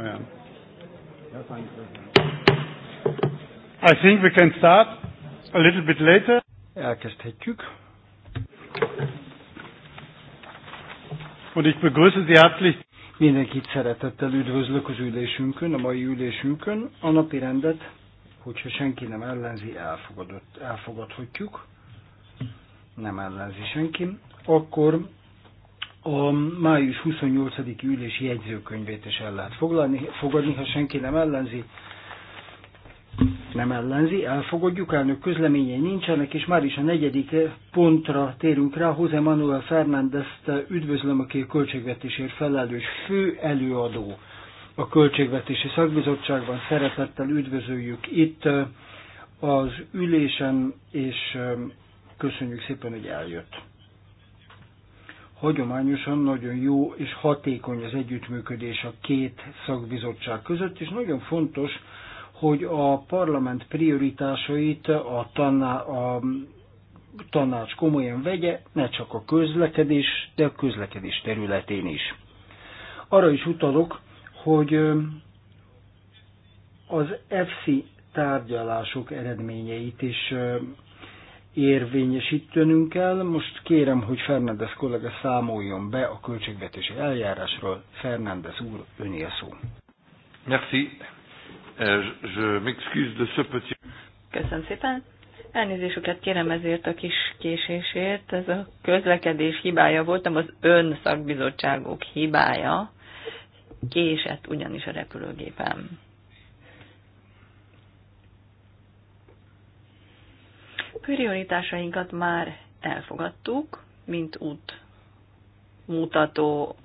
I think we can start a little bit later. Elkezdhetjük. Und ich begrüße Sie herzlich. Mindenkit szeretettel üdvözlök az ülésünkön, a mai ülésünkön. A napi rendet, hogyha senki nem ellenzi, elfogadott, elfogadhatjuk. Nem ellenzi senki. Akkor a május 28-i ülési jegyzőkönyvét is el lehet foglalni, fogadni, ha senki nem ellenzi. Nem ellenzi, elfogadjuk, elnök közleményei nincsenek, és már is a negyedik pontra térünk rá. José Manuel fernández üdvözlöm, aki a költségvetésért felelős fő előadó a Költségvetési Szakbizottságban. Szeretettel üdvözöljük itt az ülésen, és köszönjük szépen, hogy eljött hagyományosan nagyon jó és hatékony az együttműködés a két szakbizottság között, és nagyon fontos, hogy a parlament prioritásait a, taná- a tanács komolyan vegye, ne csak a közlekedés, de a közlekedés területén is. Arra is utalok, hogy az FC tárgyalások eredményeit is érvényesítenünk kell. Most kérem, hogy Fernández kollega számoljon be a költségvetési eljárásról. Fernández úr, öné a szó. Merci. Euh, je m'excuse de ce petit... Köszönöm szépen. Elnézésüket kérem ezért a kis késésért. Ez a közlekedés hibája volt, nem az ön szakbizottságok hibája. Késett ugyanis a repülőgépem. prioritásainkat már elfogadtuk, mint út mutató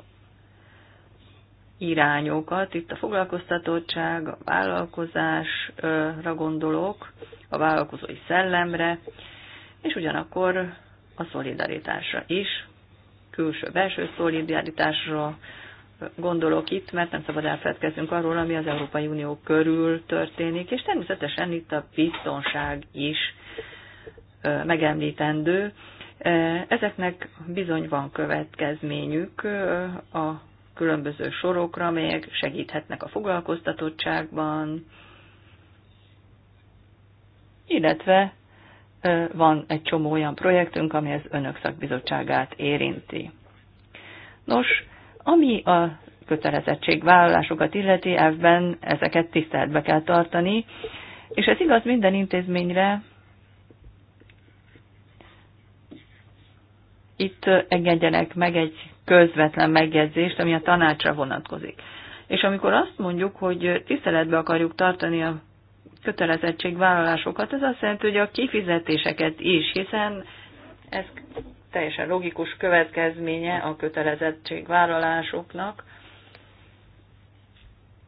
irányokat. Itt a foglalkoztatottság, a vállalkozásra gondolok, a vállalkozói szellemre, és ugyanakkor a szolidaritásra is, külső-belső szolidaritásra gondolok itt, mert nem szabad elfeledkeznünk arról, ami az Európai Unió körül történik, és természetesen itt a biztonság is megemlítendő. Ezeknek bizony van következményük a különböző sorokra, még segíthetnek a foglalkoztatottságban, illetve van egy csomó olyan projektünk, ami az önök szakbizottságát érinti. Nos, ami a kötelezettségvállalásokat illeti, ebben ezeket tiszteletbe kell tartani, és ez igaz minden intézményre, itt engedjenek meg egy közvetlen megjegyzést, ami a tanácsra vonatkozik. És amikor azt mondjuk, hogy tiszteletbe akarjuk tartani a kötelezettségvállalásokat, ez azt jelenti, hogy a kifizetéseket is, hiszen ez teljesen logikus következménye a kötelezettségvállalásoknak,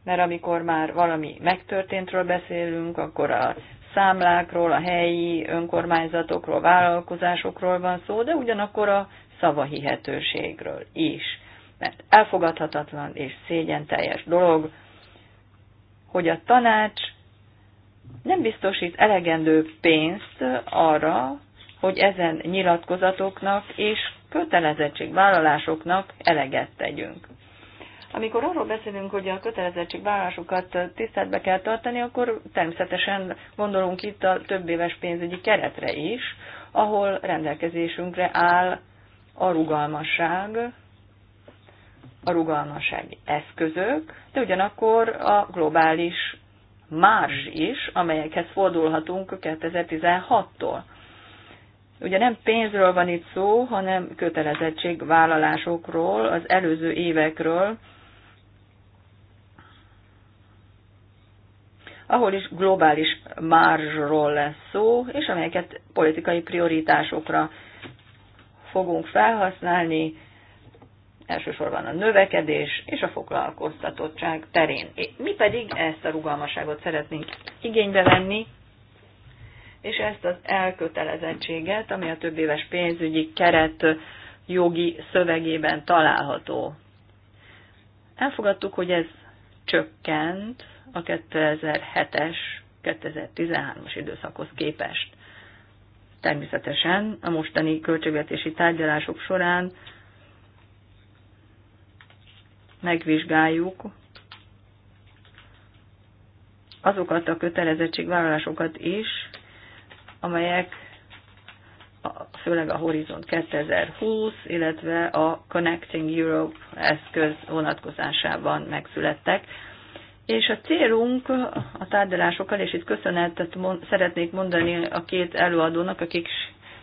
mert amikor már valami megtörténtről beszélünk, akkor a számlákról, a helyi önkormányzatokról, vállalkozásokról van szó, de ugyanakkor a szavahihetőségről is. Mert elfogadhatatlan és szégyen teljes dolog, hogy a tanács nem biztosít elegendő pénzt arra, hogy ezen nyilatkozatoknak és kötelezettségvállalásoknak eleget tegyünk. Amikor arról beszélünk, hogy a kötelezettségvállalásokat tiszteletbe kell tartani, akkor természetesen gondolunk itt a több éves pénzügyi keretre is, ahol rendelkezésünkre áll a rugalmasság, a rugalmassági eszközök, de ugyanakkor a globális márzs is, amelyekhez fordulhatunk 2016-tól. Ugye nem pénzről van itt szó, hanem kötelezettségvállalásokról, az előző évekről, ahol is globális márzsról lesz szó, és amelyeket politikai prioritásokra fogunk felhasználni, elsősorban a növekedés és a foglalkoztatottság terén. Mi pedig ezt a rugalmaságot szeretnénk igénybe venni, és ezt az elkötelezettséget, ami a több éves pénzügyi keret jogi szövegében található. Elfogadtuk, hogy ez csökkent a 2007-es, 2013-as időszakhoz képest. Természetesen a mostani költségvetési tárgyalások során megvizsgáljuk azokat a kötelezettségvállalásokat is, amelyek főleg a Horizont 2020, illetve a Connecting Europe eszköz vonatkozásában megszülettek, és a célunk a tárgyalásokkal, és itt köszönetet szeretnék mondani a két előadónak, akik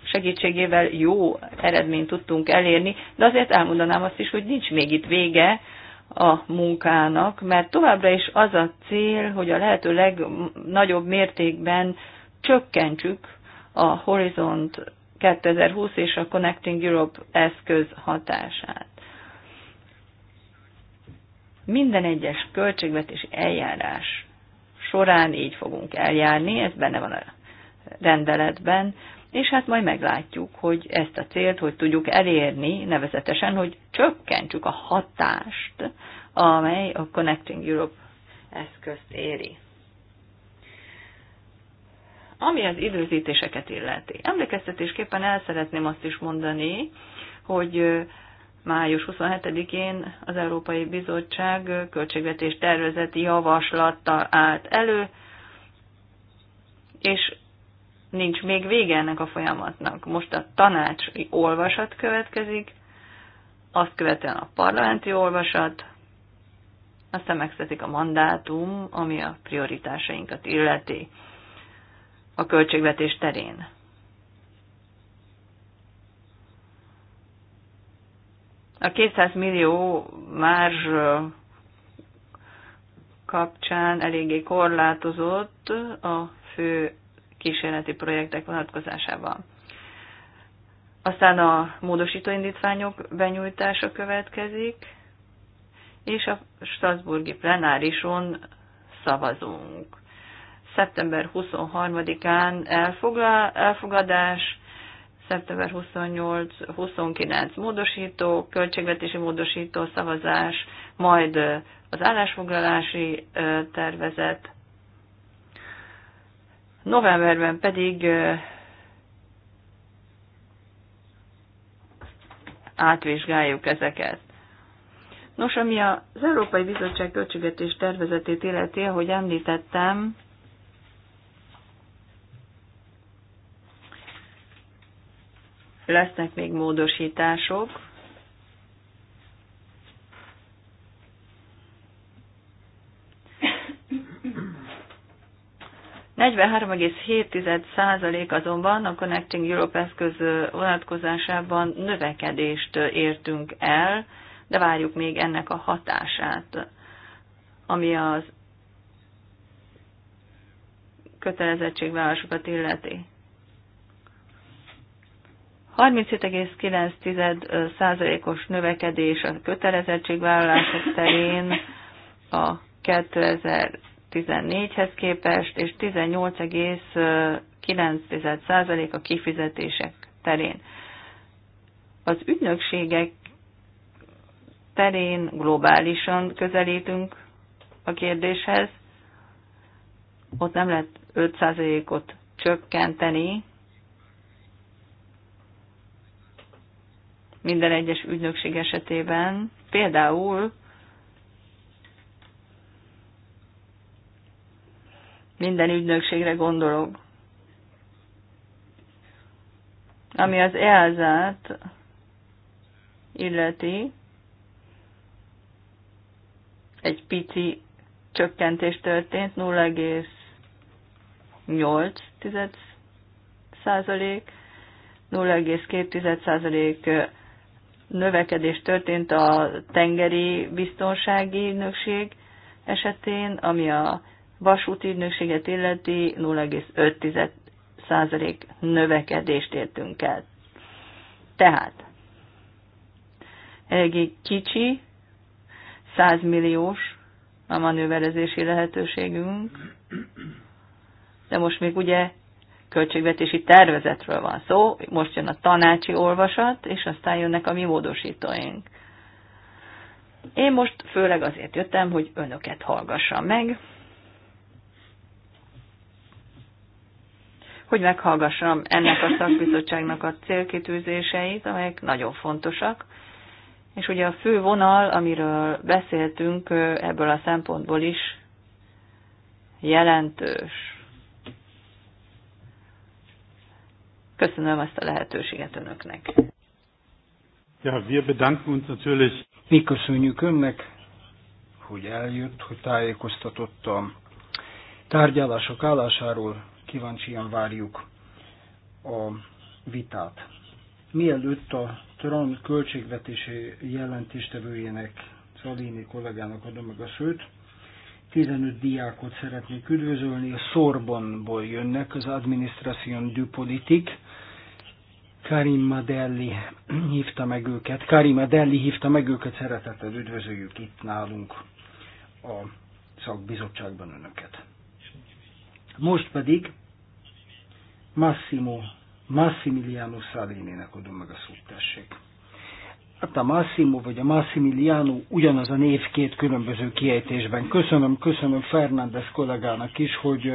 segítségével jó eredményt tudtunk elérni, de azért elmondanám azt is, hogy nincs még itt vége a munkának, mert továbbra is az a cél, hogy a lehető legnagyobb mértékben csökkentsük a Horizont 2020 és a Connecting Europe eszköz hatását. Minden egyes költségvetési eljárás során így fogunk eljárni, ez benne van a rendeletben, és hát majd meglátjuk, hogy ezt a célt hogy tudjuk elérni, nevezetesen, hogy csökkentsük a hatást, amely a Connecting Europe eszközt éri. Ami az időzítéseket illeti. Emlékeztetésképpen el szeretném azt is mondani, hogy május 27-én az Európai Bizottság költségvetés tervezeti javaslattal állt elő, és nincs még vége ennek a folyamatnak. Most a tanácsi olvasat következik, azt követően a parlamenti olvasat, aztán megszetik a mandátum, ami a prioritásainkat illeti a költségvetés terén. A 200 millió márzs kapcsán eléggé korlátozott a fő kísérleti projektek vonatkozásában. Aztán a módosító indítványok benyújtása következik, és a Strasburgi plenárison szavazunk. Szeptember 23-án elfogadás, szeptember 28-29 módosító, költségvetési módosító szavazás, majd az állásfoglalási tervezet, novemberben pedig átvizsgáljuk ezeket. Nos, ami az Európai Bizottság költségvetés tervezetét illeti, ahogy említettem, lesznek még módosítások. százalék azonban a Connecting Europe eszköz vonatkozásában növekedést értünk el, de várjuk még ennek a hatását, ami az kötelezettségvállásokat illeti. 37,9%-os növekedés a kötelezettségvállalások terén a 2014-hez képest, és 18,9% a kifizetések terén. Az ügynökségek terén globálisan közelítünk a kérdéshez. Ott nem lehet 5%-ot csökkenteni, minden egyes ügynökség esetében. Például minden ügynökségre gondolok. Ami az elzát illeti, egy pici csökkentés történt, 0,8 százalék, 0,2 százalék növekedés történt a tengeri biztonsági ügynökség esetén, ami a vasúti ügynökséget illeti 0,5% növekedést értünk el. Tehát eléggé kicsi, 100 milliós a manőverezési lehetőségünk, de most még ugye költségvetési tervezetről van szó, most jön a tanácsi olvasat, és aztán jönnek a mi módosítóink. Én most főleg azért jöttem, hogy önöket hallgassam meg, hogy meghallgassam ennek a szakbizottságnak a célkitűzéseit, amelyek nagyon fontosak. És ugye a fő vonal, amiről beszéltünk, ebből a szempontból is jelentős. Köszönöm ezt a lehetőséget önöknek. Ja, wir bedanken uns natürlich. Mi köszönjük önnek, hogy eljött, hogy tájékoztatott a tárgyalások állásáról. Kíváncsian várjuk a vitát. Mielőtt a Tran költségvetési jelentéstevőjének, Szalini kollégának adom meg a szőt, 15 diákot szeretnék üdvözölni, a Sorbonból jönnek, az Administration du Politique. Karim Madelli hívta meg őket. Karim Madelli hívta meg őket, szeretettel üdvözöljük itt nálunk a szakbizottságban önöket. Most pedig Massimo Massimiliano Salini-nek adom meg a szót, tessék. Hát a Massimo vagy a Massimiliano ugyanaz a név két különböző kiejtésben. Köszönöm, köszönöm Fernández kollégának is, hogy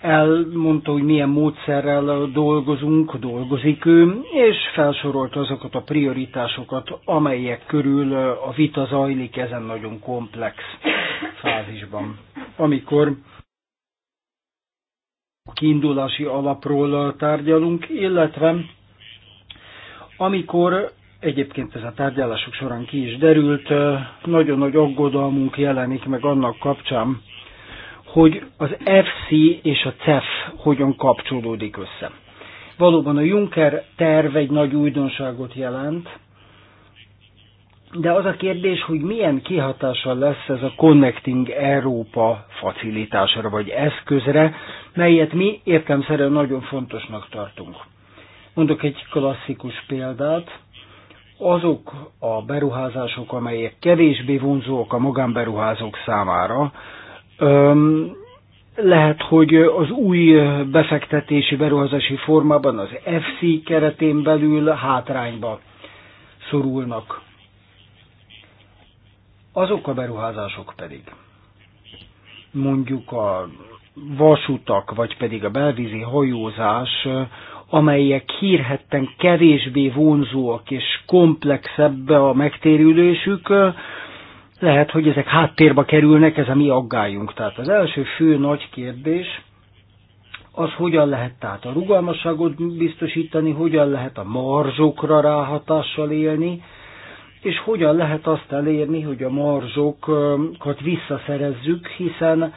elmondta, hogy milyen módszerrel dolgozunk, dolgozik ő, és felsorolta azokat a prioritásokat, amelyek körül a vita zajlik ezen nagyon komplex fázisban. Amikor a kiindulási alapról tárgyalunk, illetve amikor Egyébként ez a tárgyalások során ki is derült, nagyon nagy aggodalmunk jelenik meg annak kapcsán, hogy az FC és a CEF hogyan kapcsolódik össze. Valóban a Juncker terv egy nagy újdonságot jelent, de az a kérdés, hogy milyen kihatással lesz ez a Connecting Európa facilitásra vagy eszközre, melyet mi értelmszerűen nagyon fontosnak tartunk. Mondok egy klasszikus példát azok a beruházások, amelyek kevésbé vonzóak a magánberuházók számára, lehet, hogy az új befektetési beruházási formában, az FC keretén belül hátrányba szorulnak. Azok a beruházások pedig, mondjuk a vasutak, vagy pedig a belvízi hajózás, amelyek hírhetten kevésbé vonzóak és komplexebb a megtérülésük, lehet, hogy ezek háttérbe kerülnek, ez a mi aggályunk. Tehát az első fő nagy kérdés az, hogyan lehet tehát a rugalmasságot biztosítani, hogyan lehet a marzsokra ráhatással élni, és hogyan lehet azt elérni, hogy a marzsokat visszaszerezzük, hiszen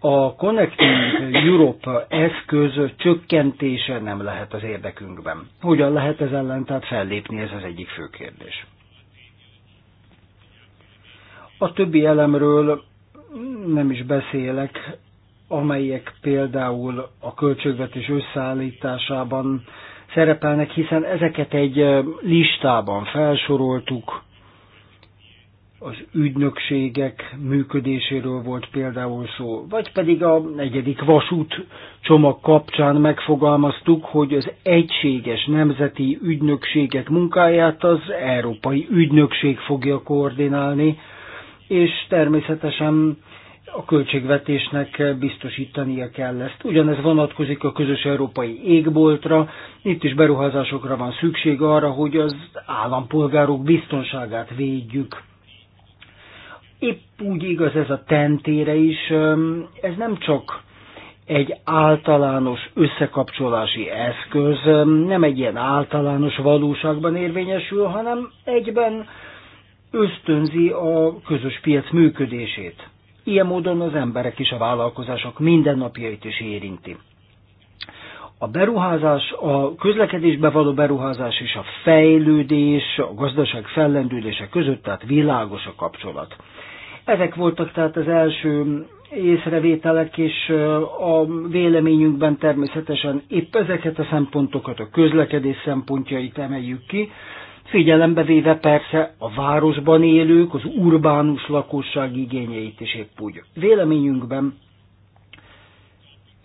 a Connecting Europe eszköz csökkentése nem lehet az érdekünkben. Hogyan lehet ez ellen tehát fellépni, ez az egyik fő kérdés. A többi elemről nem is beszélek, amelyek például a költségvetés összeállításában szerepelnek, hiszen ezeket egy listában felsoroltuk, az ügynökségek működéséről volt például szó, vagy pedig a negyedik vasút csomag kapcsán megfogalmaztuk, hogy az egységes nemzeti ügynökségek munkáját az Európai Ügynökség fogja koordinálni, és természetesen a költségvetésnek biztosítania kell ezt. Ugyanez vonatkozik a közös európai égboltra, itt is beruházásokra van szükség arra, hogy az állampolgárok biztonságát védjük épp úgy igaz ez a tentére is, ez nem csak egy általános összekapcsolási eszköz, nem egy ilyen általános valóságban érvényesül, hanem egyben ösztönzi a közös piac működését. Ilyen módon az emberek és a vállalkozások mindennapjait is érinti. A beruházás, a közlekedésbe való beruházás és a fejlődés, a gazdaság fellendülése között, tehát világos a kapcsolat. Ezek voltak tehát az első észrevételek, és a véleményünkben természetesen épp ezeket a szempontokat, a közlekedés szempontjait emeljük ki, figyelembe véve persze a városban élők, az urbánus lakosság igényeit is épp úgy. Véleményünkben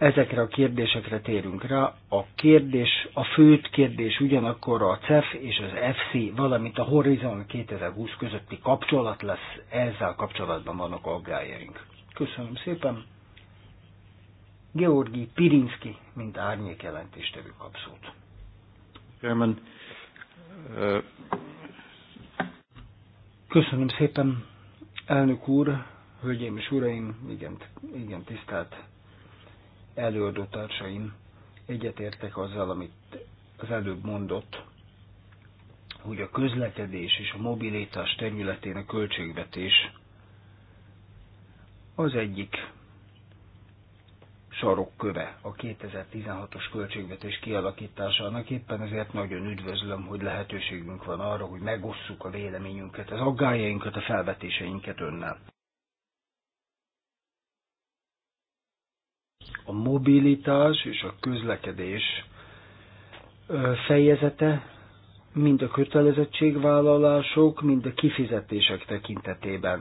Ezekre a kérdésekre térünk rá. A kérdés, a fő kérdés ugyanakkor a CEF és az FC, valamint a Horizon 2020 közötti kapcsolat lesz, ezzel kapcsolatban vannak aggájaink. Köszönöm szépen. Georgi Pirinski, mint árnyék jelentéstevő kapszót. Chairman, uh, Köszönöm szépen, elnök úr, hölgyeim és uraim, igen, igen tisztelt előadótársaim egyetértek azzal, amit az előbb mondott, hogy a közlekedés és a mobilitás területén a költségvetés az egyik sarokköve a 2016-os költségvetés kialakításának. Éppen ezért nagyon üdvözlöm, hogy lehetőségünk van arra, hogy megosszuk a véleményünket, az aggájainkat, a felvetéseinket önnel. A mobilitás és a közlekedés fejezete mind a kötelezettségvállalások, mind a kifizetések tekintetében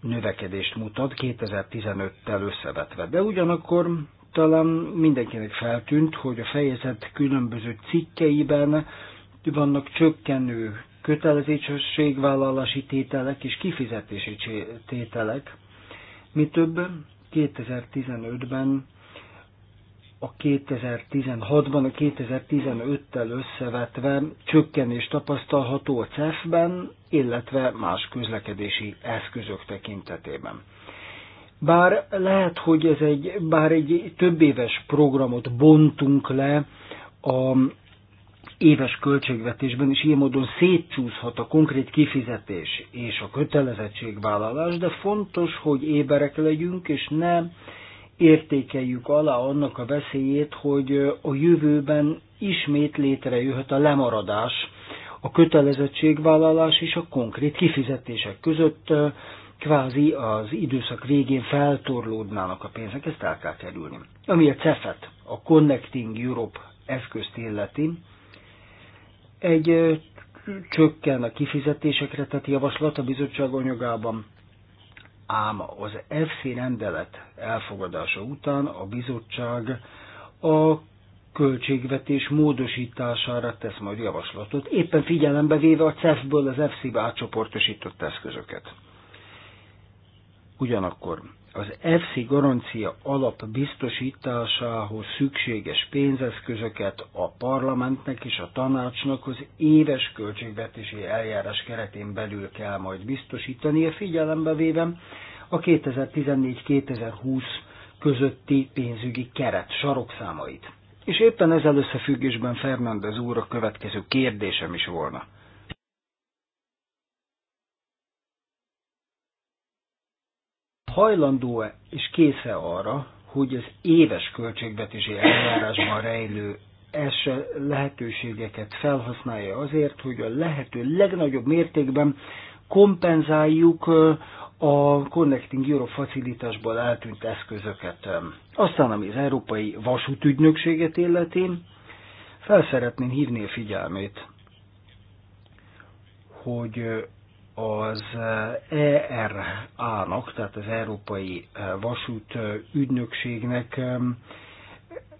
növekedést mutat 2015-tel összevetve. De ugyanakkor talán mindenkinek feltűnt, hogy a fejezet különböző cikkeiben vannak csökkenő kötelezettségvállalási tételek és kifizetési tételek. Mi több, 2015-ben a 2016-ban, a 2015-tel összevetve csökkenés tapasztalható a CEF-ben, illetve más közlekedési eszközök tekintetében. Bár lehet, hogy ez egy, bár egy több éves programot bontunk le a éves költségvetésben, is ilyen módon szétcsúszhat a konkrét kifizetés és a kötelezettségvállalás, de fontos, hogy éberek legyünk, és ne értékeljük alá annak a veszélyét, hogy a jövőben ismét létrejöhet a lemaradás a kötelezettségvállalás és a konkrét kifizetések között, kvázi az időszak végén feltorlódnának a pénzek, ezt el kell kerülni. Ami a CEFET, a Connecting Europe eszközt illeti, egy csökken a kifizetésekre tett javaslat a bizottság anyagában, ám az FC rendelet elfogadása után a bizottság a költségvetés módosítására tesz majd javaslatot, éppen figyelembe véve a CEF-ből az FC-be átcsoportosított eszközöket. Ugyanakkor az EFSI garancia alap biztosításához szükséges pénzeszközöket a parlamentnek és a tanácsnak az éves költségvetési eljárás keretén belül kell majd biztosítani, figyelembe véve a 2014-2020 közötti pénzügyi keret sarokszámait. És éppen ezzel összefüggésben Fernández úr a következő kérdésem is volna. hajlandó-e és késze arra, hogy az éves költségvetési eljárásban rejlő es lehetőségeket felhasználja azért, hogy a lehető legnagyobb mértékben kompenzáljuk a Connecting Europe facilitásból eltűnt eszközöket. Aztán, ami az Európai Vasútügynökséget illeti, fel szeretném hívni a figyelmét, hogy az ERA-nak, eh, e tehát az Európai eh, Vasút eh, Ügynökségnek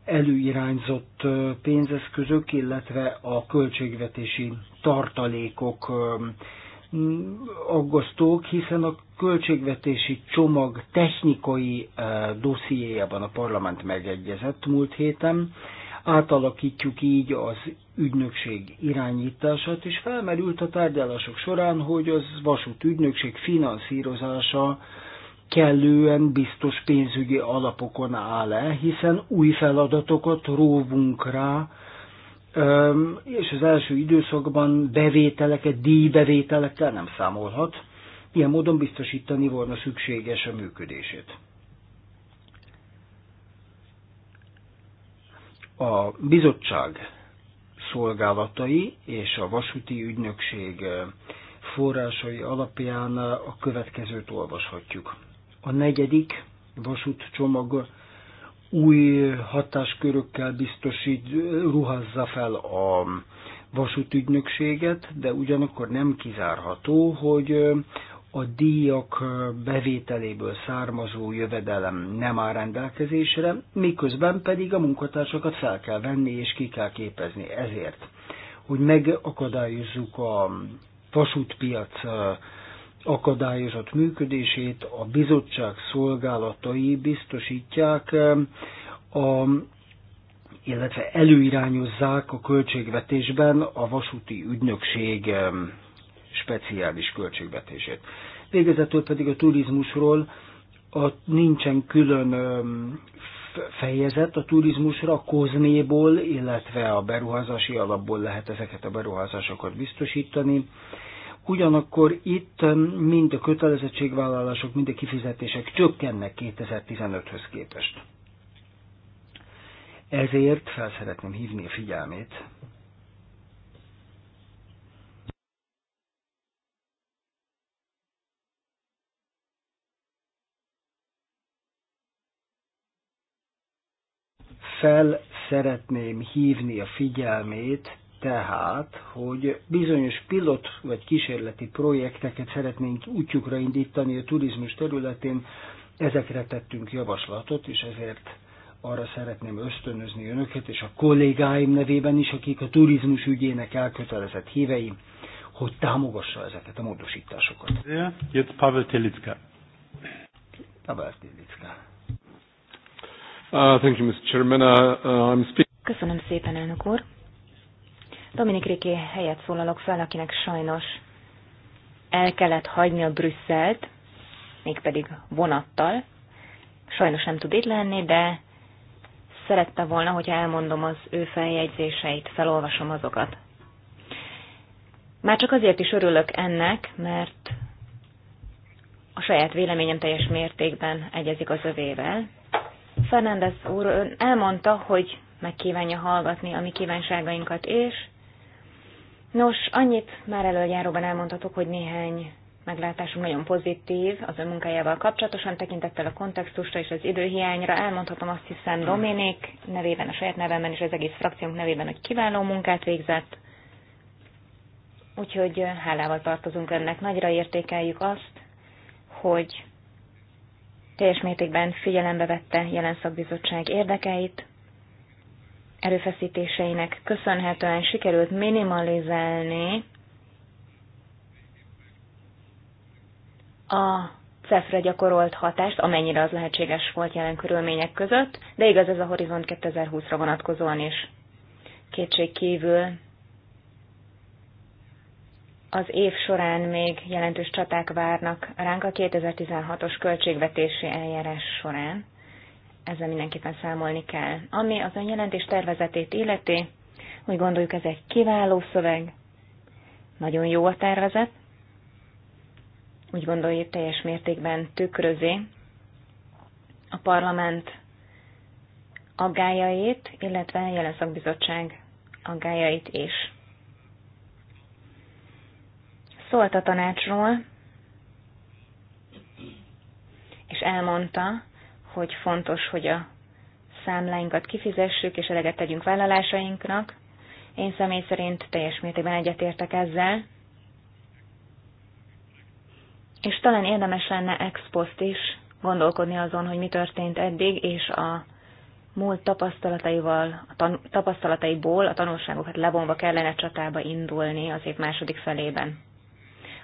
előirányzott pénzeszközök, illetve a költségvetési tartalékok mm, aggasztók, hiszen a költségvetési csomag technikai dossziéjában a parlament megegyezett múlt héten, átalakítjuk így az ügynökség irányítását, és felmerült a tárgyalások során, hogy az vasút ügynökség finanszírozása kellően biztos pénzügyi alapokon áll-e, hiszen új feladatokat róvunk rá, és az első időszakban bevételeket, díjbevételekkel nem számolhat. Ilyen módon biztosítani volna szükséges a működését. A bizottság szolgálatai és a vasúti ügynökség eh, forrásai alapján eh, a következőt olvashatjuk. A negyedik csomag új hatáskörökkel biztosít, ruházza fel a vasútügynökséget, de ugyanakkor nem kizárható, hogy eh, a díjak bevételéből származó jövedelem nem áll rendelkezésre, miközben pedig a munkatársakat fel kell venni és ki kell képezni. Ezért, hogy megakadályozzuk a vasútpiac akadályozott működését, a bizottság szolgálatai biztosítják a illetve előirányozzák a költségvetésben a vasúti ügynökség speciális költségvetését. Végezetül pedig a turizmusról a, nincsen külön öm, fejezet a turizmusra, a kozméból, illetve a beruházási alapból lehet ezeket a beruházásokat biztosítani. Ugyanakkor itt mind a kötelezettségvállalások, mind a kifizetések csökkennek 2015-höz képest. Ezért fel szeretném hívni a figyelmét fel szeretném hívni a figyelmét, tehát, hogy bizonyos pilot vagy kísérleti projekteket szeretnénk útjukra indítani a turizmus területén, ezekre tettünk javaslatot, és ezért arra szeretném ösztönözni önöket, és a kollégáim nevében is, akik a turizmus ügyének elkötelezett hívei, hogy támogassa ezeket a módosításokat. Jött Pavel Telicka. Pavel Telicka. Uh, uh, uh, Köszönöm szépen, elnök úr. Dominik Riké helyett szólalok fel, akinek sajnos el kellett a Brüsszelt, mégpedig vonattal. Sajnos nem tud itt lenni, de szerette volna, hogy elmondom az ő feljegyzéseit, felolvasom azokat. Már csak azért is örülök ennek, mert a saját véleményem teljes mértékben egyezik az övével, Fernández úr elmondta, hogy megkívánja hallgatni a mi kívánságainkat, és nos, annyit már előjáróban elmondhatok, hogy néhány meglátásunk nagyon pozitív az ön munkájával kapcsolatosan, tekintettel a kontextusra és az időhiányra. Elmondhatom azt hiszem Dominik nevében, a saját nevemben és az egész frakciónk nevében, hogy kiváló munkát végzett. Úgyhogy hálával tartozunk önnek. Nagyra értékeljük azt, hogy teljes mértékben figyelembe vette jelen szakbizottság érdekeit, erőfeszítéseinek köszönhetően sikerült minimalizálni a CEF-re gyakorolt hatást, amennyire az lehetséges volt jelen körülmények között, de igaz ez a Horizont 2020-ra vonatkozóan is. Kétség kívül az év során még jelentős csaták várnak ránk a 2016-os költségvetési eljárás során. Ezzel mindenképpen számolni kell. Ami az önjelentés tervezetét illeti, úgy gondoljuk ez egy kiváló szöveg, nagyon jó a tervezet, úgy gondoljuk teljes mértékben tükrözi a parlament aggájait, illetve a jelen szakbizottság aggájait is szólt a tanácsról, és elmondta, hogy fontos, hogy a számláinkat kifizessük, és eleget tegyünk vállalásainknak. Én személy szerint teljes mértékben egyetértek ezzel. És talán érdemes lenne ex post is gondolkodni azon, hogy mi történt eddig, és a múlt tapasztalataival, a tan- tapasztalataiból a tanulságokat levonva kellene csatába indulni az év második felében.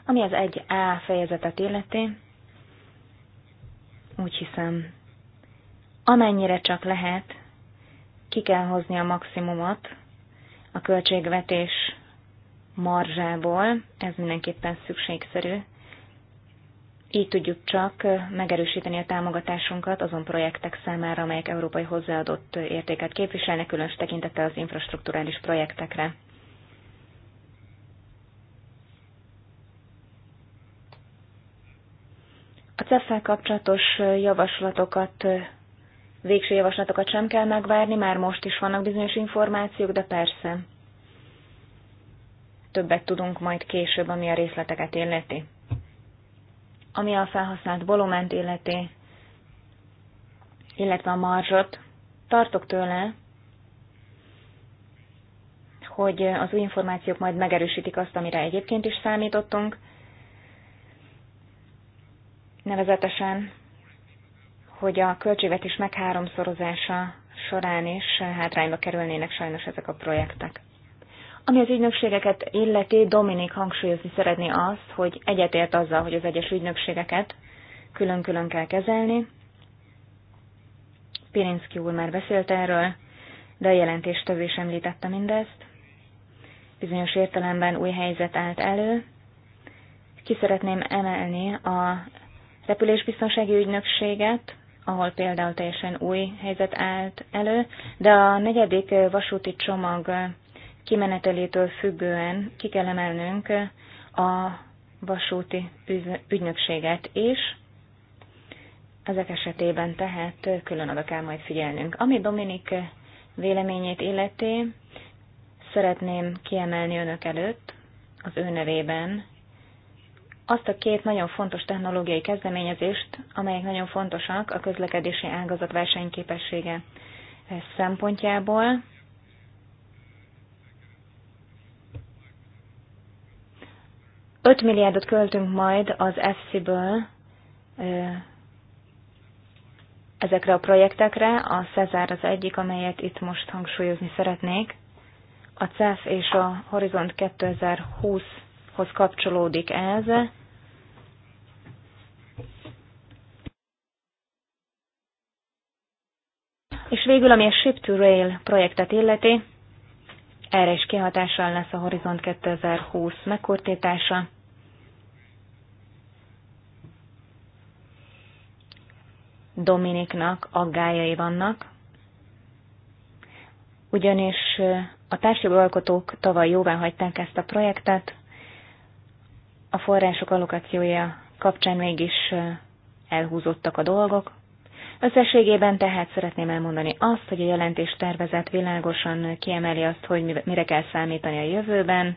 Ami az egy a fejezetet illeti, úgy hiszem, amennyire csak lehet, ki kell hozni a maximumot a költségvetés marzsából, ez mindenképpen szükségszerű. Így tudjuk csak megerősíteni a támogatásunkat azon projektek számára, amelyek európai hozzáadott értéket képviselnek, különös tekintettel az infrastruktúrális projektekre. A cef kapcsolatos javaslatokat, végső javaslatokat sem kell megvárni, már most is vannak bizonyos információk, de persze többet tudunk majd később, ami a részleteket illeti. Ami a felhasznált bolument illeti, illetve a marzsot, tartok tőle, hogy az új információk majd megerősítik azt, amire egyébként is számítottunk, nevezetesen, hogy a költségvetés megháromszorozása során is hátrányba kerülnének sajnos ezek a projektek. Ami az ügynökségeket illeti, Dominik hangsúlyozni szeretné azt, hogy egyetért azzal, hogy az egyes ügynökségeket külön-külön kell kezelni. Pirinszki úr már beszélt erről, de a jelentéstevő is említette mindezt. Bizonyos értelemben új helyzet állt elő. Ki szeretném emelni a repülésbiztonsági ügynökséget, ahol például teljesen új helyzet állt elő, de a negyedik vasúti csomag kimenetelétől függően ki kell emelnünk a vasúti ügynökséget is. Ezek esetében tehát külön oda kell majd figyelnünk. Ami Dominik véleményét illeti, szeretném kiemelni önök előtt az ő nevében azt a két nagyon fontos technológiai kezdeményezést, amelyek nagyon fontosak a közlekedési ágazat versenyképessége szempontjából. Öt milliárdot költünk majd az EFSI-ből ezekre a projektekre. A Cezár az egyik, amelyet itt most hangsúlyozni szeretnék. A CEF és a Horizont 2020 hoz kapcsolódik ez. És végül, ami a Ship to Rail projektet illeti, erre is kihatással lesz a Horizont 2020 megkortítása. Dominiknak aggájai vannak, ugyanis a társjogalkotók tavaly jóvá hagyták ezt a projektet, a források allokációja kapcsán mégis elhúzottak a dolgok. Összességében tehát szeretném elmondani azt, hogy a jelentés tervezet világosan kiemeli azt, hogy mire kell számítani a jövőben,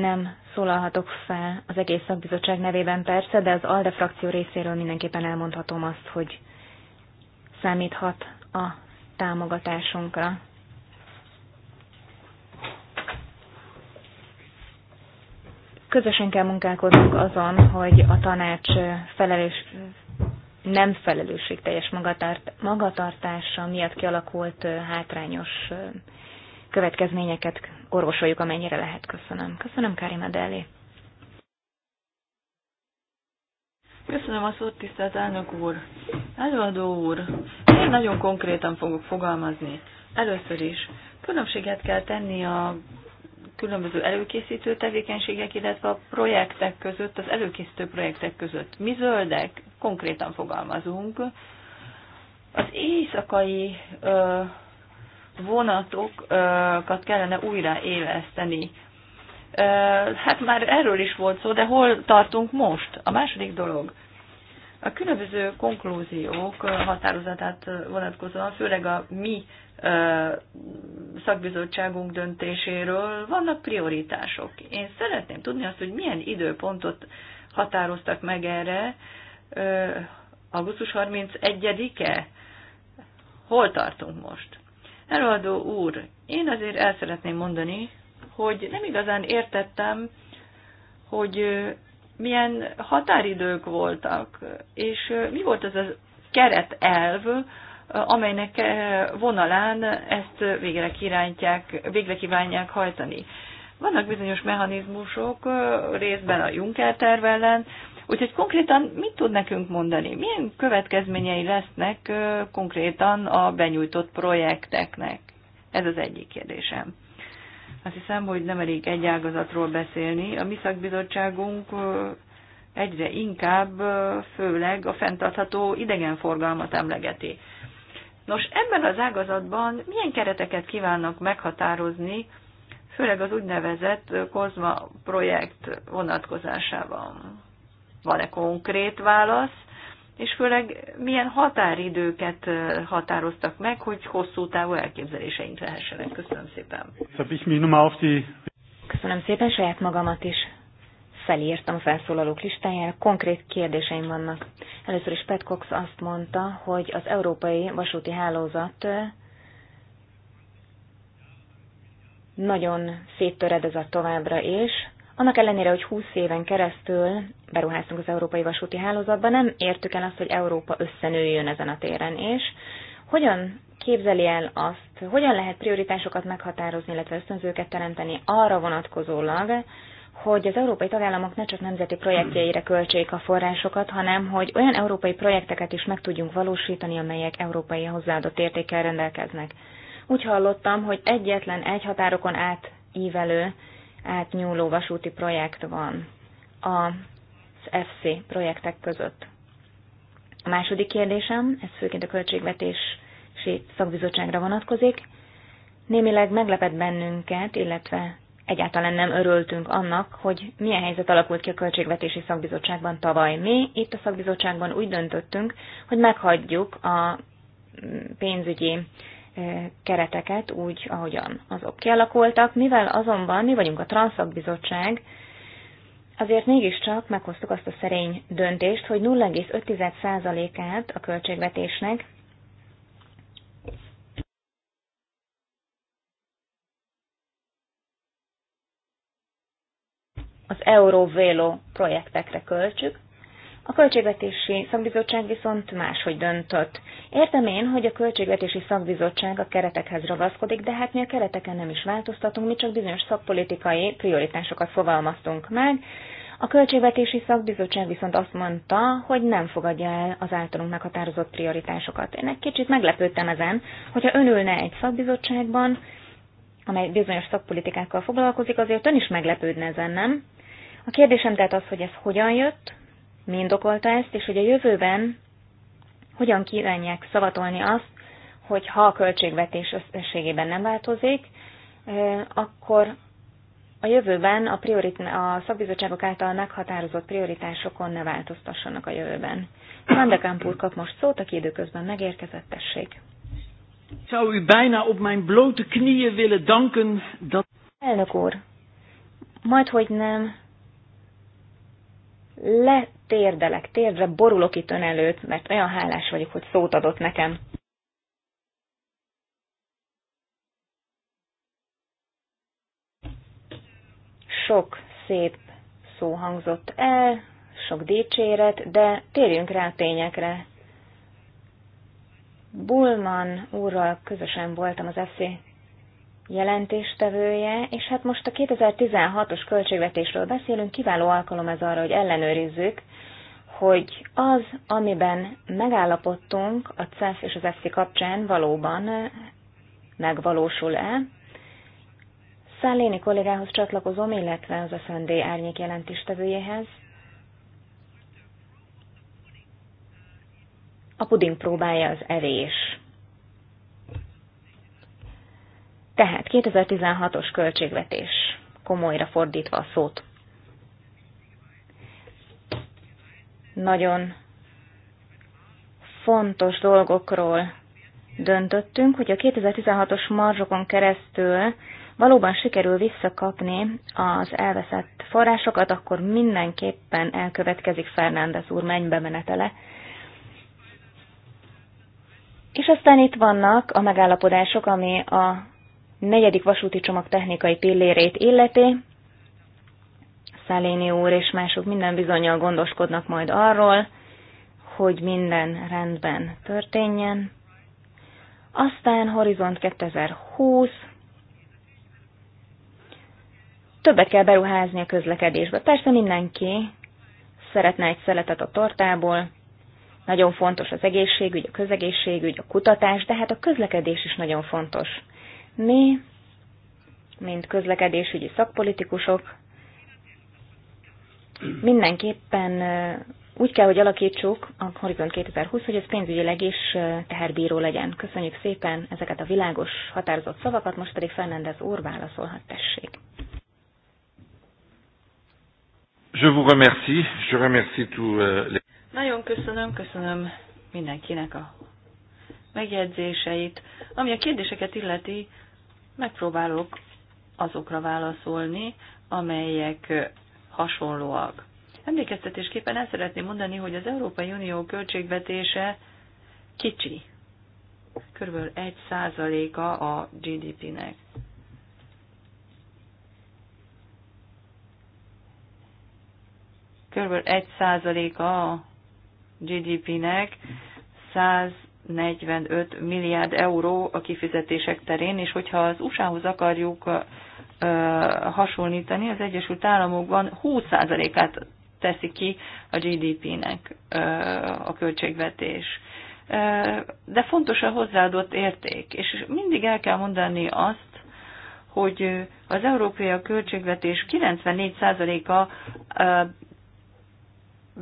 Nem szólalhatok fel az egész szakbizottság nevében persze, de az ALDE frakció részéről mindenképpen elmondhatom azt, hogy számíthat a támogatásunkra. Közösen kell munkálkodnunk azon, hogy a tanács felelős, nem felelősségteljes magatart, magatartása miatt kialakult hátrányos következményeket orvosoljuk, amennyire lehet. Köszönöm. Köszönöm, Karim Adeli. Köszönöm a szót, tisztelt elnök úr. Előadó úr, én nagyon konkrétan fogok fogalmazni. Először is különbséget kell tenni a különböző előkészítő tevékenységek, illetve a projektek között, az előkészítő projektek között. Mi zöldek, konkrétan fogalmazunk, az éjszakai ö, vonatokat kellene újraéleszteni. Hát már erről is volt szó, de hol tartunk most? A második dolog – a különböző konklúziók határozatát vonatkozóan, főleg a mi szakbizottságunk döntéséről vannak prioritások. Én szeretném tudni azt, hogy milyen időpontot határoztak meg erre. Augusztus 31-e? Hol tartunk most? Előadó úr, én azért el szeretném mondani, hogy nem igazán értettem, hogy milyen határidők voltak, és mi volt ez a keretelv, amelynek vonalán ezt végre, kirántják, végre kívánják hajtani. Vannak bizonyos mechanizmusok részben a Juncker terv ellen, úgyhogy konkrétan mit tud nekünk mondani? Milyen következményei lesznek konkrétan a benyújtott projekteknek? Ez az egyik kérdésem. Azt hiszem, hogy nem elég egy ágazatról beszélni. A mi szakbizottságunk egyre inkább főleg a fenntartható idegenforgalmat emlegeti. Nos, ebben az ágazatban milyen kereteket kívánnak meghatározni, főleg az úgynevezett Kozma projekt vonatkozásában? Van-e konkrét válasz? és főleg milyen határidőket határoztak meg, hogy hosszú távú elképzeléseink lehessenek. Köszönöm szépen. Köszönöm szépen, saját magamat is felírtam a felszólalók listájára. Konkrét kérdéseim vannak. Először is Pat Cox azt mondta, hogy az európai vasúti hálózat nagyon széttöredezett továbbra is, annak ellenére, hogy 20 éven keresztül beruháztunk az európai vasúti hálózatba, nem értük el azt, hogy Európa összenőjön ezen a téren, és hogyan képzeli el azt, hogyan lehet prioritásokat meghatározni, illetve ösztönzőket teremteni arra vonatkozólag, hogy az európai tagállamok ne csak nemzeti projektjeire költsék a forrásokat, hanem hogy olyan európai projekteket is meg tudjunk valósítani, amelyek európai hozzáadott értékkel rendelkeznek. Úgy hallottam, hogy egyetlen egy határokon átívelő átnyúló vasúti projekt van az FC projektek között. A második kérdésem, ez főként a költségvetési szakbizottságra vonatkozik, némileg meglepett bennünket, illetve egyáltalán nem örültünk annak, hogy milyen helyzet alakult ki a Költségvetési Szakbizottságban tavaly. Mi itt a szakbizottságban úgy döntöttünk, hogy meghagyjuk a pénzügyi kereteket úgy, ahogyan azok kialakultak, mivel azonban mi vagyunk a Transzakbizottság, azért mégiscsak meghoztuk azt a szerény döntést, hogy 0,5%-át a költségvetésnek az Eurovelo projektekre költsük, a Költségvetési Szakbizottság viszont máshogy döntött. Értem én, hogy a Költségvetési Szakbizottság a keretekhez ragaszkodik, de hát mi a kereteken nem is változtatunk, mi csak bizonyos szakpolitikai prioritásokat fogalmaztunk meg. A Költségvetési Szakbizottság viszont azt mondta, hogy nem fogadja el az általunk meghatározott prioritásokat. Én egy kicsit meglepődtem ezen, hogyha ülne egy szakbizottságban, amely bizonyos szakpolitikákkal foglalkozik, azért ön is meglepődne ezen, nem? A kérdésem tehát az, hogy ez hogyan jött, mi okolta ezt, és hogy a jövőben hogyan kívánják szavatolni azt, hogy ha a költségvetés összességében nem változik, akkor a jövőben a, a szakbizottságok által meghatározott prioritásokon ne változtassanak a jövőben. Vandekamp úr kap most szót, aki időközben megérkezett, tessék. Zou u bijna op mijn blote knieën willen danken dat... Elnök úr, majd hogy nem le térdelek, térdre borulok itt ön előtt, mert olyan hálás vagyok, hogy szót adott nekem. Sok szép szó hangzott el, sok dicséret, de térjünk rá a tényekre. Bulman úrral közösen voltam az FC jelentéstevője, és hát most a 2016-os költségvetésről beszélünk, kiváló alkalom ez arra, hogy ellenőrizzük, hogy az, amiben megállapodtunk a CEF és az EFSZI kapcsán valóban megvalósul-e. Szálléni kollégához csatlakozom, illetve az szöndé árnyék jelentéstevőjéhez. A puding próbálja az evés. Tehát 2016-os költségvetés, komolyra fordítva a szót. Nagyon fontos dolgokról döntöttünk, hogy a 2016-os marzsokon keresztül valóban sikerül visszakapni az elveszett forrásokat, akkor mindenképpen elkövetkezik Fernández úr mennybe menetele. És aztán itt vannak a megállapodások, ami a negyedik vasúti csomag technikai pillérét illeti, Szeléni úr és mások minden bizonyal gondoskodnak majd arról, hogy minden rendben történjen. Aztán Horizont 2020, többet kell beruházni a közlekedésbe. Persze mindenki szeretne egy szeletet a tortából, nagyon fontos az egészségügy, a közegészségügy, a kutatás, de hát a közlekedés is nagyon fontos. Mi, mint közlekedésügyi szakpolitikusok, mindenképpen úgy kell, hogy alakítsuk a Horizont 2020, hogy ez pénzügyileg is teherbíró legyen. Köszönjük szépen ezeket a világos, határozott szavakat, most pedig Fernández úr válaszolhat, tessék. Je vous remercie, je remercie tout, euh, les... Nagyon köszönöm, köszönöm mindenkinek a megjegyzéseit. Ami a kérdéseket illeti, Megpróbálok azokra válaszolni, amelyek hasonlóak. Emlékeztetésképpen el szeretném mondani, hogy az Európai Unió költségvetése kicsi, körülbelül egy százaléka a gdp nek körülbelül egy százaléka a GDP-nek 100 45 milliárd euró a kifizetések terén, és hogyha az USA-hoz akarjuk hasonlítani, az Egyesült Államokban 20%-át teszi ki a GDP-nek a költségvetés. De fontos a hozzáadott érték, és mindig el kell mondani azt, hogy az európai költségvetés 94%-a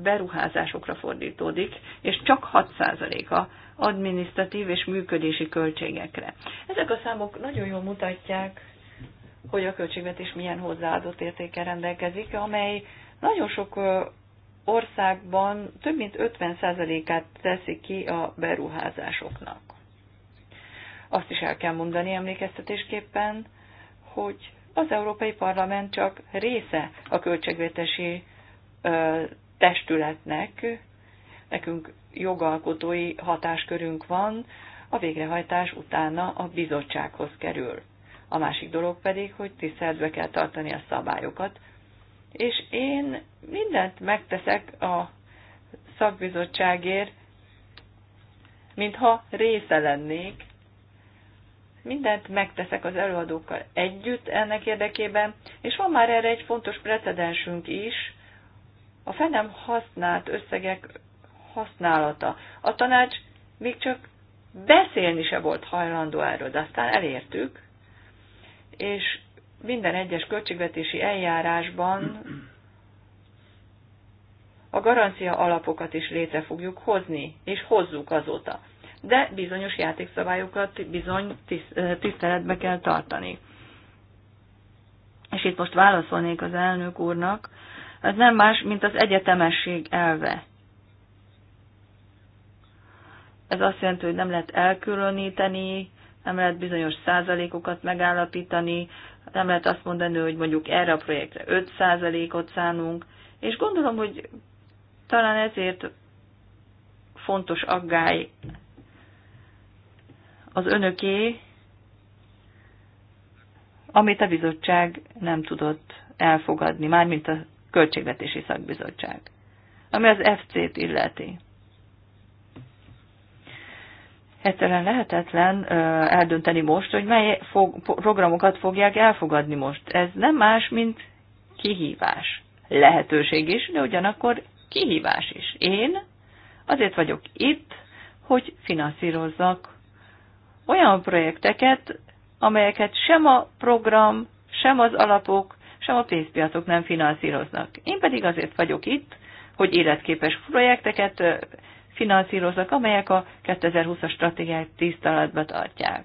beruházásokra fordítódik, és csak 6%-a adminisztratív és működési költségekre. Ezek a számok nagyon jól mutatják, hogy a költségvetés milyen hozzáadott értéke rendelkezik, amely nagyon sok országban több mint 50%-át teszi ki a beruházásoknak. Azt is el kell mondani emlékeztetésképpen, hogy az Európai Parlament csak része a költségvetési testületnek, Nekünk jogalkotói hatáskörünk van, a végrehajtás utána a bizottsághoz kerül. A másik dolog pedig, hogy tiszteletbe kell tartani a szabályokat, és én mindent megteszek a szakbizottságért, mintha része lennék. Mindent megteszek az előadókkal együtt ennek érdekében, és van már erre egy fontos precedensünk is. A fenem használt összegek használata. A tanács még csak beszélni se volt hajlandó erről, de aztán elértük, és minden egyes költségvetési eljárásban a garancia alapokat is létre fogjuk hozni, és hozzuk azóta. De bizonyos játékszabályokat bizony tiszteletbe kell tartani. És itt most válaszolnék az elnök úrnak, ez nem más, mint az egyetemesség elve. Ez azt jelenti, hogy nem lehet elkülöníteni, nem lehet bizonyos százalékokat megállapítani, nem lehet azt mondani, hogy mondjuk erre a projektre 5 százalékot szánunk, és gondolom, hogy talán ezért fontos aggály az önöké, amit a bizottság nem tudott elfogadni, mármint a Költségvetési Szakbizottság, ami az FC-t illeti. Egyszerűen lehetetlen eldönteni most, hogy mely fog, programokat fogják elfogadni most. Ez nem más, mint kihívás. Lehetőség is, de ugyanakkor kihívás is. Én azért vagyok itt, hogy finanszírozzak olyan projekteket, amelyeket sem a program, sem az alapok, sem a pénzpiacok nem finanszíroznak. Én pedig azért vagyok itt, hogy életképes projekteket finanszíroznak, amelyek a 2020-as stratégiát tisztalatba tartják.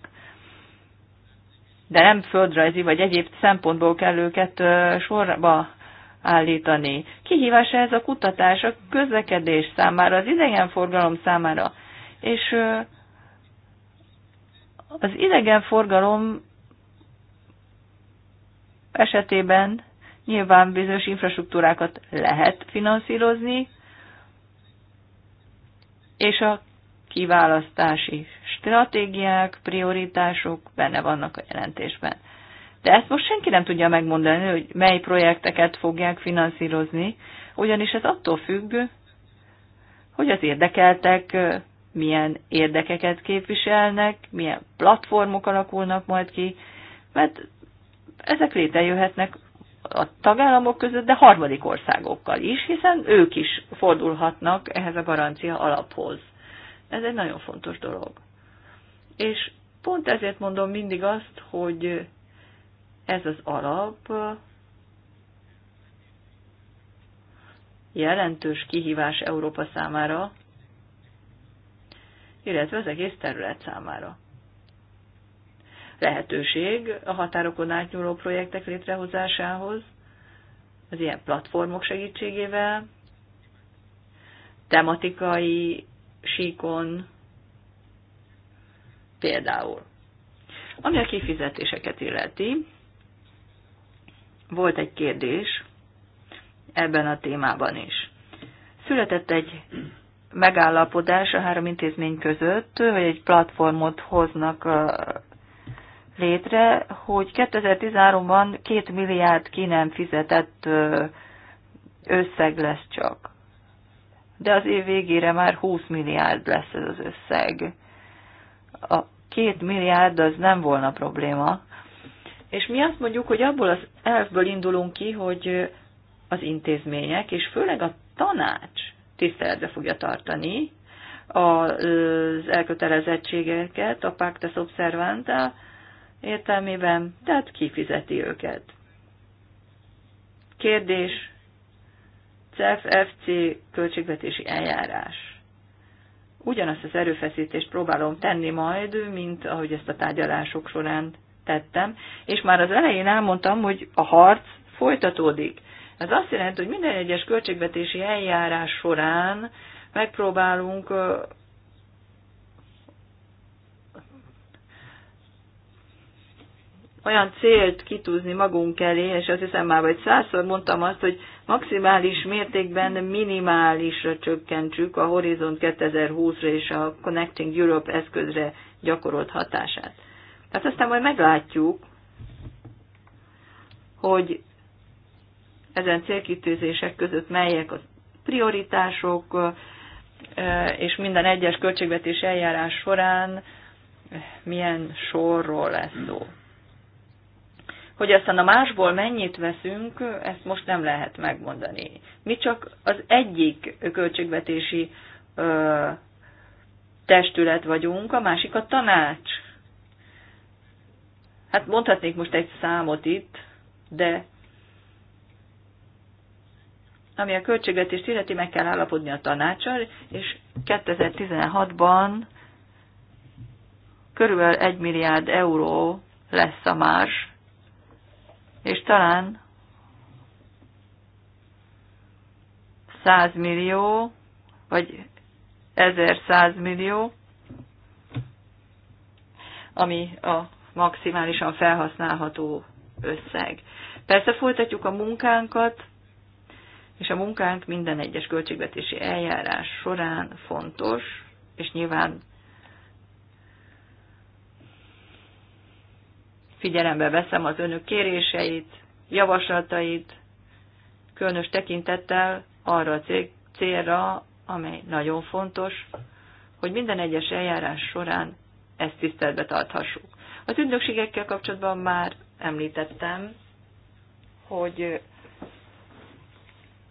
De nem földrajzi vagy egyéb szempontból kell őket sorba állítani. Kihívás ez a kutatás a közlekedés számára, az idegenforgalom számára. És az idegenforgalom esetében nyilván bizonyos infrastruktúrákat lehet finanszírozni, és a kiválasztási stratégiák, prioritások benne vannak a jelentésben. De ezt most senki nem tudja megmondani, hogy mely projekteket fogják finanszírozni, ugyanis ez attól függ, hogy az érdekeltek milyen érdekeket képviselnek, milyen platformok alakulnak majd ki, mert ezek létrejöhetnek a tagállamok között, de harmadik országokkal is, hiszen ők is fordulhatnak ehhez a garancia alaphoz. Ez egy nagyon fontos dolog. És pont ezért mondom mindig azt, hogy ez az alap jelentős kihívás Európa számára, illetve az egész terület számára lehetőség a határokon átnyúló projektek létrehozásához, az ilyen platformok segítségével, tematikai síkon például. Ami a kifizetéseket illeti, volt egy kérdés ebben a témában is. Született egy megállapodás a három intézmény között, hogy egy platformot hoznak létre, hogy 2013-ban két milliárd ki nem fizetett összeg lesz csak. De az év végére már 20 milliárd lesz ez az összeg. A két milliárd az nem volna probléma. És mi azt mondjuk, hogy abból az elfből indulunk ki, hogy az intézmények, és főleg a tanács tiszteletbe fogja tartani az elkötelezettségeket, a Pacta Subservanta, értelmében, tehát kifizeti őket. Kérdés. CFFC költségvetési eljárás. Ugyanazt az erőfeszítést próbálom tenni majd, mint ahogy ezt a tárgyalások során tettem, és már az elején elmondtam, hogy a harc folytatódik. Ez azt jelenti, hogy minden egyes költségvetési eljárás során megpróbálunk olyan célt kitúzni magunk elé, és azt hiszem már vagy százszor mondtam azt, hogy maximális mértékben minimálisra csökkentsük a Horizont 2020-ra és a Connecting Europe eszközre gyakorolt hatását. Tehát aztán majd meglátjuk, hogy ezen célkitűzések között melyek a prioritások, e, és minden egyes költségvetés eljárás során milyen sorról lesz szó. Hogy aztán a másból mennyit veszünk, ezt most nem lehet megmondani. Mi csak az egyik költségvetési ö, testület vagyunk, a másik a tanács. Hát mondhatnék most egy számot itt, de ami a költségvetést illeti, meg kell állapodni a tanácsal, és 2016-ban körülbelül 1 milliárd euró lesz a más és talán 100 millió, vagy 1100 millió, ami a maximálisan felhasználható összeg. Persze folytatjuk a munkánkat, és a munkánk minden egyes költségvetési eljárás során fontos, és nyilván figyelembe veszem az önök kéréseit, javaslatait, különös tekintettel arra a célra, amely nagyon fontos, hogy minden egyes eljárás során ezt tiszteletbe tarthassuk. Az ügynökségekkel kapcsolatban már említettem, hogy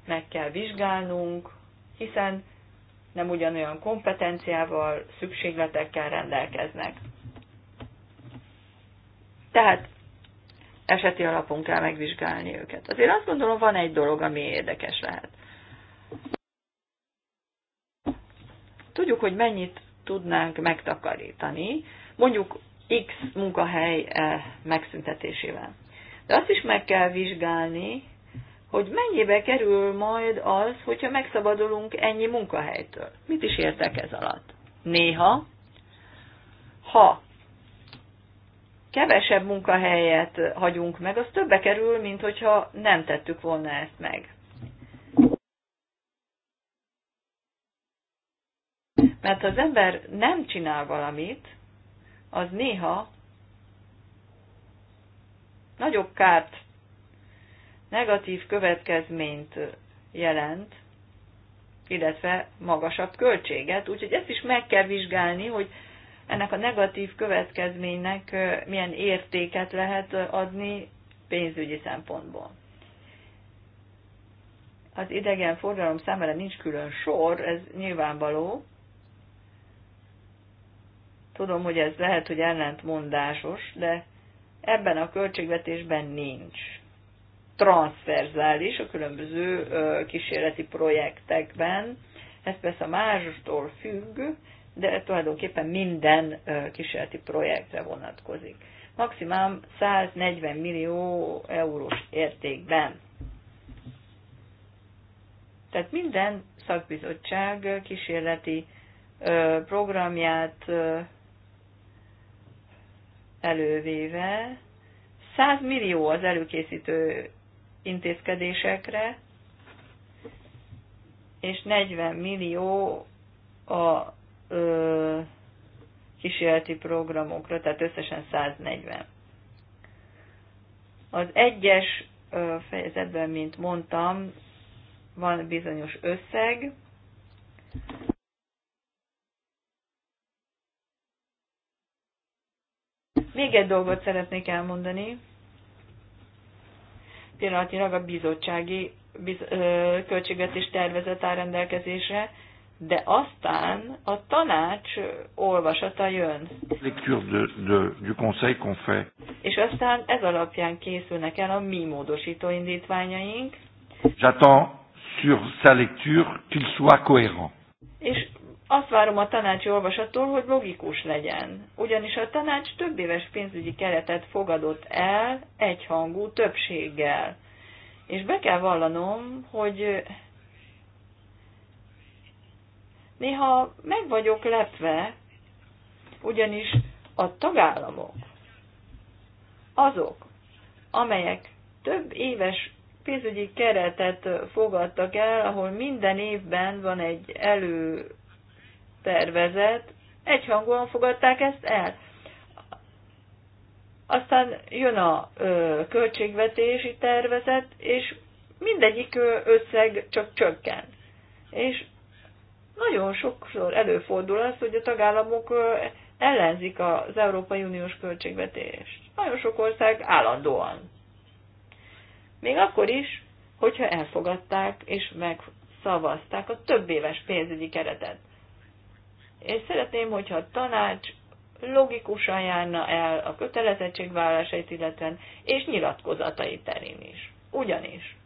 meg kell vizsgálnunk, hiszen nem ugyanolyan kompetenciával, szükségletekkel rendelkeznek. Tehát eseti alapon kell megvizsgálni őket. Azért azt gondolom, van egy dolog, ami érdekes lehet. Tudjuk, hogy mennyit tudnánk megtakarítani, mondjuk X munkahely eh, megszüntetésével. De azt is meg kell vizsgálni, hogy mennyibe kerül majd az, hogyha megszabadulunk ennyi munkahelytől. Mit is értek ez alatt? Néha, ha kevesebb munkahelyet hagyunk meg, az többe kerül, mint hogyha nem tettük volna ezt meg. Mert ha az ember nem csinál valamit, az néha nagyobb kárt, negatív következményt jelent, illetve magasabb költséget, úgyhogy ezt is meg kell vizsgálni, hogy ennek a negatív következménynek milyen értéket lehet adni pénzügyi szempontból. Az idegen forgalom számára nincs külön sor, ez nyilvánvaló. Tudom, hogy ez lehet, hogy ellentmondásos, de ebben a költségvetésben nincs transzverzális a különböző kísérleti projektekben. Ez persze a mástól függ, de tulajdonképpen minden kísérleti projektre vonatkozik. Maximum 140 millió eurós értékben. Tehát minden szakbizottság kísérleti programját elővéve 100 millió az előkészítő intézkedésekre, és 40 millió a ö, kísérleti programokra, tehát összesen 140. Az egyes ö, fejezetben, mint mondtam, van bizonyos összeg, Még egy dolgot szeretnék elmondani. Pillanatnyilag a bizottsági biz, ö, költségvetés tervezet áll rendelkezésre, de aztán a tanács olvasata jön. de, de, És aztán ez alapján készülnek el a mi módosító indítványaink. J'attends sur sa lecture qu'il soit cohérent. És azt várom a tanács olvasattól, hogy logikus legyen. Ugyanis a tanács több éves pénzügyi keretet fogadott el egyhangú többséggel. És be kell vallanom, hogy Néha meg vagyok lepve, ugyanis a tagállamok azok, amelyek több éves pénzügyi keretet fogadtak el, ahol minden évben van egy előtervezet, egyhangúan fogadták ezt el. Aztán jön a ö, költségvetési tervezet, és mindegyik összeg csak csökken. És nagyon sokszor előfordul az, hogy a tagállamok ellenzik az Európai Uniós költségvetést. Nagyon sok ország állandóan. Még akkor is, hogyha elfogadták és megszavazták a több éves pénzügyi keretet. És szeretném, hogyha a tanács logikusan járna el a kötelezettségvállásait illetően, és nyilatkozatai terén is. Ugyanis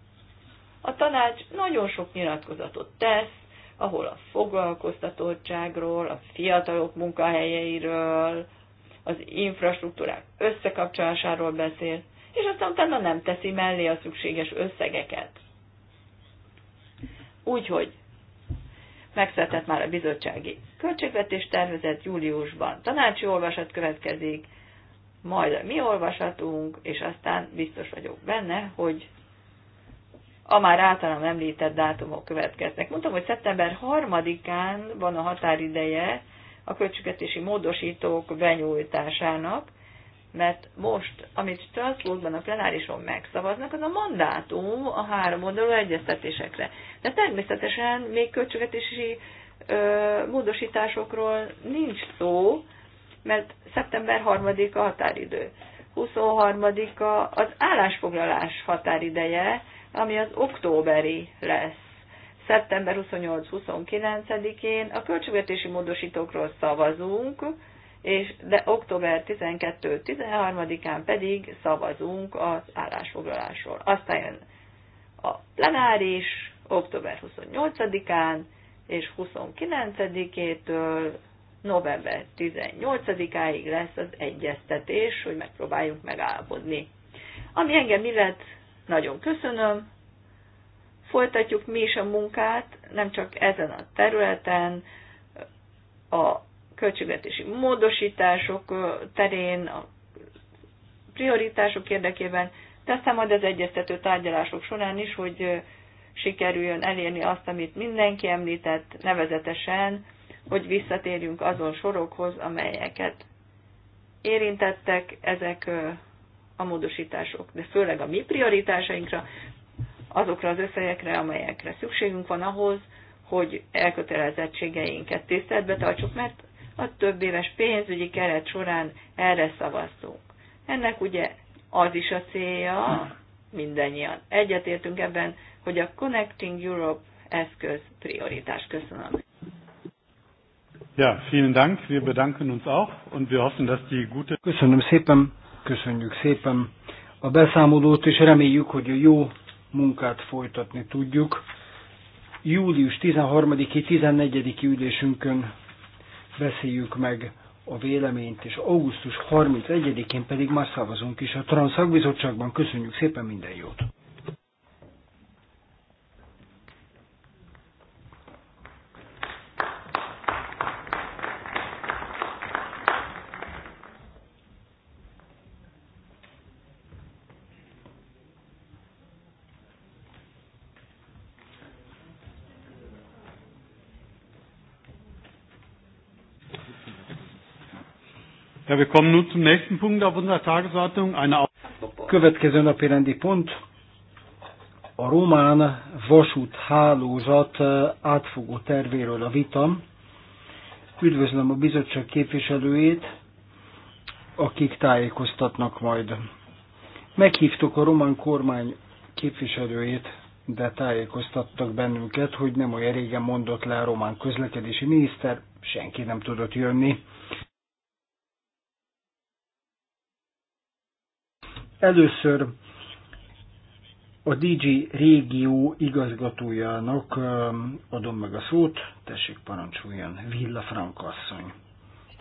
a tanács nagyon sok nyilatkozatot tesz, ahol a foglalkoztatottságról, a fiatalok munkahelyeiről, az infrastruktúrák összekapcsolásáról beszél, és aztán utána nem teszi mellé a szükséges összegeket. Úgyhogy megszületett már a bizottsági költségvetés tervezet júliusban. Tanácsi olvasat következik, majd a mi olvasatunk, és aztán biztos vagyok benne, hogy a már általam említett dátumok következnek. Mondtam, hogy szeptember 3-án van a határideje a költségvetési módosítók benyújtásának, mert most, amit Strasbourgban a plenárison megszavaznak, az a mandátum a három oldalú egyeztetésekre. De természetesen még költségvetési ö, módosításokról nincs szó, mert szeptember 3-a határidő. 23-a az állásfoglalás határideje, ami az októberi lesz. Szeptember 28-29-én a költségvetési módosítókról szavazunk, és de október 12-13-án pedig szavazunk az állásfoglalásról. Aztán jön a plenáris október 28-án és 29-től november 18-áig lesz az egyeztetés, hogy megpróbáljuk megállapodni. Ami engem illet, nagyon köszönöm. Folytatjuk mi is a munkát, nem csak ezen a területen, a költségvetési módosítások terén, a prioritások érdekében, de aztán majd az egyeztető tárgyalások során is, hogy sikerüljön elérni azt, amit mindenki említett, nevezetesen, hogy visszatérjünk azon sorokhoz, amelyeket érintettek, ezek a módosítások, de főleg a mi prioritásainkra, azokra az összegekre, amelyekre szükségünk van ahhoz, hogy elkötelezettségeinket tiszteletbe tartsuk, mert a több éves pénzügyi keret során erre szavaztunk. Ennek ugye az is a célja, mindannyian egyetértünk ebben, hogy a Connecting Europe eszköz prioritás. Köszönöm. Ja, vielen Dank. Wir bedanken uns auch und wir hoffen, dass die gute Köszönöm szépen. Köszönjük szépen a beszámolót, és reméljük, hogy a jó munkát folytatni tudjuk. Július 13-i, 14 ülésünkön beszéljük meg a véleményt, és augusztus 31-én pedig már szavazunk is a Transzakbizottságban. Köszönjük szépen minden jót! Ja, wir kommen nun zum nächsten Punkt auf unserer Tagesordnung. Eine Következő napi rendi pont a román vasúthálózat eh, átfogó tervéről a vita. Üdvözlöm a bizottság képviselőjét, akik tájékoztatnak majd. Meghívtuk a román kormány képviselőjét, de tájékoztattak bennünket, hogy nem olyan régen mondott le a román közlekedési miniszter, senki nem tudott jönni. Először a DG régió igazgatójának um, adom meg a szót, tessék parancsoljon, Villa Frankasszony.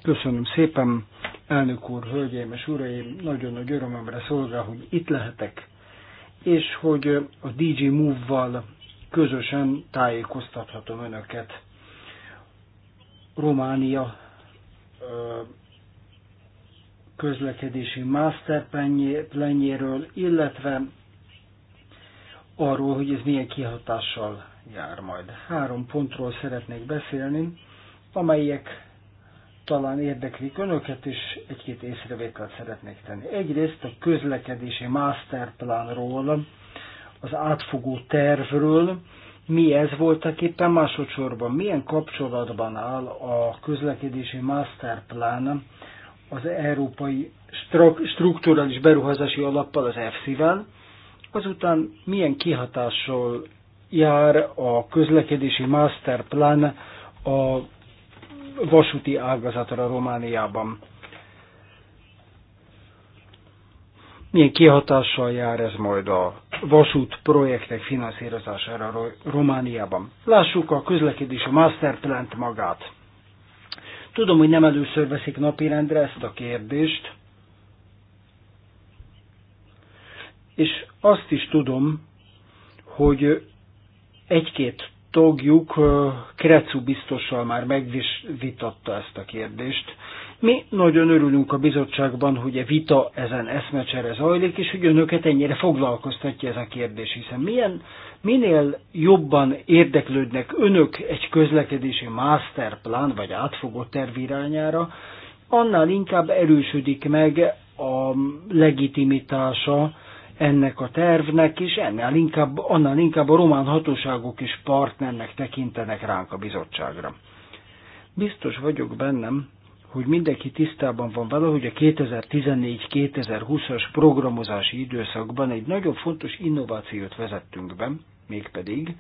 Köszönöm szépen, elnök úr, hölgyeim és uraim, nagyon nagy örömömre szolgál, hogy itt lehetek, és hogy a DJ Move-val közösen tájékoztathatom önöket Románia uh, közlekedési masterplanjéről, illetve arról, hogy ez milyen kihatással jár majd. Három pontról szeretnék beszélni, amelyek talán érdeklik önöket, és egy-két észrevételt szeretnék tenni. Egyrészt a közlekedési masterplanról, az átfogó tervről, mi ez voltak éppen másodszorban, milyen kapcsolatban áll a közlekedési masterplan az Európai Strukturális Beruházási Alappal, az EFSZ-vel, azután milyen kihatással jár a közlekedési masterplan a vasúti ágazatra Romániában. Milyen kihatással jár ez majd a vasút projektek finanszírozására Romániában? Lássuk a közlekedési masterplant magát. Tudom, hogy nem először veszik napirendre ezt a kérdést, és azt is tudom, hogy egy-két tagjuk Krecu biztossal már megvitatta ezt a kérdést. Mi nagyon örülünk a bizottságban, hogy a e vita ezen eszmecsere zajlik, és hogy önöket ennyire foglalkoztatja ez a kérdés, hiszen milyen, minél jobban érdeklődnek önök egy közlekedési masterplan vagy átfogó terv irányára, annál inkább erősödik meg a legitimitása ennek a tervnek, és ennél inkább, annál inkább a román hatóságok is partnernek tekintenek ránk a bizottságra. Biztos vagyok bennem, hogy mindenki tisztában van vele, hogy a 2014-2020-as programozási időszakban egy nagyon fontos innovációt vezettünk be, mégpedig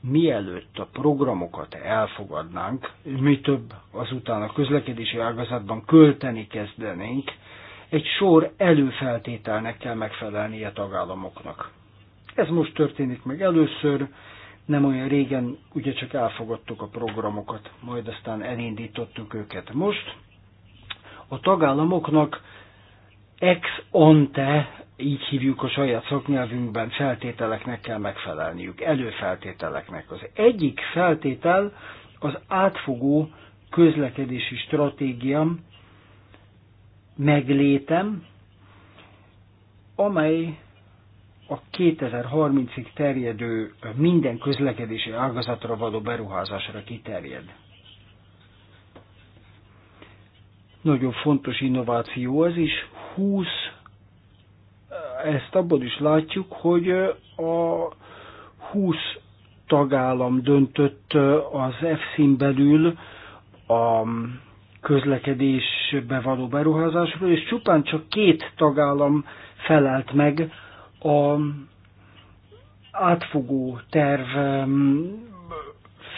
mielőtt a programokat elfogadnánk, mi több azután a közlekedési ágazatban költeni kezdenénk, egy sor előfeltételnek kell megfelelnie a tagállamoknak. Ez most történik meg először, nem olyan régen ugye csak elfogadtuk a programokat, majd aztán elindítottuk őket. Most a tagállamoknak ex ante, így hívjuk a saját szaknyelvünkben, feltételeknek kell megfelelniük, előfeltételeknek. Az egyik feltétel az átfogó közlekedési stratégiám meglétem, amely a 2030-ig terjedő minden közlekedési ágazatra való beruházásra kiterjed. Nagyon fontos innováció az is, 20, ezt abból is látjuk, hogy a 20 tagállam döntött az EFSZ-in belül a közlekedésbe való beruházásról, és csupán csak két tagállam felelt meg a átfogó terv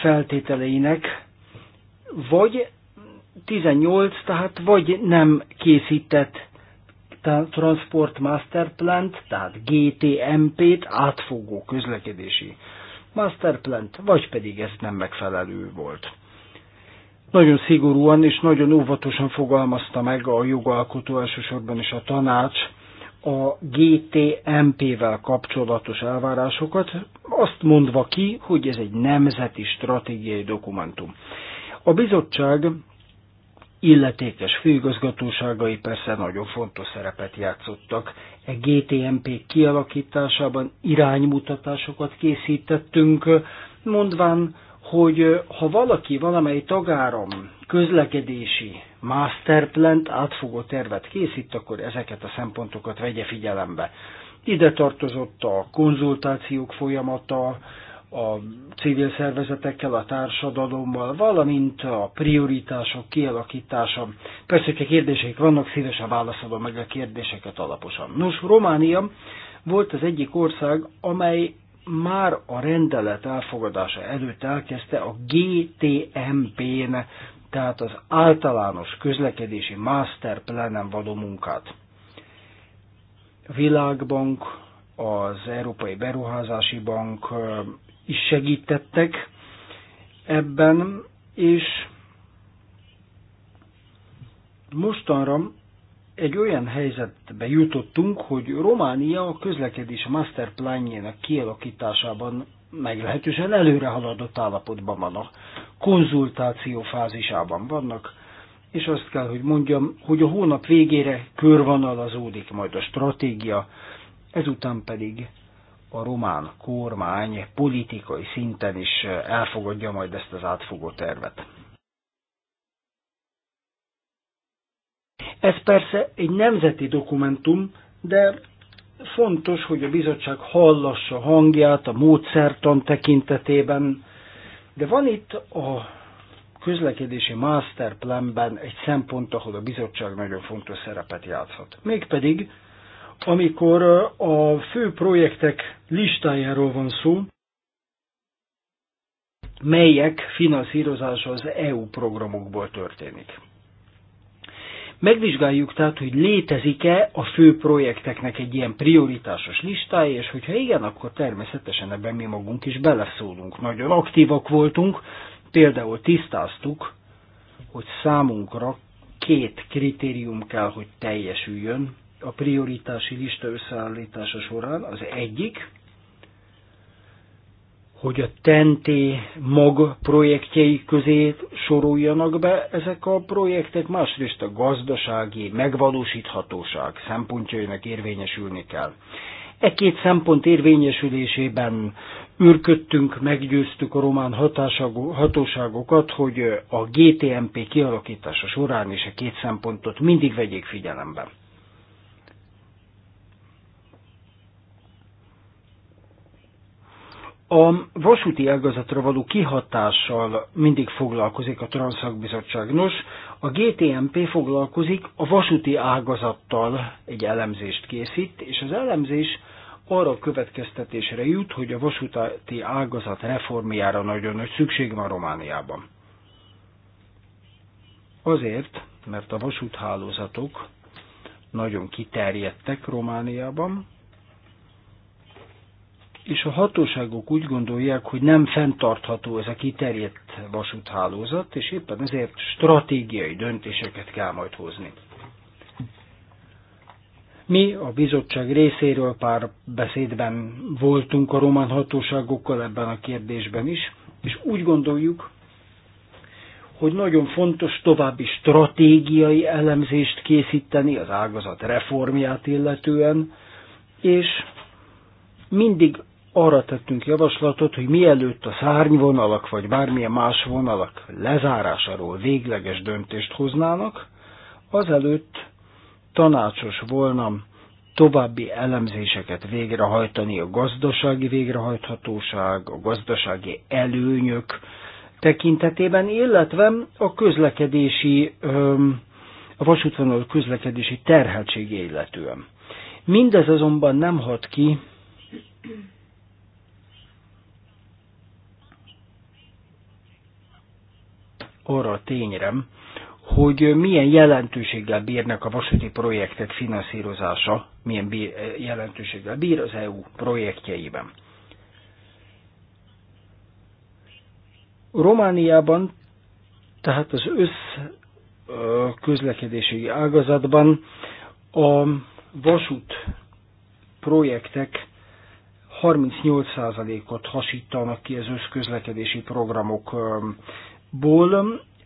feltételeinek, vagy 18, tehát vagy nem készített Transport Master Plant, tehát GTMP-t, átfogó közlekedési Master Plant, vagy pedig ez nem megfelelő volt. Nagyon szigorúan és nagyon óvatosan fogalmazta meg a jogalkotó, elsősorban is a tanács, a GTMP-vel kapcsolatos elvárásokat, azt mondva ki, hogy ez egy nemzeti stratégiai dokumentum. A bizottság illetékes főigazgatóságai persze nagyon fontos szerepet játszottak. E GTMP kialakításában iránymutatásokat készítettünk, mondván, hogy ha valaki valamely tagáram közlekedési masterplant átfogó tervet készít, akkor ezeket a szempontokat vegye figyelembe. Ide tartozott a konzultációk folyamata, a civil szervezetekkel, a társadalommal, valamint a prioritások kialakítása. Persze, hogyha kérdéseik vannak, szívesen válaszolom meg a kérdéseket alaposan. Nos, Románia volt az egyik ország, amely már a rendelet elfogadása előtt elkezdte a GTMP-n, tehát az általános közlekedési masterplanen való munkát. Világbank, az Európai Beruházási Bank is segítettek ebben, és mostanra egy olyan helyzetbe jutottunk, hogy Románia a közlekedés masterplanjének kialakításában meglehetősen előre haladott állapotban van a konzultáció fázisában vannak, és azt kell, hogy mondjam, hogy a hónap végére körvonalazódik majd a stratégia, ezután pedig a román kormány politikai szinten is elfogadja majd ezt az átfogó tervet. Ez persze egy nemzeti dokumentum, de fontos, hogy a bizottság hallassa hangját a módszertan tekintetében, de van itt a közlekedési masterplanben egy szempont, ahol a bizottság nagyon fontos szerepet játszhat. Mégpedig, amikor a fő projektek listájáról van szó, melyek finanszírozása az EU programokból történik. Megvizsgáljuk tehát, hogy létezik-e a fő projekteknek egy ilyen prioritásos listája, és hogyha igen, akkor természetesen ebben mi magunk is beleszólunk. Nagyon aktívak voltunk, például tisztáztuk, hogy számunkra két kritérium kell, hogy teljesüljön a prioritási lista összeállítása során. Az egyik, hogy a TNT mag projektjei közé soroljanak be ezek a projektek, másrészt a gazdasági megvalósíthatóság szempontjainak érvényesülni kell. E két szempont érvényesülésében űrködtünk, meggyőztük a román hatóságokat, hogy a GTMP kialakítása során is a két szempontot mindig vegyék figyelembe. A vasúti ágazatra való kihatással mindig foglalkozik a Transzakbizottság. Nos, a GTMP foglalkozik a vasúti ágazattal, egy elemzést készít, és az elemzés arra a következtetésre jut, hogy a vasúti ágazat reformjára nagyon nagy szükség van Romániában. Azért, mert a vasúthálózatok nagyon kiterjedtek Romániában, és a hatóságok úgy gondolják, hogy nem fenntartható ez a kiterjedt vasúthálózat, és éppen ezért stratégiai döntéseket kell majd hozni. Mi a bizottság részéről pár beszédben voltunk a román hatóságokkal ebben a kérdésben is, és úgy gondoljuk, hogy nagyon fontos további stratégiai elemzést készíteni az ágazat reformját illetően, és mindig arra tettünk javaslatot, hogy mielőtt a szárnyvonalak vagy bármilyen más vonalak lezárásáról végleges döntést hoznának, azelőtt tanácsos volna további elemzéseket végrehajtani a gazdasági végrehajthatóság, a gazdasági előnyök tekintetében, illetve a közlekedési, a vasútvonal közlekedési terheltsége illetően. Mindez azonban nem hat ki arra a tényre, hogy milyen jelentőséggel bírnak a vasúti projektek finanszírozása, milyen bír, jelentőséggel bír az EU projektjeiben. Romániában, tehát az össz közlekedési ágazatban a vasút projektek 38%-ot hasítanak ki az összközlekedési programok ból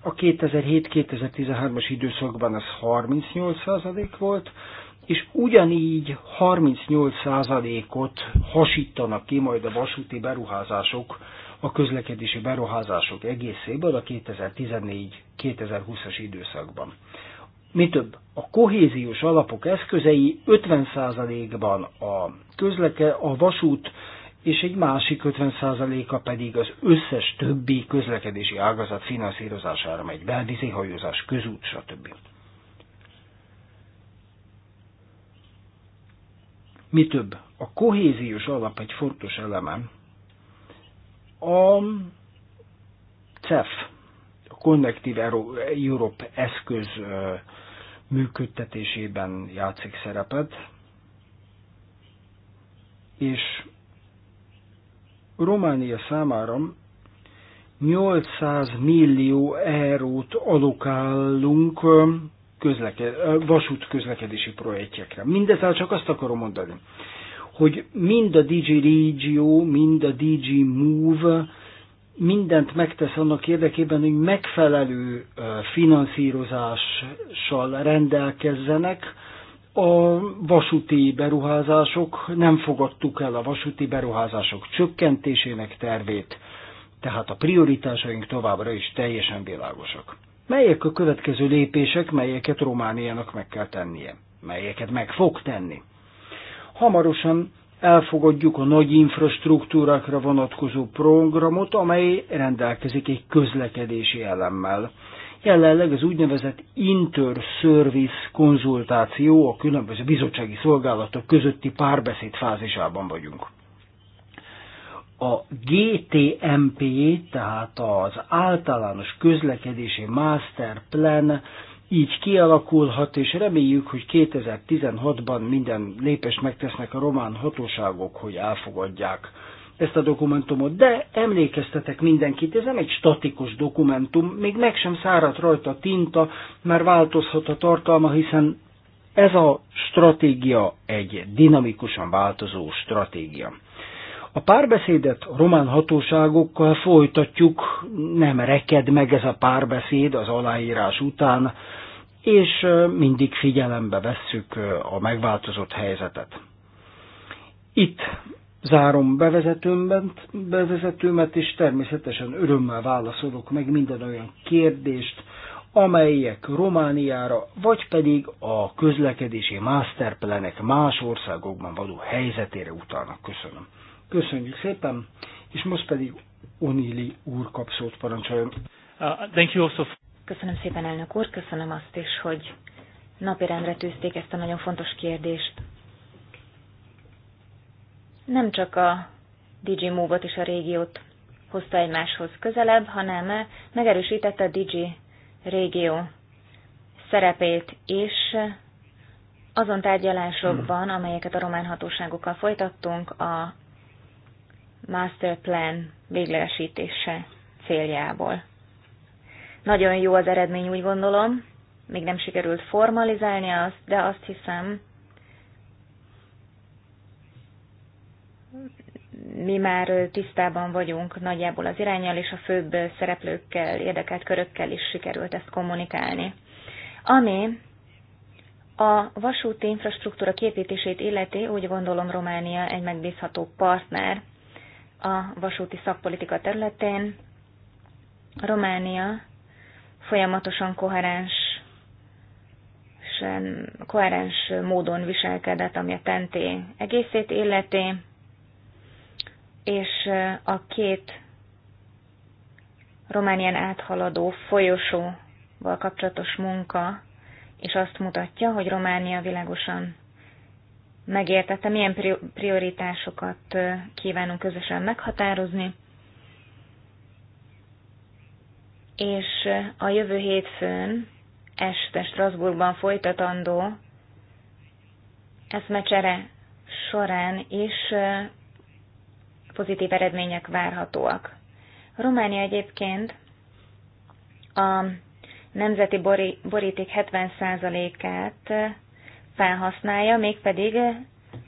a 2007-2013-as időszakban az 38% volt, és ugyanígy 38%-ot hasítanak ki majd a vasúti beruházások, a közlekedési beruházások egészéből a 2014-2020-as időszakban. Mi több, a kohéziós alapok eszközei 50%-ban a, közleke, a vasút és egy másik 50%-a pedig az összes többi közlekedési ágazat finanszírozására megy, belvízi hajózás, közút, stb. Mi több, a kohéziós alap egy fontos eleme. A CEF, a Connective Europe eszköz működtetésében játszik szerepet, és Románia számára 800 millió eurót alokálunk közleked, vasút közlekedési projektjekre. Mindezzel csak azt akarom mondani, hogy mind a DG Regio, mind a DG Move mindent megtesz annak érdekében, hogy megfelelő finanszírozással rendelkezzenek, a vasúti beruházások, nem fogadtuk el a vasúti beruházások csökkentésének tervét, tehát a prioritásaink továbbra is teljesen világosak. Melyek a következő lépések, melyeket Romániának meg kell tennie? Melyeket meg fog tenni? Hamarosan elfogadjuk a nagy infrastruktúrákra vonatkozó programot, amely rendelkezik egy közlekedési elemmel Jelenleg az úgynevezett inter-service konzultáció a különböző bizottsági szolgálatok közötti párbeszéd fázisában vagyunk. A GTMP, tehát az általános közlekedési master plan így kialakulhat, és reméljük, hogy 2016-ban minden lépést megtesznek a román hatóságok, hogy elfogadják ezt a dokumentumot, de emlékeztetek mindenkit, ez nem egy statikus dokumentum, még meg sem száradt rajta a tinta, már változhat a tartalma, hiszen ez a stratégia egy dinamikusan változó stratégia. A párbeszédet a román hatóságokkal folytatjuk, nem reked meg ez a párbeszéd az aláírás után, és mindig figyelembe vesszük a megváltozott helyzetet. Itt Zárom bevezetőmet, és természetesen örömmel válaszolok meg minden olyan kérdést, amelyek Romániára, vagy pedig a közlekedési masterplanek más országokban való helyzetére utalnak. Köszönöm. Köszönjük szépen, és most pedig Onili úr kap szót parancsoljon. Uh, thank you also. Köszönöm szépen, elnök úr, köszönöm azt is, hogy napirendre tűzték ezt a nagyon fontos kérdést nem csak a Digimove-ot és a régiót hozta egymáshoz közelebb, hanem megerősítette a Digi régió szerepét is azon tárgyalásokban, amelyeket a román hatóságokkal folytattunk a master plan véglegesítése céljából. Nagyon jó az eredmény, úgy gondolom. Még nem sikerült formalizálni azt, de azt hiszem, mi már tisztában vagyunk nagyjából az irányjal, és a főbb szereplőkkel, érdekelt körökkel is sikerült ezt kommunikálni. Ami a vasúti infrastruktúra képítését illeti, úgy gondolom Románia egy megbízható partner a vasúti szakpolitika területén. Románia folyamatosan koherens koherens módon viselkedett, ami a tenté egészét illeti és a két Románián áthaladó folyosóval kapcsolatos munka és azt mutatja, hogy Románia világosan megértette, milyen prioritásokat kívánunk közösen meghatározni, és a jövő hétfőn este Strasbourgban folytatandó eszmecsere során is pozitív eredmények várhatóak. Románia egyébként a nemzeti boríték 70%-át felhasználja, mégpedig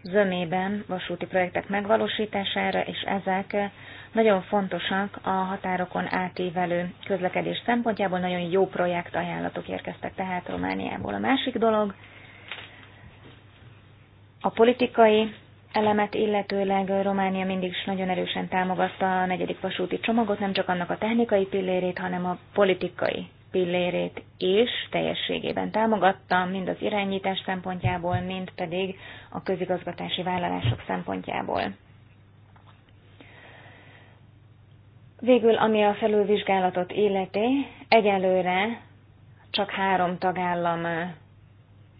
zömében vasúti projektek megvalósítására, és ezek nagyon fontosak a határokon átívelő közlekedés szempontjából, nagyon jó projekt ajánlatok érkeztek tehát Romániából. A másik dolog a politikai elemet illetőleg Románia mindig is nagyon erősen támogatta a negyedik vasúti csomagot, nem csak annak a technikai pillérét, hanem a politikai pillérét is teljességében támogatta, mind az irányítás szempontjából, mind pedig a közigazgatási vállalások szempontjából. Végül, ami a felülvizsgálatot illeti, egyelőre csak három tagállam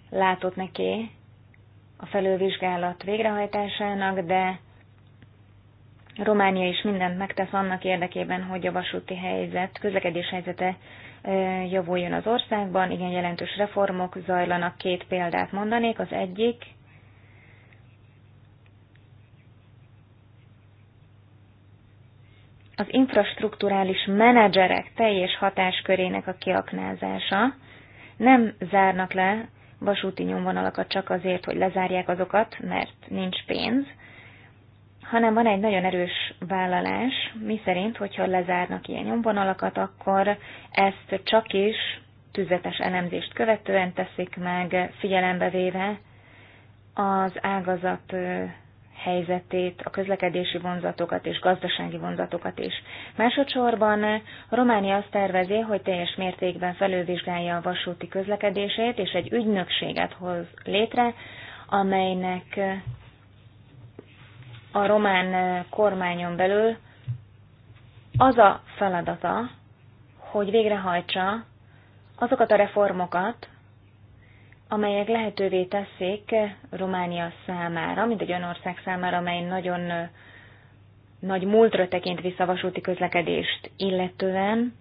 látott neki a felülvizsgálat végrehajtásának, de Románia is mindent megtesz annak érdekében, hogy a vasúti helyzet, közlekedés helyzete javuljon az országban. Igen, jelentős reformok zajlanak. Két példát mondanék. Az egyik, az infrastruktúrális menedzserek teljes hatáskörének a kiaknázása. Nem zárnak le vasúti nyomvonalakat csak azért, hogy lezárják azokat, mert nincs pénz, hanem van egy nagyon erős vállalás, mi szerint, hogyha lezárnak ilyen nyomvonalakat, akkor ezt csak is tüzetes elemzést követően teszik meg, figyelembe véve az ágazat helyzetét, a közlekedési vonzatokat és gazdasági vonzatokat is. Másodszorban Románia azt tervezi, hogy teljes mértékben felülvizsgálja a vasúti közlekedését, és egy ügynökséget hoz létre, amelynek a román kormányon belül az a feladata, hogy végrehajtsa azokat a reformokat, amelyek lehetővé teszik Románia számára, mint egy olyan ország számára, amely nagyon nagy múltra tekint vissza vasúti közlekedést illetően,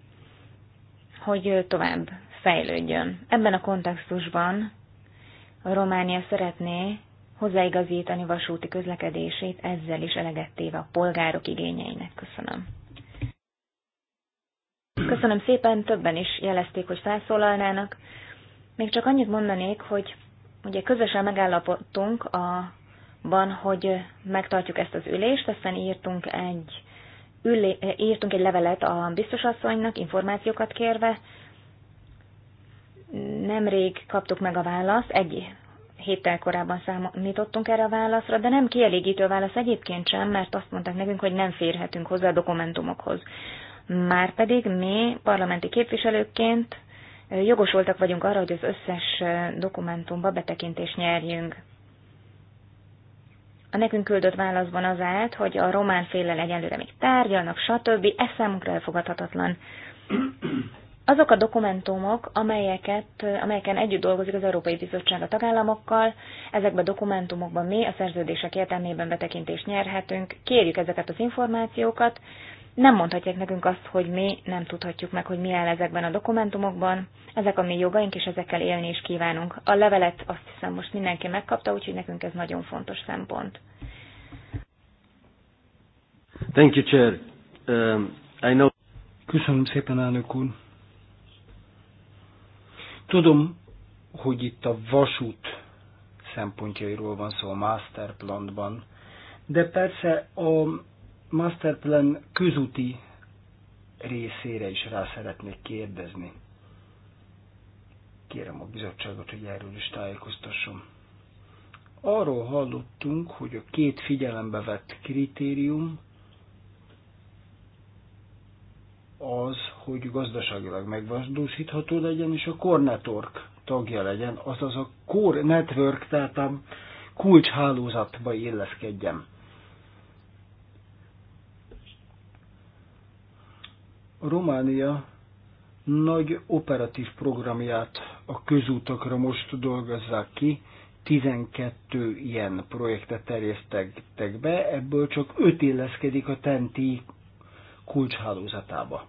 hogy tovább fejlődjön. Ebben a kontextusban a Románia szeretné hozzáigazítani vasúti közlekedését, ezzel is elegettéve a polgárok igényeinek. Köszönöm. Köszönöm szépen, többen is jelezték, hogy felszólalnának. Még csak annyit mondanék, hogy ugye közösen megállapodtunk abban, hogy megtartjuk ezt az ülést, aztán írtunk egy, ülé, írtunk egy levelet a biztosasszonynak, információkat kérve. Nemrég kaptuk meg a választ, egy héttel korábban számítottunk erre a válaszra, de nem kielégítő válasz egyébként sem, mert azt mondták nekünk, hogy nem férhetünk hozzá a dokumentumokhoz. Márpedig mi parlamenti képviselőként jogosultak vagyunk arra, hogy az összes eh, dokumentumba betekintést nyerjünk. A nekünk küldött válaszban az állt, hogy a román félel egyelőre még tárgyalnak, stb. Ez számunkra elfogadhatatlan. Azok a dokumentumok, amelyeket, amelyeken együtt dolgozik az Európai Bizottság a tagállamokkal, ezekben a dokumentumokban mi a szerződések értelmében betekintést nyerhetünk, kérjük ezeket az információkat, nem mondhatják nekünk azt, hogy mi nem tudhatjuk meg, hogy mi áll ezekben a dokumentumokban, ezek a mi jogaink, és ezekkel élni is kívánunk. A levelet azt hiszem most mindenki megkapta, úgyhogy nekünk ez nagyon fontos szempont. Thank you, Chair. Um, I know... Köszönöm szépen, elnök úr. Tudom, hogy itt a vasút szempontjairól van szó a masterplanban, de persze a masterplan közúti részére is rá szeretnék kérdezni. Kérem a bizottságot, hogy erről is tájékoztasson. Arról hallottunk, hogy a két figyelembe vett kritérium az, hogy gazdaságilag megvalósítható legyen, és a Network tagja legyen, azaz a core network, tehát a kulcshálózatba illeszkedjen. Románia nagy operatív programját a közútakra most dolgozzák ki, 12 ilyen projektet terjesztettek be, ebből csak 5 illeszkedik a TENTI kulcshálózatába.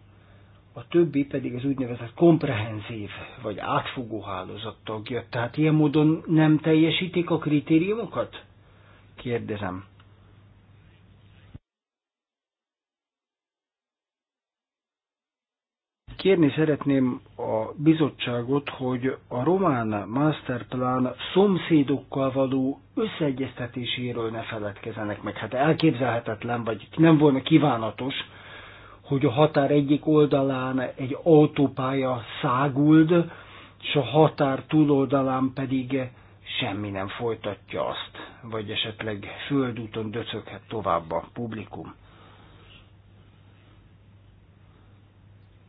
A többi pedig az úgynevezett komprehenzív vagy átfogó hálózat tagja. Tehát ilyen módon nem teljesítik a kritériumokat? Kérdezem. Kérni szeretném a bizottságot, hogy a román masterplan szomszédokkal való összeegyeztetéséről ne feledkezenek meg. Hát elképzelhetetlen, vagy nem volna kívánatos, hogy a határ egyik oldalán egy autópálya száguld, és a határ túloldalán pedig semmi nem folytatja azt, vagy esetleg földúton döcöghet tovább a publikum.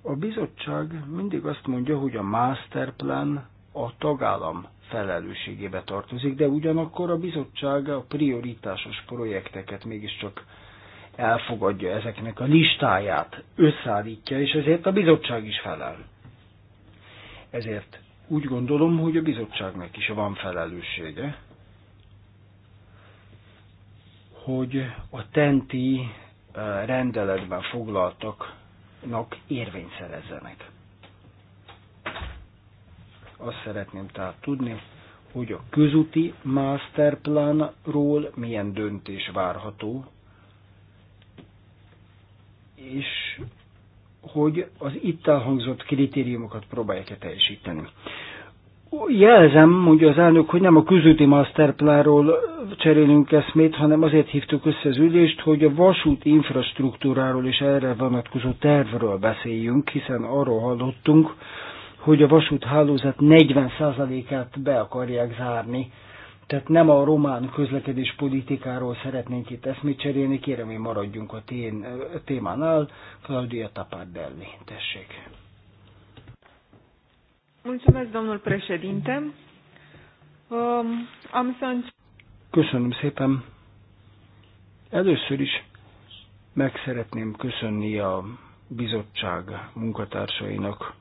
A bizottság mindig azt mondja, hogy a masterplan a tagállam felelősségébe tartozik, de ugyanakkor a bizottság a prioritásos projekteket mégiscsak elfogadja ezeknek a listáját, összeállítja, és ezért a bizottság is felel. Ezért úgy gondolom, hogy a bizottságnak is van felelőssége, hogy a tenti eh, rendeletben foglaltak jognak érvényt szerezzenek. Azt szeretném tehát tudni, hogy a közúti masterplanról milyen döntés várható, és hogy az itt elhangzott kritériumokat próbálják-e teljesíteni. Jelzem, mondja az elnök, hogy nem a közúti masterpláról cserélünk eszmét, hanem azért hívtuk össze az ülést, hogy a vasúti infrastruktúráról és erre vonatkozó tervről beszéljünk, hiszen arról hallottunk, hogy a vasúthálózat 40%-át be akarják zárni. Tehát nem a román közlekedés politikáról szeretnénk itt eszmét cserélni, kérem, hogy maradjunk a, tén, a témánál. Claudia Tapardelli, tessék. Mulțumesc, domnul președinte. Um, am să Köszönöm szépen. Először is meg szeretném köszönni a bizottság munkatársainak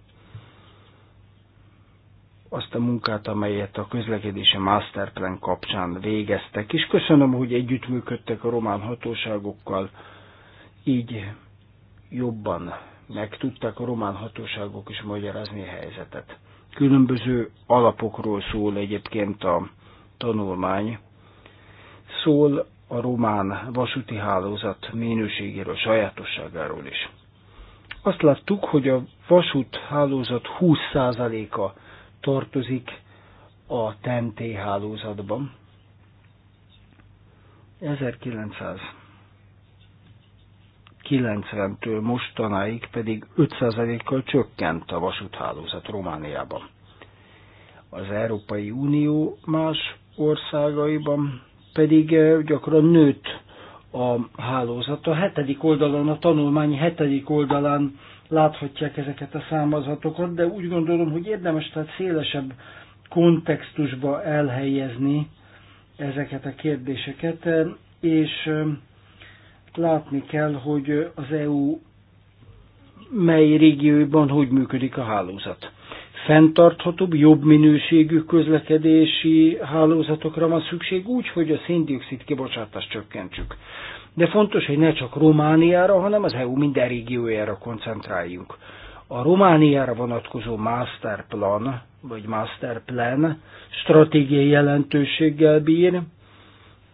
azt a munkát, amelyet a közlekedési masterplan kapcsán végeztek, és köszönöm, hogy együttműködtek a román hatóságokkal, így jobban meg tudtak a román hatóságok is magyarázni a helyzetet. Különböző alapokról szól egyébként a tanulmány. Szól a román vasúti hálózat minőségéről, sajátosságáról is. Azt láttuk, hogy a vasút hálózat 20%-a tartozik a TNT hálózatban. 1900 90-től mostanáig pedig 5%-kal csökkent a vasúthálózat Romániában. Az Európai Unió más országaiban pedig eh, gyakran nőtt a hálózat. A hetedik oldalon, a tanulmány hetedik oldalán láthatják ezeket a számazatokat, de úgy gondolom, hogy érdemes tehát szélesebb kontextusba elhelyezni ezeket a kérdéseket, eh, és eh, látni kell, hogy az EU mely régióban hogy működik a hálózat. Fentarthatóbb, jobb minőségű közlekedési hálózatokra van szükség úgy, hogy a széndiokszid kibocsátást csökkentsük. De fontos, hogy ne csak Romániára, hanem az EU minden régiójára koncentráljunk. A Romániára vonatkozó masterplan, vagy masterplan stratégiai jelentőséggel bír,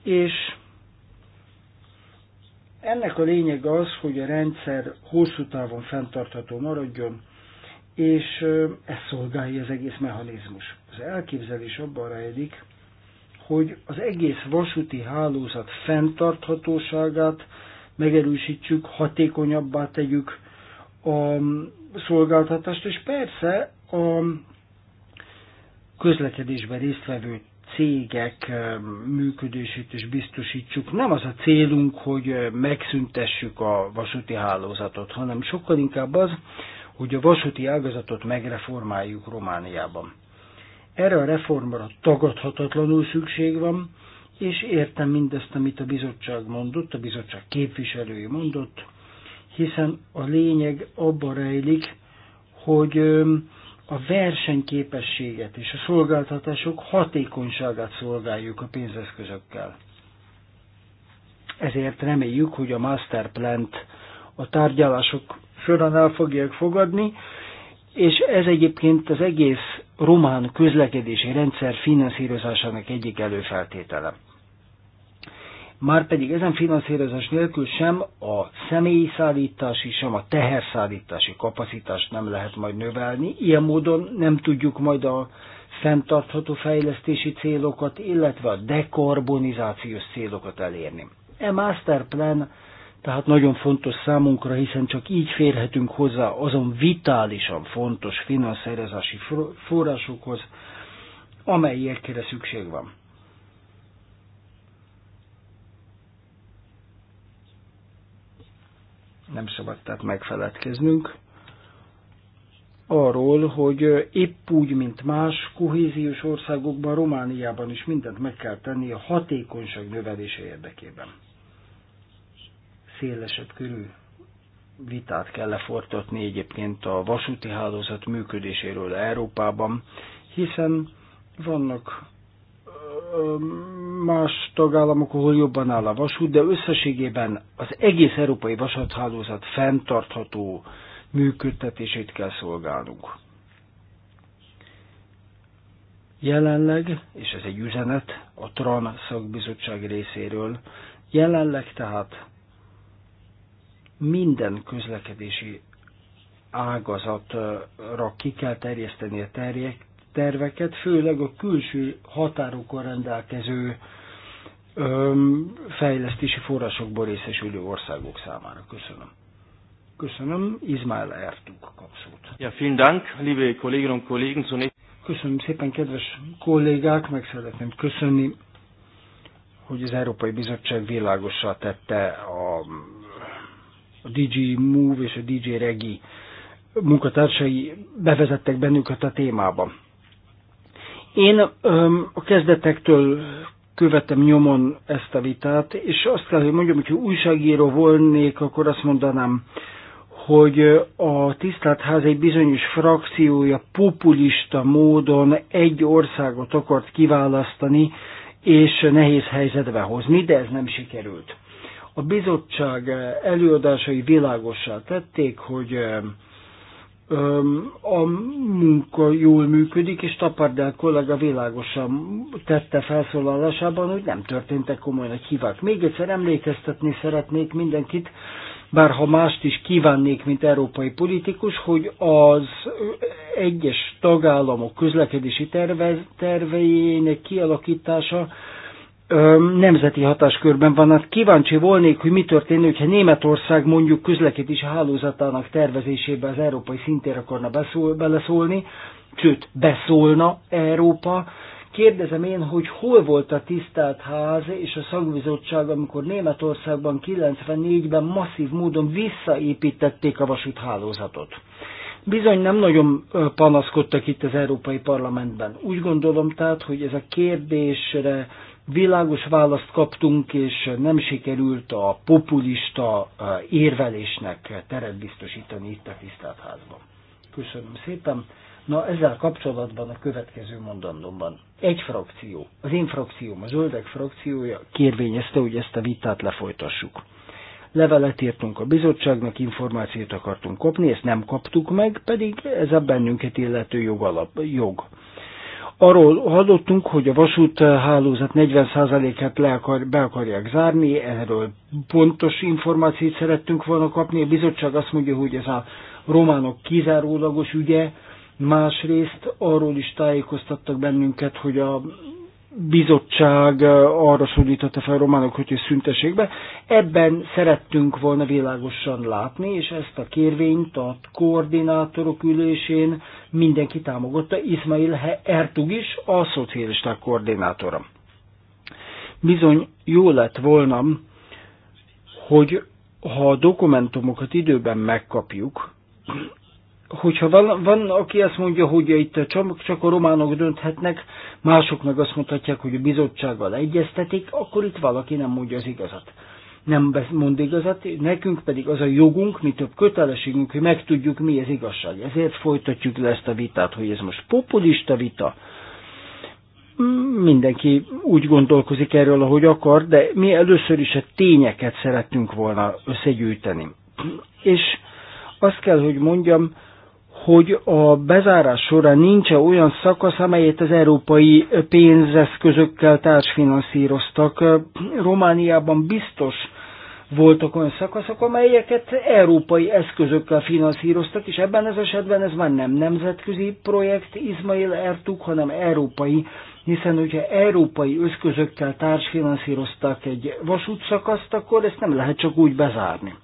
és ennek a lényeg az, hogy a rendszer hosszú távon fenntartható maradjon, és ez szolgálja az egész mechanizmus. Az elképzelés abban rejlik, hogy az egész vasúti hálózat fenntarthatóságát megerősítsük, hatékonyabbá tegyük a szolgáltatást, és persze a közlekedésben résztvevő cégek működését is biztosítsuk. Nem az a célunk, hogy megszüntessük a vasúti hálózatot, hanem sokkal inkább az, hogy a vasúti ágazatot megreformáljuk Romániában. Erre a reformra tagadhatatlanul szükség van, és értem mindezt, amit a bizottság mondott, a bizottság képviselői mondott, hiszen a lényeg abban rejlik, hogy a versenyképességet és a szolgáltatások hatékonyságát szolgáljuk a pénzeszközökkel. Ezért reméljük, hogy a Plant a tárgyalások során el fogják fogadni, és ez egyébként az egész román közlekedési rendszer finanszírozásának egyik előfeltétele. Már pedig ezen finanszírozás nélkül sem a személyi szállítási, sem a teherszállítási kapacitást nem lehet majd növelni. Ilyen módon nem tudjuk majd a fenntartható fejlesztési célokat, illetve a dekarbonizációs célokat elérni. E master plan tehát nagyon fontos számunkra, hiszen csak így férhetünk hozzá azon vitálisan fontos finanszírozási forrásokhoz, amelyekre szükség van. nem szabad tehát megfeledkeznünk arról, hogy épp úgy, mint más kohéziós országokban, Romániában is mindent meg kell tenni a hatékonyság növelése érdekében. Szélesebb körű vitát kell lefortatni egyébként a vasúti hálózat működéséről Európában, hiszen vannak más tagállamok, ahol jobban áll a vasút, de összességében az egész európai vasathálózat fenntartható működtetését kell szolgálnunk. Jelenleg, és ez egy üzenet a TRAN szakbizottság részéről, jelenleg tehát minden közlekedési ágazatra ki kell terjeszteni a terjek, terveket, főleg a külső határokon rendelkező öm, fejlesztési forrásokból részesülő országok számára. Köszönöm. Köszönöm. Izmail Ertug kapszót. Ja, vielen Dank, liebe Kolleginnen und Kollegen. Köszönöm szépen, kedves kollégák, meg szeretném köszönni, hogy az Európai Bizottság világosra tette a, a DG Move és a DG Regi munkatársai bevezettek bennünket a témába. Én öm, a kezdetektől követem nyomon ezt a vitát, és azt kell, hogy mondjam, hogyha újságíró volnék, akkor azt mondanám, hogy a tisztátház egy bizonyos frakciója populista módon egy országot akart kiválasztani, és nehéz helyzetbe hozni, de ez nem sikerült. A bizottság előadásai világosá tették, hogy a munka jól működik, és Tapardel kollega világosan tette felszólalásában, hogy nem történtek komoly nagy hívák. Még egyszer emlékeztetni szeretnék mindenkit, bár ha mást is kívánnék, mint európai politikus, hogy az egyes tagállamok közlekedési terve, terveinek kialakítása nemzeti hatáskörben van. Hát kíváncsi volnék, hogy mi történne, hogyha Németország mondjuk közlekedési hálózatának tervezésébe az európai szintér akarna beszól, beleszólni, sőt, beszólna Európa. Kérdezem én, hogy hol volt a tisztelt ház és a szakbizottság, amikor Németországban 94-ben masszív módon visszaépítették a vasúthálózatot. Bizony nem nagyon panaszkodtak itt az Európai Parlamentben. Úgy gondolom tehát, hogy ez a kérdésre Világos választ kaptunk, és nem sikerült a populista eh, érvelésnek teret biztosítani itt a tisztelt házban. Köszönöm szépen. Na, ezzel kapcsolatban a következő mondandomban. Egy frakció, az én frakcióm, a zöldek frakciója kérvényezte, hogy ezt a vitát lefolytassuk. Levelet írtunk a bizottságnak, információt akartunk kapni, ezt nem kaptuk meg, pedig ez a bennünket illető jogalap, jog. Arról hallottunk, hogy a vasúthálózat 40%-át le akar, be akarják zárni, erről pontos információt szerettünk volna kapni. A bizottság azt mondja, hogy ez a románok kizárólagos ügye, másrészt arról is tájékoztattak bennünket, hogy a bizottság eh, arra szólította fel románok, hogy szüntessék be. Ebben szerettünk volna világosan látni, és ezt a kérvényt a koordinátorok ülésén mindenki támogatta, Ismail Ertug is, a szocialisták koordinátora. Bizony jó lett volna, hogy ha a dokumentumokat időben megkapjuk, hogyha van, van, aki azt mondja, hogy itt csak, a románok dönthetnek, mások meg azt mondhatják, hogy a bizottsággal egyeztetik, akkor itt valaki nem mondja az igazat. Nem mond igazat, nekünk pedig az a jogunk, mi több kötelességünk, hogy megtudjuk, mi az igazság. Ezért folytatjuk le ezt a vitát, hogy ez most populista vita, mindenki úgy gondolkozik erről, ahogy akar, de mi először is a tényeket szerettünk volna összegyűjteni. És azt kell, hogy mondjam, hogy a bezárás során nincs -e olyan szakasz, amelyet az európai pénzeszközökkel társfinanszíroztak. Romániában biztos voltak olyan szakaszok, amelyeket európai eszközökkel finanszíroztak, és ebben az esetben ez már nem nemzetközi projekt Izmail Ertug, hanem európai, hiszen hogyha európai eszközökkel társfinanszíroztak egy vasútszakaszt, akkor ezt nem lehet csak úgy bezárni.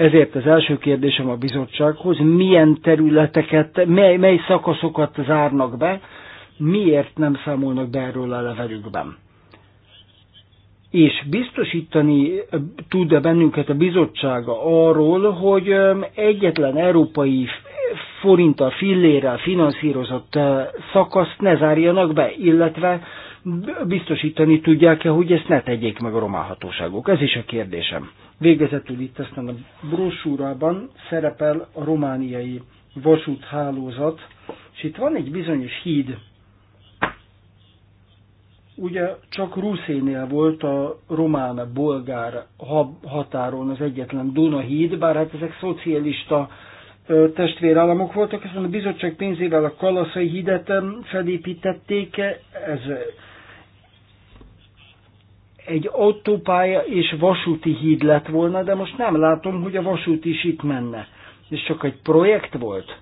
Ezért az első kérdésem a bizottsághoz, milyen területeket, mely, mely szakaszokat zárnak be, miért nem számolnak be erről a levelükben. És biztosítani tud-e bennünket a bizottsága arról, hogy egyetlen európai forinttal, fillérrel finanszírozott szakaszt ne zárjanak be, illetve biztosítani tudják-e, hogy ezt ne tegyék meg a román hatóságok? Ez is a kérdésem. Végezetül itt aztán a brosúrában szerepel a romániai vasúthálózat, és itt van egy bizonyos híd, ugye csak Ruszénél volt a román-bolgár határon az egyetlen Dunahíd, bár hát ezek szocialista testvérállamok voltak, hiszen a bizottság pénzével a Kalaszai hidet felépítették, ez egy autópálya és vasúti híd lett volna, de most nem látom, hogy a vasút is itt menne. és csak egy projekt volt?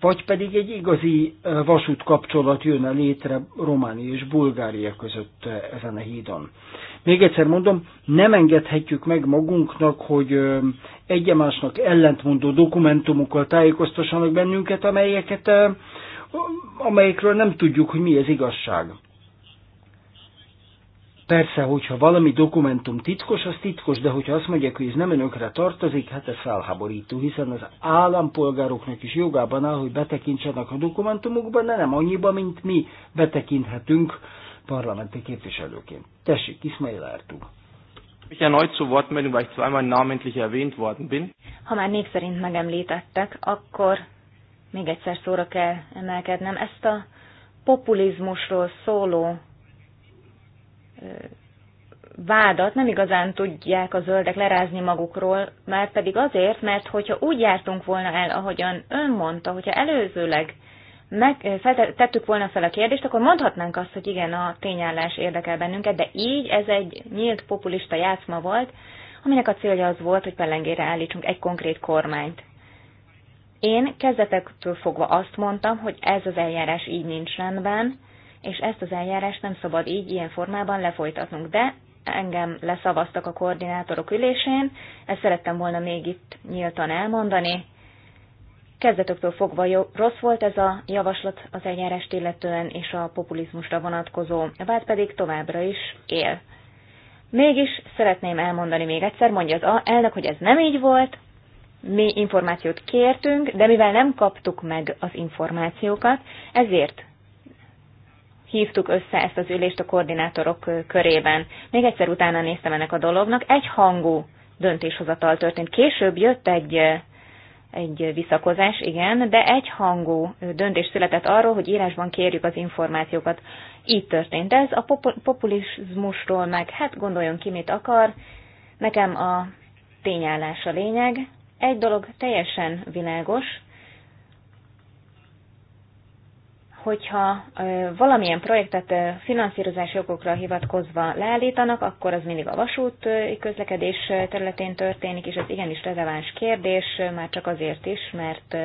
Vagy pedig egy igazi vasútkapcsolat jönne létre Románia és Bulgária között ezen a hídon. Még egyszer mondom, nem engedhetjük meg magunknak, hogy egymásnak ellentmondó dokumentumokkal tájékoztassanak bennünket, amelyeket amelyekről nem tudjuk, hogy mi az igazság. Persze, hogyha valami dokumentum titkos, az titkos, de hogyha azt mondják, hogy ez nem önökre tartozik, hát ez felháborító, hiszen az állampolgároknak is jogában áll, hogy betekintsenek a dokumentumokba, de nem annyiba, mint mi betekinthetünk parlamenti képviselőként. Tessék, Ismail Ertug. Ich erneut zu Wort melden, weil ich zweimal namentlich erwähnt worden bin. Ha már név szerint megemlítettek, akkor még egyszer szóra kell emelkednem. Ezt a populizmusról szóló vádat nem igazán tudják a zöldek lerázni magukról, már pedig azért, mert hogyha úgy jártunk volna el, ahogyan ön mondta, hogyha előzőleg meg, eh, tettük volna fel a kérdést, akkor mondhatnánk azt, hogy igen, a tényállás érdekel bennünket, de így ez egy nyílt populista játszma volt, aminek a célja az volt, hogy pellengére állítsunk egy konkrét kormányt. Én kezdetektől fogva azt mondtam, hogy ez az eljárás így nincs rendben, és ezt az eljárást nem szabad így ilyen formában lefolytatnunk. De engem leszavaztak a koordinátorok ülésén, ezt szerettem volna még itt nyíltan elmondani. Kezdetektől fogva jó, rossz volt ez a javaslat az eljárást illetően és a populizmusra vonatkozó vált pedig továbbra is él. Mégis szeretném elmondani még egyszer, mondja az elnök, hogy ez nem így volt, mi információt kértünk, de mivel nem kaptuk meg az információkat, ezért hívtuk össze ezt az ülést a koordinátorok körében. Még egyszer utána néztem ennek a dolognak. Egy hangú döntéshozatal történt. Később jött egy, egy visszakozás, igen, de egy hangú döntés született arról, hogy írásban kérjük az információkat. Így történt ez. A populizmusról meg, hát gondoljon ki, mit akar. Nekem a tényállás a lényeg. Egy dolog teljesen világos, hogyha valamilyen projektet finanszírozási okokra hivatkozva leállítanak, akkor az mindig a vasút közlekedés területén történik, és ez igenis releváns kérdés, már csak azért is, mert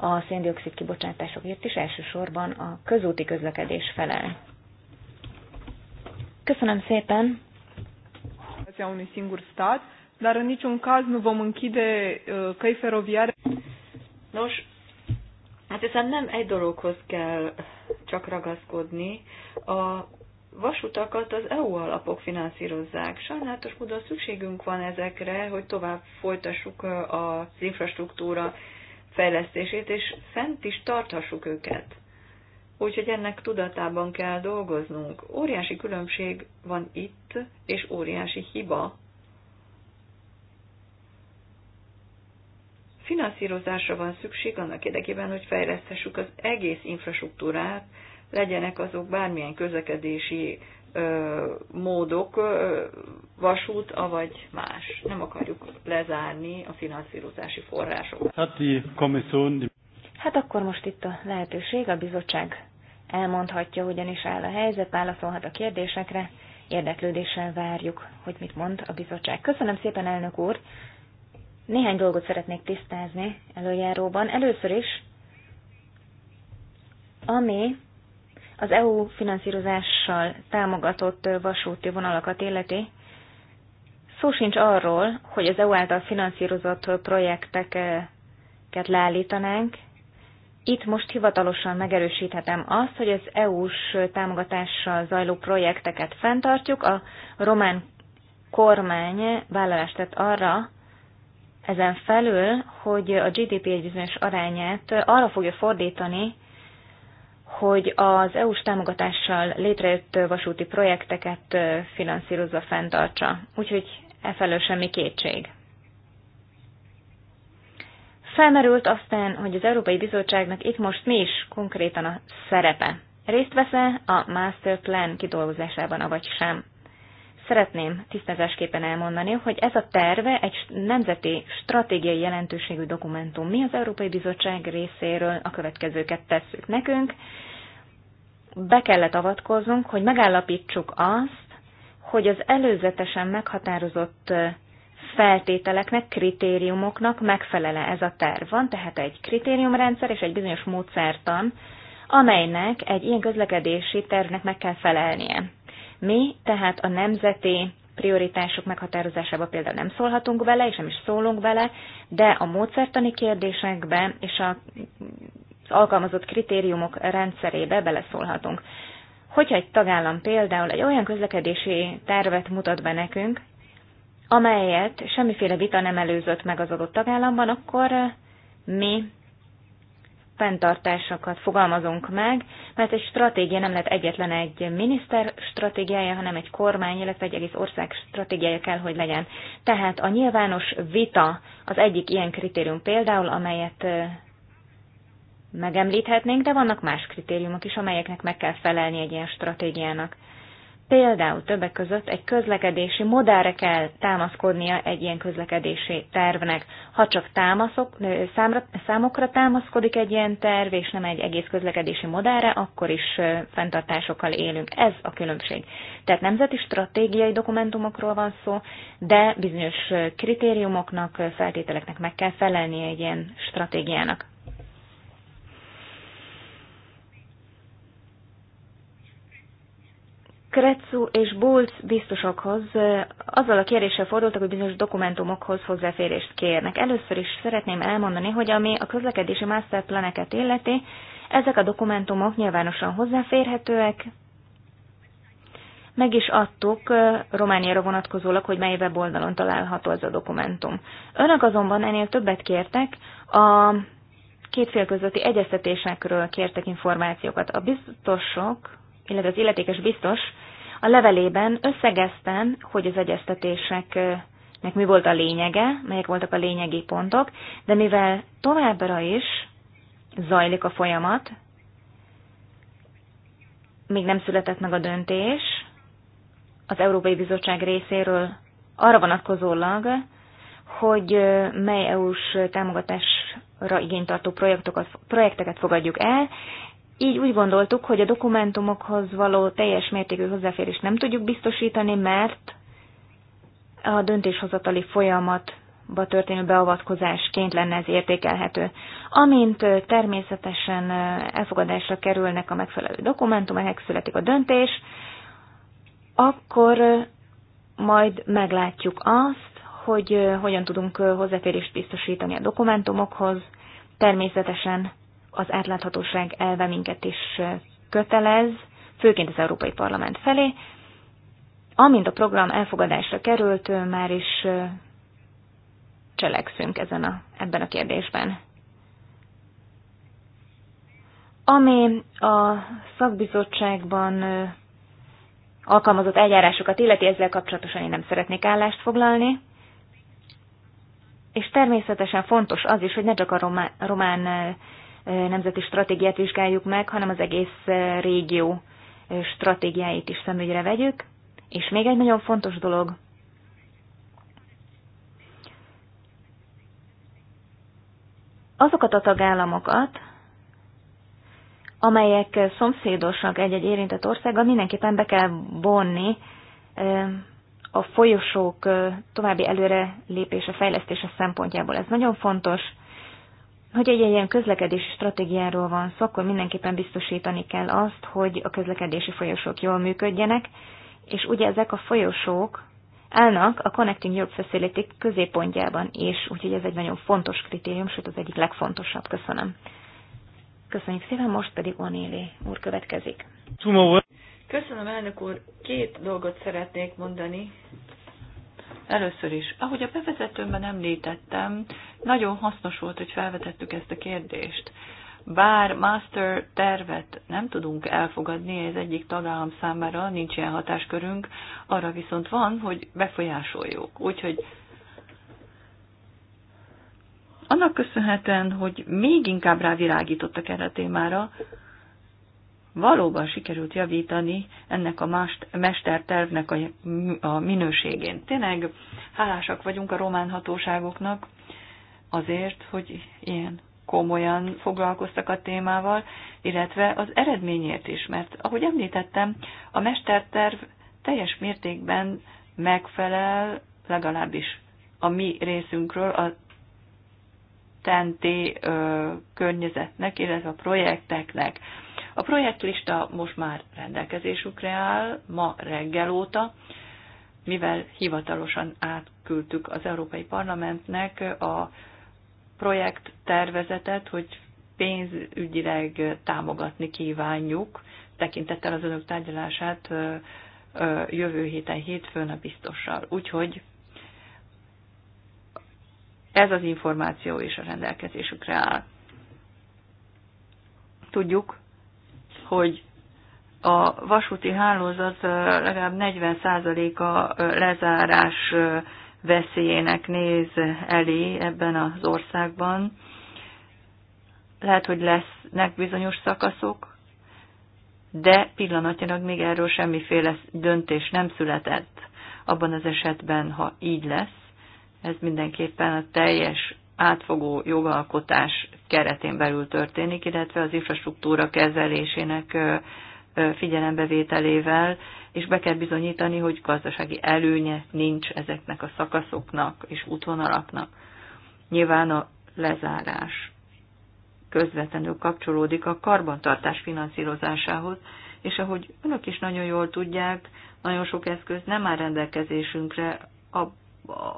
a széndiokszid kibocsátásokért is elsősorban a közúti közlekedés felel. Köszönöm szépen! a singur dar în niciun caz nu vom închide căi feroviare. Nos, Hát hiszen nem egy dologhoz kell csak ragaszkodni. A vasutakat az EU alapok finanszírozzák. Sajnálatos módon szükségünk van ezekre, hogy tovább folytassuk az infrastruktúra fejlesztését, és szent is tarthassuk őket. Úgyhogy ennek tudatában kell dolgoznunk. Óriási különbség van itt, és óriási hiba Finanszírozásra van szükség annak érdekében, hogy fejleszthessük az egész infrastruktúrát, legyenek azok bármilyen közlekedési ö, módok, ö, vasút, avagy más. Nem akarjuk lezárni a finanszírozási forrásokat. Hát, hát akkor most itt a lehetőség, a bizottság elmondhatja, hogyan is áll a helyzet, válaszolhat a kérdésekre, érdeklődéssel várjuk, hogy mit mond a bizottság. Köszönöm szépen, elnök úr! Néhány dolgot szeretnék tisztázni előjáróban. Először is, ami az EU finanszírozással támogatott vasúti vonalakat illeti, szó sincs arról, hogy az EU által finanszírozott projekteket leállítanánk. Itt most hivatalosan megerősíthetem azt, hogy az EU-s támogatással zajló projekteket fenntartjuk. A román kormány vállalást tett arra, ezen felül, hogy a GDP egy bizonyos arányát arra fogja fordítani, hogy az EU-s támogatással létrejött vasúti projekteket finanszírozza, fenntartsa. Úgyhogy e felől semmi kétség. Felmerült aztán, hogy az Európai Bizottságnak itt most mi is konkrétan a szerepe. Részt vesz-e a master plan kidolgozásában, avagy sem? Szeretném tisztázásképpen elmondani, hogy ez a terve egy nemzeti stratégiai jelentőségű dokumentum. Mi az Európai Bizottság részéről a következőket tesszük nekünk. Be kellett avatkoznunk, hogy megállapítsuk azt, hogy az előzetesen meghatározott feltételeknek, kritériumoknak megfelele ez a terv. Van tehát egy kritériumrendszer és egy bizonyos módszertan, amelynek egy ilyen közlekedési tervnek meg kell felelnie. Mi tehát a nemzeti prioritások meghatározásába például nem szólhatunk vele, és nem is szólunk vele, de a módszertani kérdésekbe és a, az alkalmazott kritériumok rendszerébe beleszólhatunk. Hogyha egy tagállam például egy olyan közlekedési tervet mutat be nekünk, amelyet semmiféle vita nem előzött meg az adott tagállamban, akkor mi fenntartásokat fogalmazunk meg, mert egy stratégia nem lehet egyetlen egy miniszter stratégiája, hanem egy kormány, illetve egy egész ország stratégiája kell, hogy legyen. Tehát a nyilvános vita az egyik ilyen kritérium például, amelyet megemlíthetnénk, de vannak más kritériumok is, amelyeknek meg kell felelni egy ilyen stratégiának. Például többek között egy közlekedési modellre kell támaszkodnia egy ilyen közlekedési tervnek. Ha csak támaszok, számra, számokra támaszkodik egy ilyen terv, és nem egy egész közlekedési modellre, akkor is fenntartásokkal élünk. Ez a különbség. Tehát nemzeti stratégiai dokumentumokról van szó, de bizonyos kritériumoknak, feltételeknek meg kell felelni egy ilyen stratégiának. Kretszú és Bulc biztosokhoz azzal a kéréssel fordultak, hogy bizonyos dokumentumokhoz hozzáférést kérnek. Először is szeretném elmondani, hogy ami a közlekedési masterplaneket illeti, ezek a dokumentumok nyilvánosan hozzáférhetőek. Meg is adtuk Romániára vonatkozólag, hogy mely weboldalon található ez a dokumentum. Önök azonban ennél többet kértek, a két fél közötti egyeztetésekről kértek információkat. A biztosok illetve az illetékes biztos a levelében összegeztem, hogy az egyeztetéseknek mi volt a lényege, melyek voltak a lényegi pontok, de mivel továbbra is zajlik a folyamat, még nem született meg a döntés az Európai Bizottság részéről arra vonatkozólag, hogy mely EU-s támogatásra igénytartó projekteket fogadjuk el, így úgy gondoltuk, hogy a dokumentumokhoz való teljes mértékű hozzáférést nem tudjuk biztosítani, mert a döntéshozatali folyamatba történő beavatkozásként lenne ez értékelhető. Amint természetesen elfogadásra kerülnek a megfelelő ehhez születik a döntés, akkor majd meglátjuk azt, hogy hogyan tudunk hozzáférést biztosítani a dokumentumokhoz. Természetesen az átláthatóság elve minket is kötelez, főként az Európai Parlament felé. Amint a program elfogadásra került, már is cselekszünk ezen a, ebben a kérdésben. Ami a szakbizottságban alkalmazott eljárásokat illeti, ezzel kapcsolatosan én nem szeretnék állást foglalni. És természetesen fontos az is, hogy ne csak a román nemzeti stratégiát vizsgáljuk meg, hanem az egész régió stratégiáit is szemügyre vegyük. És még egy nagyon fontos dolog. Azokat a tagállamokat, amelyek szomszédosak egy-egy érintett országgal, mindenképpen be kell vonni a folyosók további előre lépése, fejlesztése szempontjából. Ez nagyon fontos hogy egy ilyen közlekedési stratégiáról van szó, akkor mindenképpen biztosítani kell azt, hogy a közlekedési folyosók jól működjenek, és ugye ezek a folyosók állnak a Connecting Europe Facility középpontjában is, úgyhogy ez egy nagyon fontos kritérium, sőt az egyik legfontosabb. Köszönöm. Köszönjük szépen, most pedig Onéli úr következik. Köszönöm, elnök úr. Két dolgot szeretnék mondani Először is, ahogy a bevezetőmben említettem, nagyon hasznos volt, hogy felvetettük ezt a kérdést. Bár master tervet nem tudunk elfogadni, ez egyik tagállam számára nincs ilyen hatáskörünk, arra viszont van, hogy befolyásoljuk. Úgyhogy annak köszönhetően, hogy még inkább rávilágítottak erre a témára, valóban sikerült javítani ennek a mestertervnek a, a minőségén. Tényleg hálásak vagyunk a román hatóságoknak azért, hogy ilyen komolyan foglalkoztak a témával, illetve az eredményért is, mert ahogy említettem, a mesterterv teljes mértékben megfelel legalábbis a mi részünkről a TNT környezetnek, illetve a projekteknek. A projektlista most már rendelkezésükre áll, ma reggel óta, mivel hivatalosan átküldtük az Európai Parlamentnek a projekt tervezetet, hogy pénzügyileg támogatni kívánjuk, tekintettel az önök tárgyalását jövő héten hétfőn a biztossal. Úgyhogy ez az információ is a rendelkezésükre áll. Tudjuk, hogy a vasúti hálózat legalább 40%-a lezárás veszélyének néz elé ebben az országban. Lehet, hogy lesznek bizonyos szakaszok, de pillanatnyilag még erről semmiféle döntés nem született. Abban az esetben, ha így lesz, ez mindenképpen a teljes átfogó jogalkotás keretén belül történik, illetve az infrastruktúra kezelésének figyelembevételével, és be kell bizonyítani, hogy gazdasági előnye nincs ezeknek a szakaszoknak és útvonalaknak. Nyilván a lezárás közvetlenül kapcsolódik a karbantartás finanszírozásához, és ahogy önök is nagyon jól tudják, nagyon sok eszköz nem áll rendelkezésünkre a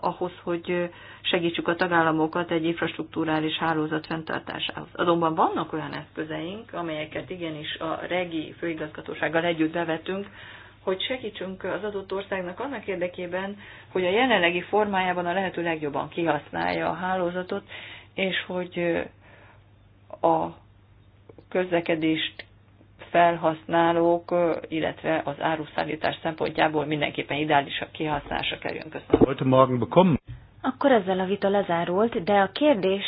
ahhoz, hogy segítsük a tagállamokat egy infrastruktúrális hálózat fenntartásához. Azonban vannak olyan eszközeink, amelyeket igenis a regi főigazgatósággal együtt bevetünk, hogy segítsünk az adott országnak annak érdekében, hogy a jelenlegi formájában a lehető legjobban kihasználja a hálózatot, és hogy a közlekedést felhasználók, illetve az áruszállítás szempontjából mindenképpen ideálisabb kihasználásra kerüljön. Köszönöm. Akkor ezzel a vita lezárult, de a kérdés,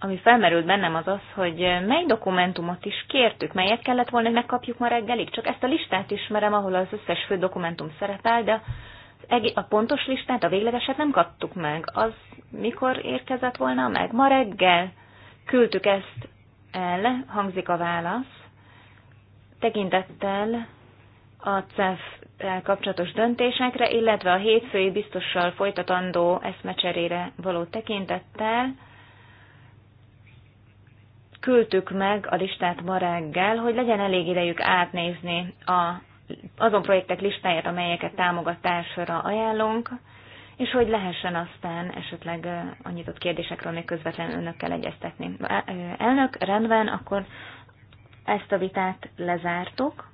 ami felmerült bennem az az, hogy mely dokumentumot is kértük, melyet kellett volna, hogy megkapjuk ma reggelig. Csak ezt a listát ismerem, ahol az összes fő dokumentum szerepel, de a pontos listát, a véglegeset nem kaptuk meg. Az mikor érkezett volna meg? Ma reggel küldtük ezt el, hangzik a válasz tekintettel a cef kapcsolatos döntésekre, illetve a hétfői biztossal folytatandó eszmecserére való tekintettel küldtük meg a listát ma reggel, hogy legyen elég idejük átnézni a, azon projektek listáját, amelyeket támogatásra ajánlunk, és hogy lehessen aztán esetleg a nyitott kérdésekről még közvetlenül önökkel egyeztetni. Elnök, rendben, akkor ezt a vitát lezártuk,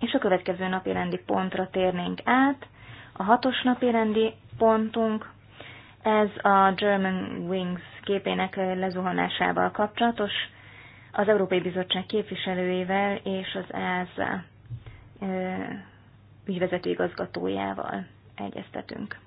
és a következő napi rendi pontra térnénk át. A hatos napi rendi pontunk, ez a German Wings képének lezuhanásával kapcsolatos, az Európai Bizottság képviselőjével és az EASA ügyvezető igazgatójával egyeztetünk.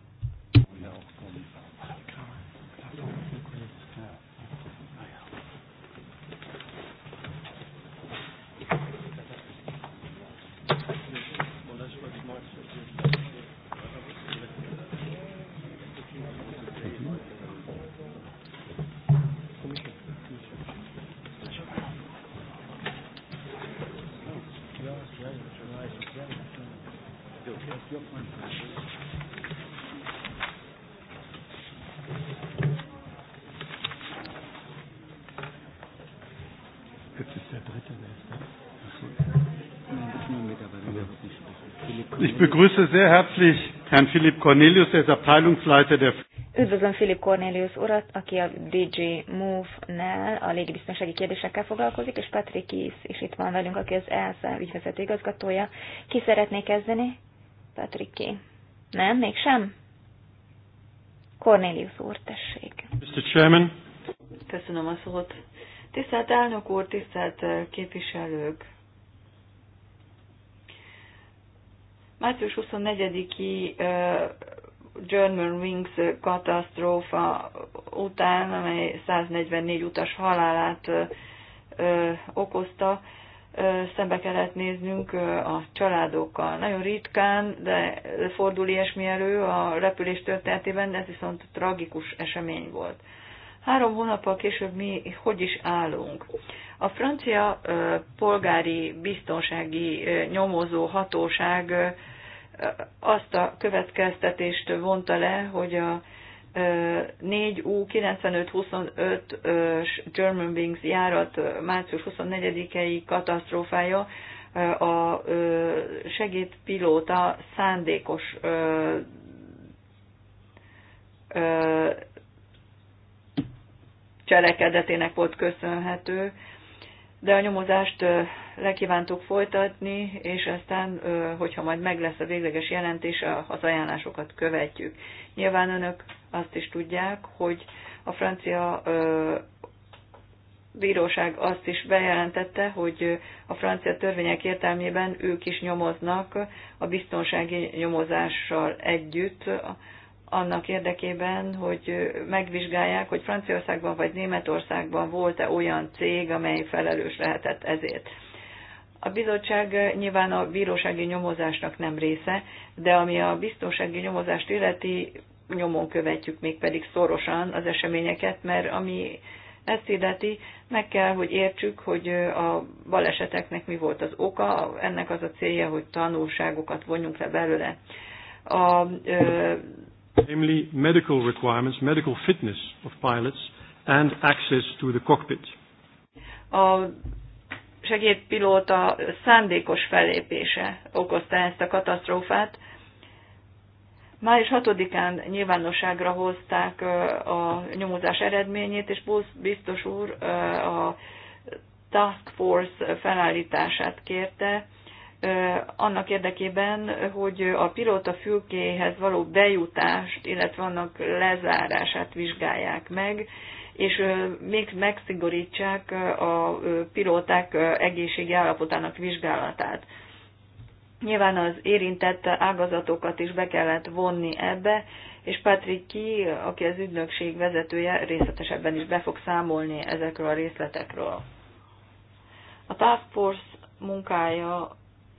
Ich begrüße sehr herzlich Herrn Philipp Cornelius, der ist Abteilungsleiter der Üdvözlöm Philip Cornelius urat, aki a DJ Move-nál a légibiztonsági kérdésekkel foglalkozik, és Patrick Kiss is itt van velünk, aki az ELSA ügyvezető igazgatója. Ki szeretné kezdeni? Petriké. Nem, mégsem? Cornelius úr, tessék. Mr. Chairman. Köszönöm a szót. Tisztelt elnök úr, tisztelt képviselők! Március 24-i German Wings katasztrófa után, amely 144 utas halálát okozta, szembe kellett néznünk a családokkal. Nagyon ritkán, de fordul ilyesmi elő a repülés történetében, ez viszont tragikus esemény volt. Három hónappal később mi hogy is állunk? A francia polgári biztonsági nyomozó hatóság azt a következtetést vonta le, hogy a 4U9525-ös Germanwings járat március 24-i katasztrófája a segédpilóta szándékos cselekedetének volt köszönhető, de a nyomozást lekívántuk folytatni, és aztán, hogyha majd meg lesz a végleges jelentés, az ajánlásokat követjük. Nyilván önök azt is tudják, hogy a francia bíróság azt is bejelentette, hogy a francia törvények értelmében ők is nyomoznak a biztonsági nyomozással együtt, annak érdekében, hogy megvizsgálják, hogy Franciaországban vagy Németországban volt-e olyan cég, amely felelős lehetett ezért. A bizottság nyilván a bírósági nyomozásnak nem része, de ami a biztonsági nyomozást illeti, nyomon követjük még pedig szorosan az eseményeket, mert ami ezt illeti, meg kell, hogy értsük, hogy a baleseteknek mi volt az oka, ennek az a célja, hogy tanulságokat vonjunk le belőle. A, ö, namely medical requirements, medical fitness of pilots and access to the cockpit. A segédpilóta szándékos fellépése okozta ezt a katasztrófát, Május 6-án nyilvánosságra hozták a nyomozás eredményét, és Bósz biztos úr a Task Force felállítását kérte, annak érdekében, hogy a pilóta fülkéhez való bejutást, illetve annak lezárását vizsgálják meg, és még megszigorítsák a pilóták egészségi állapotának vizsgálatát. Nyilván az érintett ágazatokat is be kellett vonni ebbe, és Patrick Ki, aki az ügynökség vezetője, részletesebben is be fog számolni ezekről a részletekről. A Task Force munkája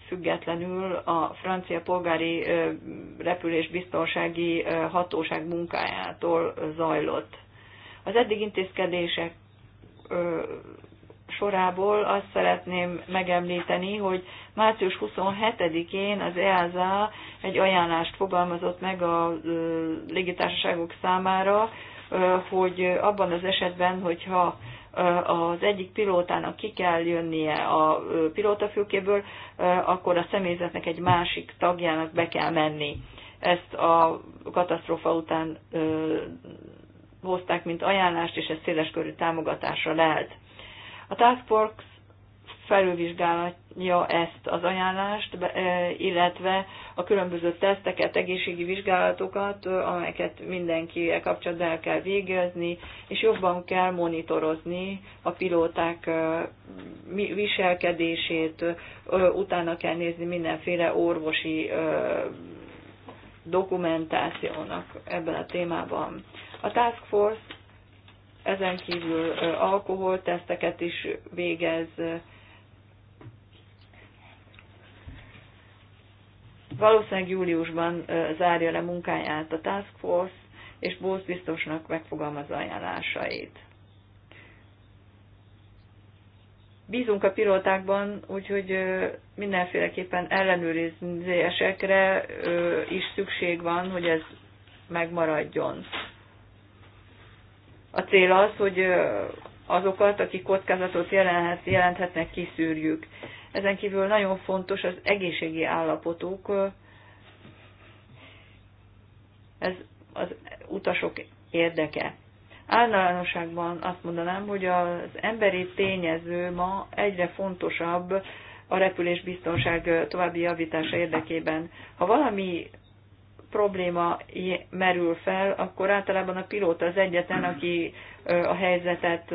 függetlenül a francia polgári repülés biztonsági hatóság munkájától zajlott. Az eddig intézkedések sorából azt szeretném megemlíteni, hogy március 27-én az EASA egy ajánlást fogalmazott meg a légitársaságok számára, hogy abban az esetben, hogyha az egyik pilótának ki kell jönnie a pilótafülkéből, akkor a személyzetnek egy másik tagjának be kell menni. Ezt a katasztrófa után hozták, mint ajánlást, és ez széleskörű támogatásra lehet. A Task Force felülvizsgálja ezt az ajánlást, illetve a különböző teszteket, egészségi vizsgálatokat, amelyeket mindenki kapcsolatban el kell végezni, és jobban kell monitorozni a pilóták viselkedését, utána kell nézni mindenféle orvosi dokumentációnak ebben a témában. A Task Force ezen kívül alkoholteszteket is végez, valószínűleg júliusban zárja le munkáját a Task Force, és Bósz biztosnak megfogalmazza ajánlásait. Bízunk a pilótákban, úgyhogy mindenféleképpen ellenőrizésekre is szükség van, hogy ez megmaradjon. A cél az, hogy azokat, akik kockázatot jelenhet, jelenthetnek, kiszűrjük. Ezen kívül nagyon fontos az egészségi állapotuk, ez az utasok érdeke. Általánosságban azt mondanám, hogy az emberi tényező ma egyre fontosabb a repülés biztonság további javítása érdekében. Ha valami probléma merül fel, akkor általában a pilóta az egyetlen, aki a helyzetet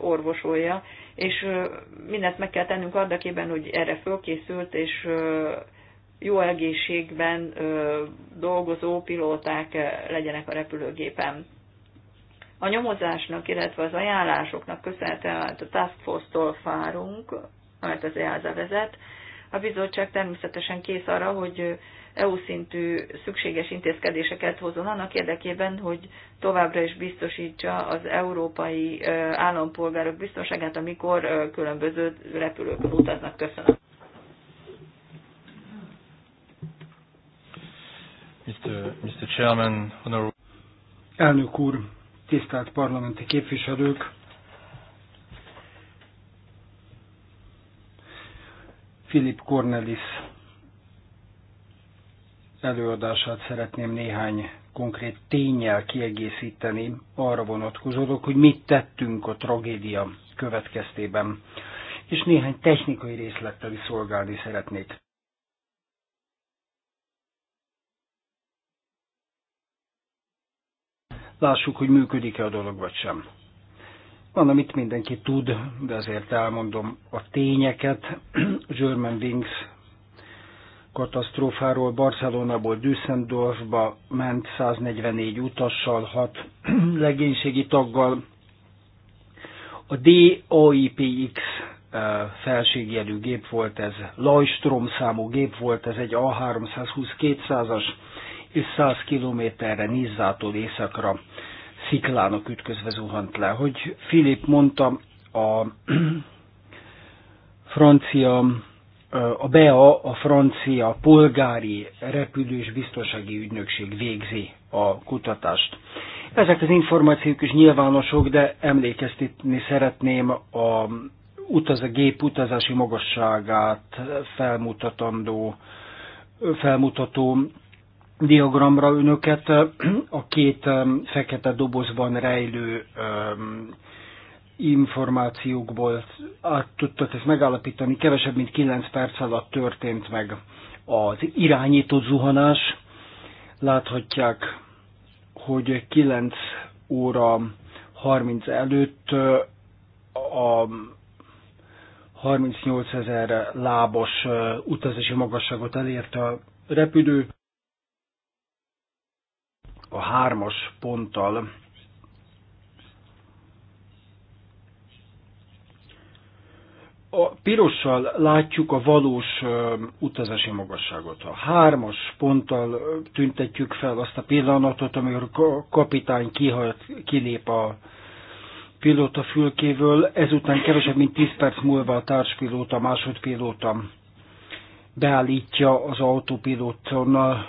orvosolja, és mindent meg kell tennünk adakében, hogy erre fölkészült, és jó egészségben dolgozó pilóták legyenek a repülőgépen. A nyomozásnak, illetve az ajánlásoknak köszönhetően hát a Task Force-tól fárunk, amelyet az EASA vezet, a bizottság természetesen kész arra, hogy EU szintű szükséges intézkedéseket hozzon annak érdekében, hogy továbbra is biztosítsa az európai állampolgárok biztonságát, amikor különböző repülőkön utaznak. Köszönöm. Mr. Mr. Chairman, honorable... Elnök úr, tisztelt parlamenti képviselők! Philip Cornelis előadását szeretném néhány konkrét tényel kiegészíteni, arra vonatkozódok, hogy mit tettünk a tragédia következtében, és néhány technikai részlettel is szolgálni szeretnék. Lássuk, hogy működik-e a dolog, vagy sem. Van, amit mindenki tud, de azért elmondom a tényeket. German Wings katasztrófáról Barcelonából Düsseldorfba ment 144 utassal, 6 legénységi taggal. A DOIPX eh, felségjelű gép volt ez, Lajstrom számú gép volt, ez egy A320-200-as, és 100 kilométerre Nizzától északra sziklának ütközve zuhant le. Hogy Filip mondta, a francia a BEA, a francia polgári repülős biztonsági ügynökség végzi a kutatást. Ezek az információk is nyilvánosok, de emlékeztetni szeretném a utaz, a gép utazási magasságát felmutatandó, felmutató diagramra önöket a két fekete dobozban rejlő információkból át tudtad ezt megállapítani, kevesebb mint 9 perc alatt történt meg az irányított zuhanás. Láthatják, hogy 9 óra 30 előtt a 38 ezer lábos utazási magasságot elért a repülő. A hármas ponttal a pirossal látjuk a valós utazási magasságot. A hármas ponttal tüntetjük fel azt a pillanatot, amikor a kapitány kihalt, kilép a pilóta fülkéből, ezután kevesebb, mint 10 perc múlva a társpilóta, a másodpilóta beállítja az autópilóton a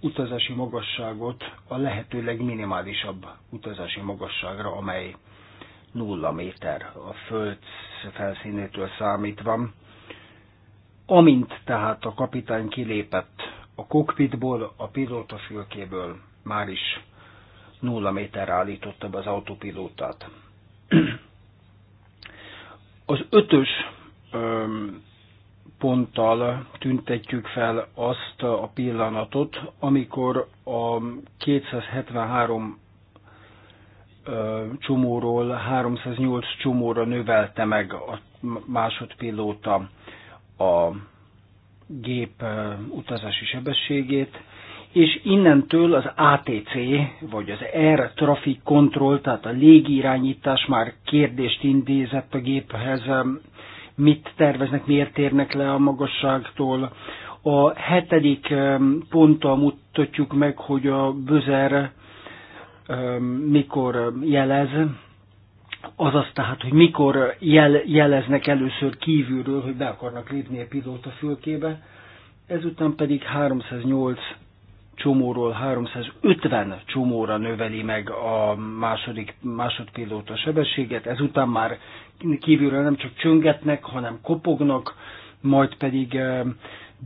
utazási magasságot a lehető legminimálisabb utazási magasságra, amely nulla méter a föld felszínétől számítva. Amint tehát a kapitány kilépett a kokpitból, a fülkéből már is nulla méterre állította be az autopilótát. Az ötös öm, ponttal tüntetjük fel azt a pillanatot, amikor a 273 csomóról 308 csomóra növelte meg a másodpilóta a gép utazási sebességét, és innentől az ATC, vagy az Air Traffic Control, tehát a légirányítás már kérdést intézett a géphez, mit terveznek, miért térnek le a magasságtól. A hetedik ponttal mutatjuk meg, hogy a Bözer mikor jelez, azaz tehát, hogy mikor jel, jeleznek először kívülről, hogy be akarnak lépni a pilóta fülkébe, ezután pedig 308 csomóról 350 csomóra növeli meg a második, másodpilóta sebességet, ezután már kívülről nem csak csöngetnek, hanem kopognak, majd pedig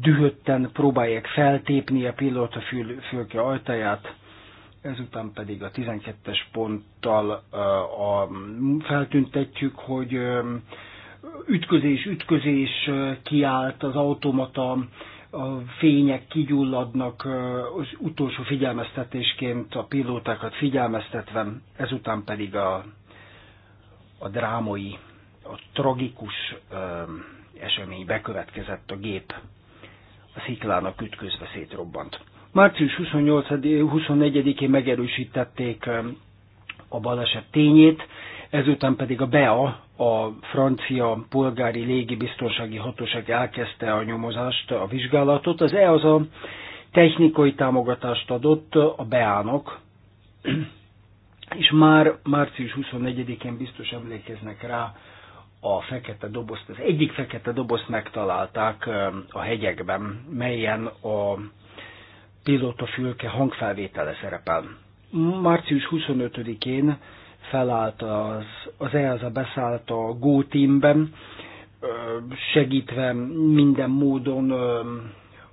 dühötten próbálják feltépni a pilóta fül, fülke ajtaját, ezután pedig a 12-es ponttal a, feltüntetjük, hogy ütközés, ütközés kiállt az automata, a fények kigyulladnak az utolsó figyelmeztetésként a pilótákat figyelmeztetve, ezután pedig a, a drámai, a tragikus esemény bekövetkezett a gép a sziklának ütközve szétrobbant. Március 28-24-én megerősítették um, a baleset tényét, ezután pedig a BEA, a francia polgári légibiztonsági hatóság elkezdte a nyomozást, a vizsgálatot. Az e az a technikai támogatást adott a BEA-nak, és már március 24-én biztos emlékeznek rá, a fekete dobozt, az egyik fekete dobozt megtalálták um, a hegyekben, melyen a pilotafülke hangfelvétele szerepel. Március 25-én felállt az, az EASA beszállt a Go Teamben, segítve minden módon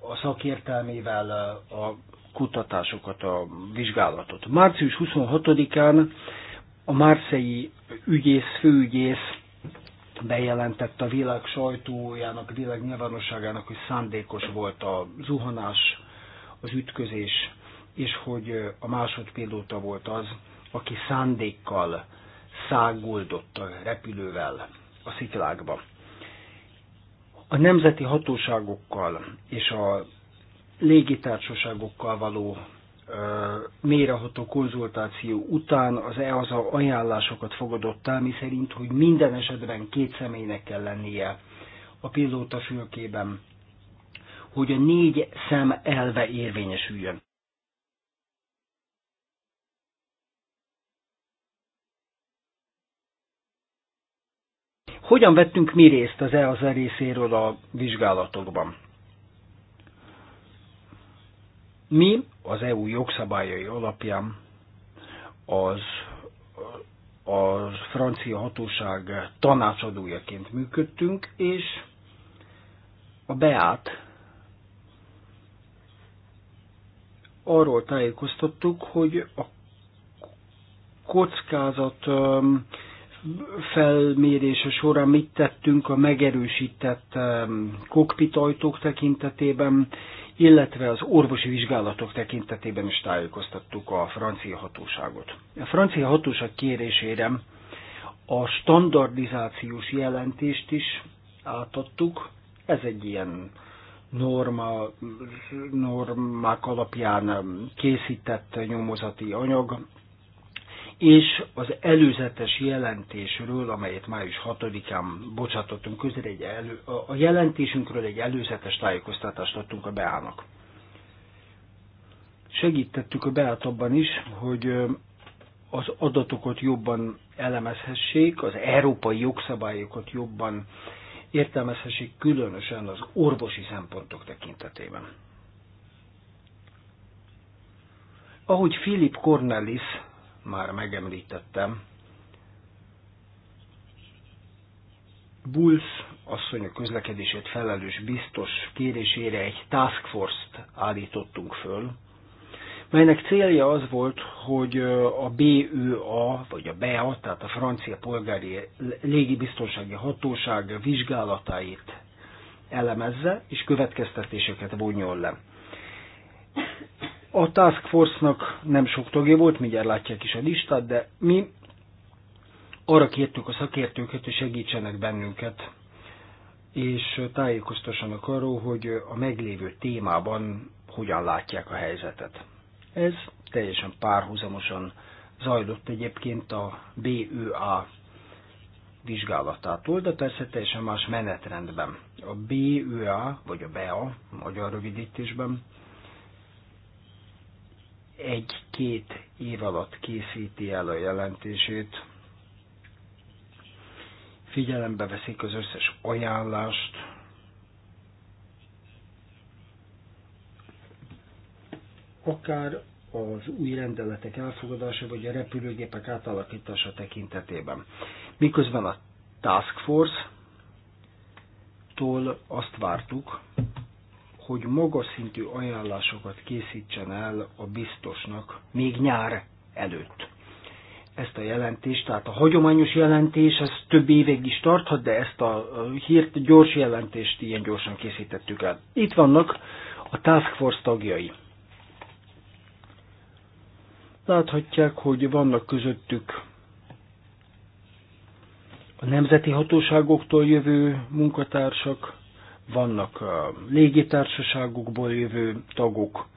a szakértelmével a kutatásokat, a vizsgálatot. Március 26-án a márszei ügyész, főügyész bejelentette a világ sajtójának, világ nyilvánosságának, hogy szándékos volt a zuhanás az ütközés, és hogy a másodpilóta volt az, aki szándékkal száguldott a repülővel a sziklákba. A nemzeti hatóságokkal és a légitársaságokkal való méreható konzultáció után az EASA ajánlásokat fogadott el, miszerint, hogy minden esetben két személynek kell lennie a pilóta fülkében, hogy a négy szem elve érvényesüljön. Hogyan vettünk mi részt az EASA részéről a vizsgálatokban? Mi az EU jogszabályai alapján az a francia hatóság tanácsadójaként működtünk, és a Beát arról tájékoztattuk, hogy a kockázat felmérése során mit tettünk a megerősített kokpitajtók tekintetében, illetve az orvosi vizsgálatok tekintetében is tájékoztattuk a francia hatóságot. A francia hatóság kérésére a standardizációs jelentést is átadtuk, ez egy ilyen norma, normák alapján készített nyomozati anyag, és az előzetes jelentésről, amelyet május 6-án bocsátottunk közre, egy elő, a jelentésünkről egy előzetes tájékoztatást adtunk a Beának. Segítettük a Beát abban is, hogy az adatokat jobban elemezhessék, az európai jogszabályokat jobban értelmezhessék különösen az orvosi szempontok tekintetében. Ahogy Philip Cornelis már megemlítettem, Bulls asszony a közlekedését felelős biztos kérésére egy task force-t állítottunk föl, melynek célja az volt, hogy a BÖA, vagy a BEA, tehát a francia polgári légibiztonsági hatóság vizsgálatait elemezze, és következtetéseket vonjon le. A Task Force-nak nem sok tagja volt, mindjárt látják is a listát, de mi arra kértük a szakértőket, hogy segítsenek bennünket, és tájékoztassanak arról, hogy a meglévő témában hogyan látják a helyzetet. Ez teljesen párhuzamosan zajlott egyébként a BÖA vizsgálatától, de persze teljesen más menetrendben. A BÖA, vagy a BEA, magyar rövidítésben, egy-két év alatt készíti el a jelentését, figyelembe veszik az összes ajánlást, akár az új rendeletek elfogadása, vagy a repülőgépek átalakítása tekintetében. Miközben a Task Force-tól azt vártuk, hogy magas szintű ajánlásokat készítsen el a biztosnak még nyár előtt. Ezt a jelentést, tehát a hagyományos jelentés, ez több évig is tarthat, de ezt a hírt, gyors jelentést ilyen gyorsan készítettük el. Itt vannak a Task Force tagjai. Láthatják, hogy vannak közöttük a nemzeti hatóságoktól jövő munkatársak, vannak a légitársaságokból jövő tagok,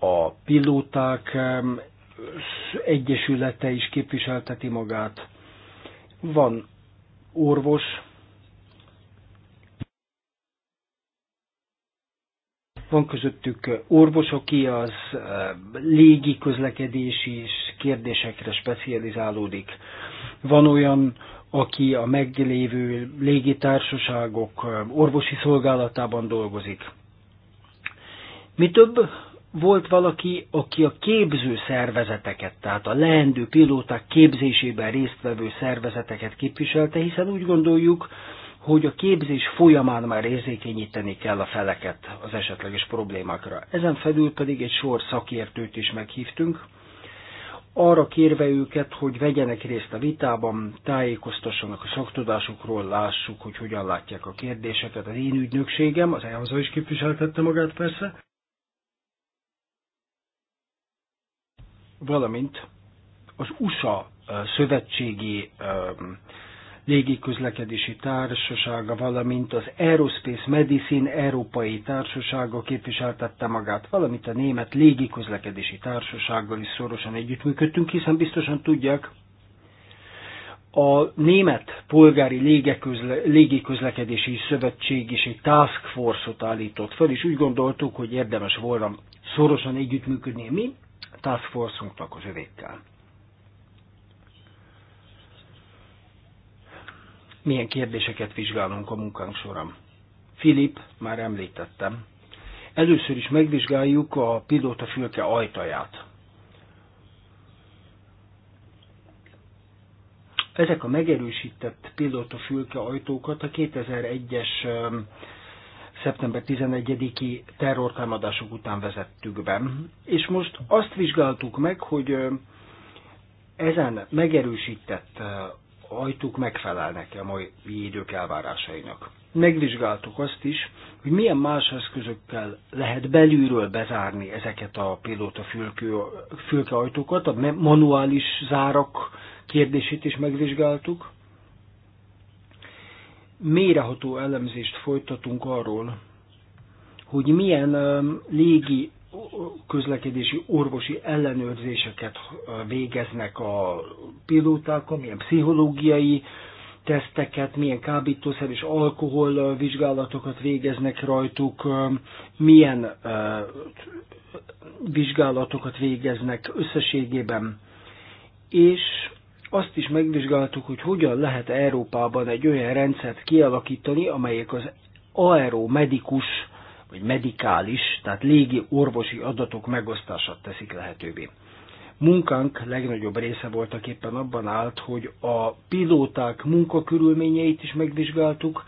a pilóták egyesülete is képviselteti magát, van orvos, Van közöttük eh, orvos, aki az eh, légi közlekedési kérdésekre specializálódik. Van olyan, aki a meglévő légitársaságok eh, orvosi szolgálatában dolgozik. Mi több, volt valaki, aki a képző szervezeteket, tehát a leendő pilóták képzésében résztvevő szervezeteket képviselte, hiszen úgy gondoljuk, hogy a képzés folyamán már érzékenyíteni kell a feleket az esetleges problémákra. Ezen felül pedig egy sor szakértőt is meghívtunk, arra kérve őket, hogy vegyenek részt a vitában, tájékoztassanak a szaktudásukról, lássuk, hogy hogyan látják a kérdéseket. Az én ügynökségem, az EAMSA is képviseltette magát persze, valamint az USA szövetségi légiközlekedési társasága, valamint az Aerospace Medicine Európai Társasága képviseltette magát, valamint a Német Légiközlekedési Társasággal is szorosan együttműködtünk, hiszen biztosan tudják, a Német Polgári Légiközlekedési Szövetség is egy task force-ot állított fel, és úgy gondoltuk, hogy érdemes volna szorosan együttműködni mi, a task force-unknak az övékkel. milyen kérdéseket vizsgálunk a munkánk során. Filip, már említettem. Először is megvizsgáljuk a fülke ajtaját. Ezek a megerősített fülke ajtókat a 2001-es szeptember 11-i terrortámadások után vezettük be. És most azt vizsgáltuk meg, hogy ezen megerősített ajtók megfelelnek-e a mai idők elvárásainak. Megvizsgáltuk azt is, hogy milyen más eszközökkel lehet belülről bezárni ezeket a pilóta fülkő, ajtókat, a manuális zárak kérdését is megvizsgáltuk. Méreható elemzést folytatunk arról, hogy milyen légi közlekedési orvosi ellenőrzéseket végeznek a pilótákon, milyen pszichológiai teszteket, milyen kábítószer és alkohol vizsgálatokat végeznek rajtuk, milyen vizsgálatokat végeznek összességében, és azt is megvizsgáltuk, hogy hogyan lehet Európában egy olyan rendszert kialakítani, amelyek az aeromedikus vagy medikális, tehát légi orvosi adatok megosztását teszik lehetővé. Munkánk legnagyobb része voltak éppen abban állt, hogy a pilóták munkakörülményeit is megvizsgáltuk,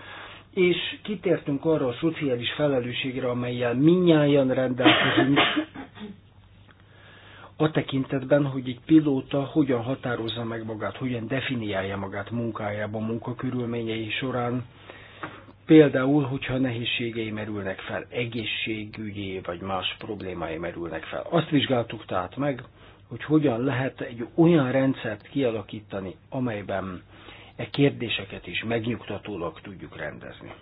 és kitértünk arra a szociális felelősségre, amelyel minnyáján rendelkezünk, a tekintetben, hogy egy pilóta hogyan határozza meg magát, hogyan definiálja magát munkájában, munkakörülményei során, Például, hogyha nehézségei merülnek fel, egészségügyi vagy más problémái merülnek fel. Azt vizsgáltuk tehát meg, hogy hogyan lehet egy olyan rendszert kialakítani, amelyben e kérdéseket is megnyugtatólag tudjuk rendezni.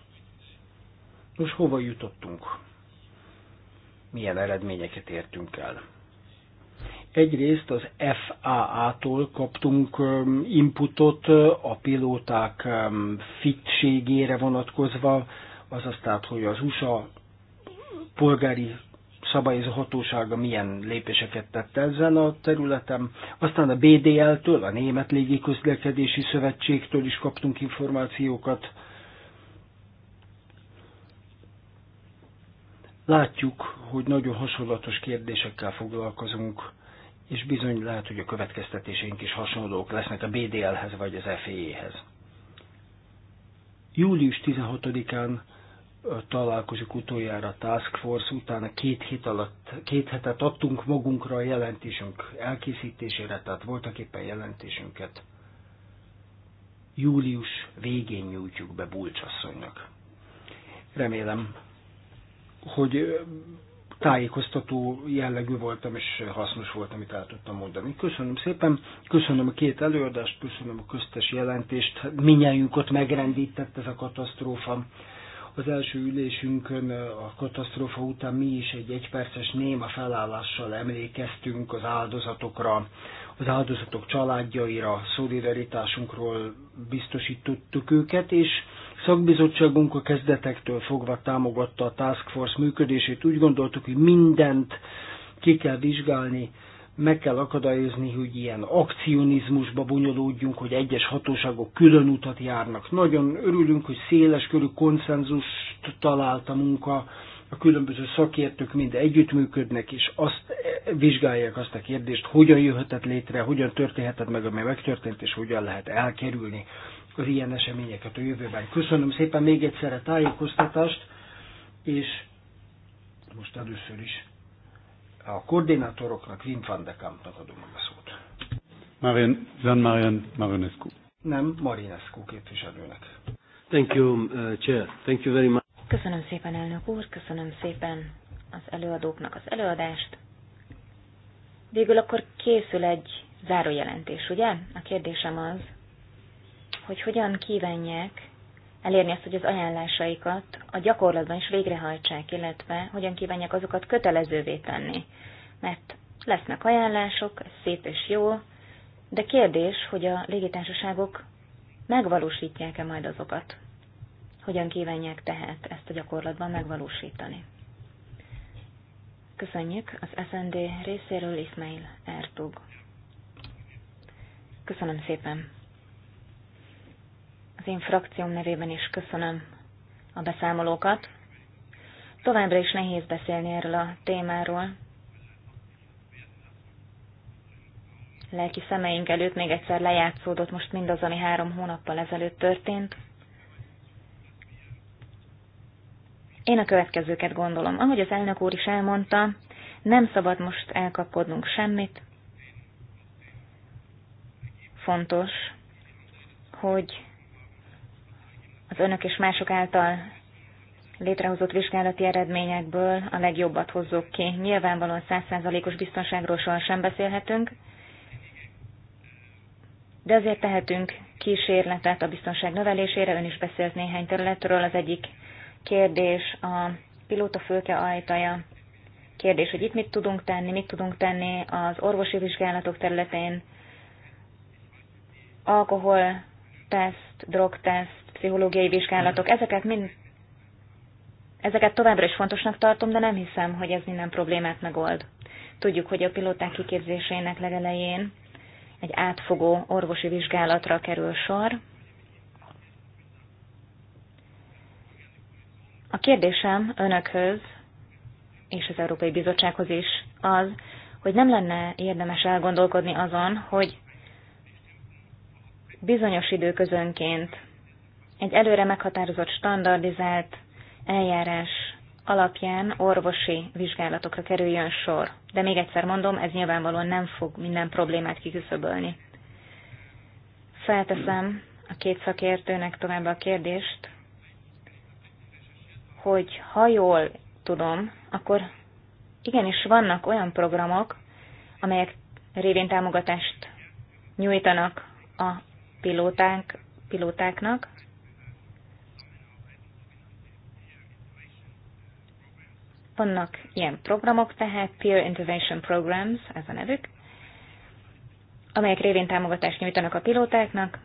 Nos, hova jutottunk? Milyen eredményeket értünk el? Egyrészt az FAA-tól kaptunk inputot a pilóták fitségére vonatkozva, azaz tehát, hogy az USA polgári szabályozó hatósága milyen lépéseket tett ezen a területen. Aztán a BDL-től, a Német Légiközlekedési Szövetségtől is kaptunk információkat. Látjuk, hogy nagyon hasonlatos kérdésekkel foglalkozunk és bizony lehet, hogy a következtetéseink is hasonlók lesznek a BDL-hez vagy az FEE-hez. Július 16-án találkozik utoljára a Task Force, utána két, hét alatt, két hetet adtunk magunkra a jelentésünk elkészítésére, tehát voltak éppen jelentésünket július végén nyújtjuk be Bulcsasszonynak. Remélem, hogy tájékoztató jellegű voltam, és hasznos volt, amit el tudtam mondani. Köszönöm szépen, köszönöm a két előadást, köszönöm a köztes jelentést. Minnyájunkat megrendített ez a katasztrófa. Az első ülésünkön a katasztrófa után mi is egy egyperces néma felállással emlékeztünk az áldozatokra, az áldozatok családjaira, szolidaritásunkról biztosítottuk őket, és Szakbizottságunk a kezdetektől fogva támogatta a Task Force működését. Úgy gondoltuk, hogy mindent ki kell vizsgálni, meg kell akadályozni, hogy ilyen akcionizmusba bonyolódjunk, hogy egyes hatóságok külön utat járnak. Nagyon örülünk, hogy széles körű konszenzust talált a munka, a különböző szakértők mind együttműködnek, és azt e, vizsgálják azt a kérdést, hogyan jöhetett létre, hogyan történhetett meg, ami megtörtént, és hogyan lehet elkerülni, az ilyen eseményeket a jövőben. Köszönöm szépen még egyszer a tájékoztatást, és most először is a koordinátoroknak, Wim van de Kampnak adom a szót. Marian, Jean Marian Marinescu. Nem, Marinescu képviselőnek. Thank you, uh, Chair. Thank you very much. Köszönöm szépen, elnök úr, köszönöm szépen az előadóknak az előadást. Végül akkor készül egy zárójelentés, ugye? A kérdésem az, hogy hogyan kívánják elérni azt, hogy az ajánlásaikat a gyakorlatban is végrehajtsák, illetve hogyan kívánják azokat kötelezővé tenni. Mert lesznek ajánlások, ez szép és jó, de kérdés, hogy a légitársaságok megvalósítják-e majd azokat. Hogyan kívánják tehát ezt a gyakorlatban megvalósítani. Köszönjük az SND részéről Ismail Ertug. Köszönöm szépen. Az én frakcióm nevében is köszönöm a beszámolókat. Továbbra is nehéz beszélni erről a témáról. Lelki szemeink előtt még egyszer lejátszódott most mindaz, ami három hónappal ezelőtt történt. Én a következőket gondolom. Ahogy az elnök úr is elmondta, nem szabad most elkapkodnunk semmit. Fontos, hogy az önök és mások által létrehozott vizsgálati eredményekből a legjobbat hozzuk ki. Nyilvánvalóan százszázalékos biztonságról soha sem beszélhetünk, de azért tehetünk kísérletet a biztonság növelésére. Ön is beszélt néhány területről. Az egyik kérdés a pilóta fülke ajtaja. Kérdés, hogy itt mit tudunk tenni, mit tudunk tenni az orvosi vizsgálatok területén. Alkohol, teszt, drogteszt, pszichológiai vizsgálatok, ezeket mind Ezeket továbbra is fontosnak tartom, de nem hiszem, hogy ez minden problémát megold. Tudjuk, hogy a pilóták kiképzésének legelején egy átfogó orvosi vizsgálatra kerül sor. A kérdésem önökhöz és az Európai Bizottsághoz is az, hogy nem lenne érdemes elgondolkodni azon, hogy bizonyos időközönként egy előre meghatározott standardizált eljárás alapján orvosi vizsgálatokra kerüljön sor. De még egyszer mondom, ez nyilvánvalóan nem fog minden problémát kiküszöbölni. Felteszem a két szakértőnek tovább a kérdést, hogy ha jól tudom, akkor igenis vannak olyan programok, amelyek révén támogatást nyújtanak a pilóták, pilótáknak, Vannak ilyen programok, tehát Peer Intervention Programs, ez a nevük, amelyek révén támogatást nyújtanak a pilótáknak,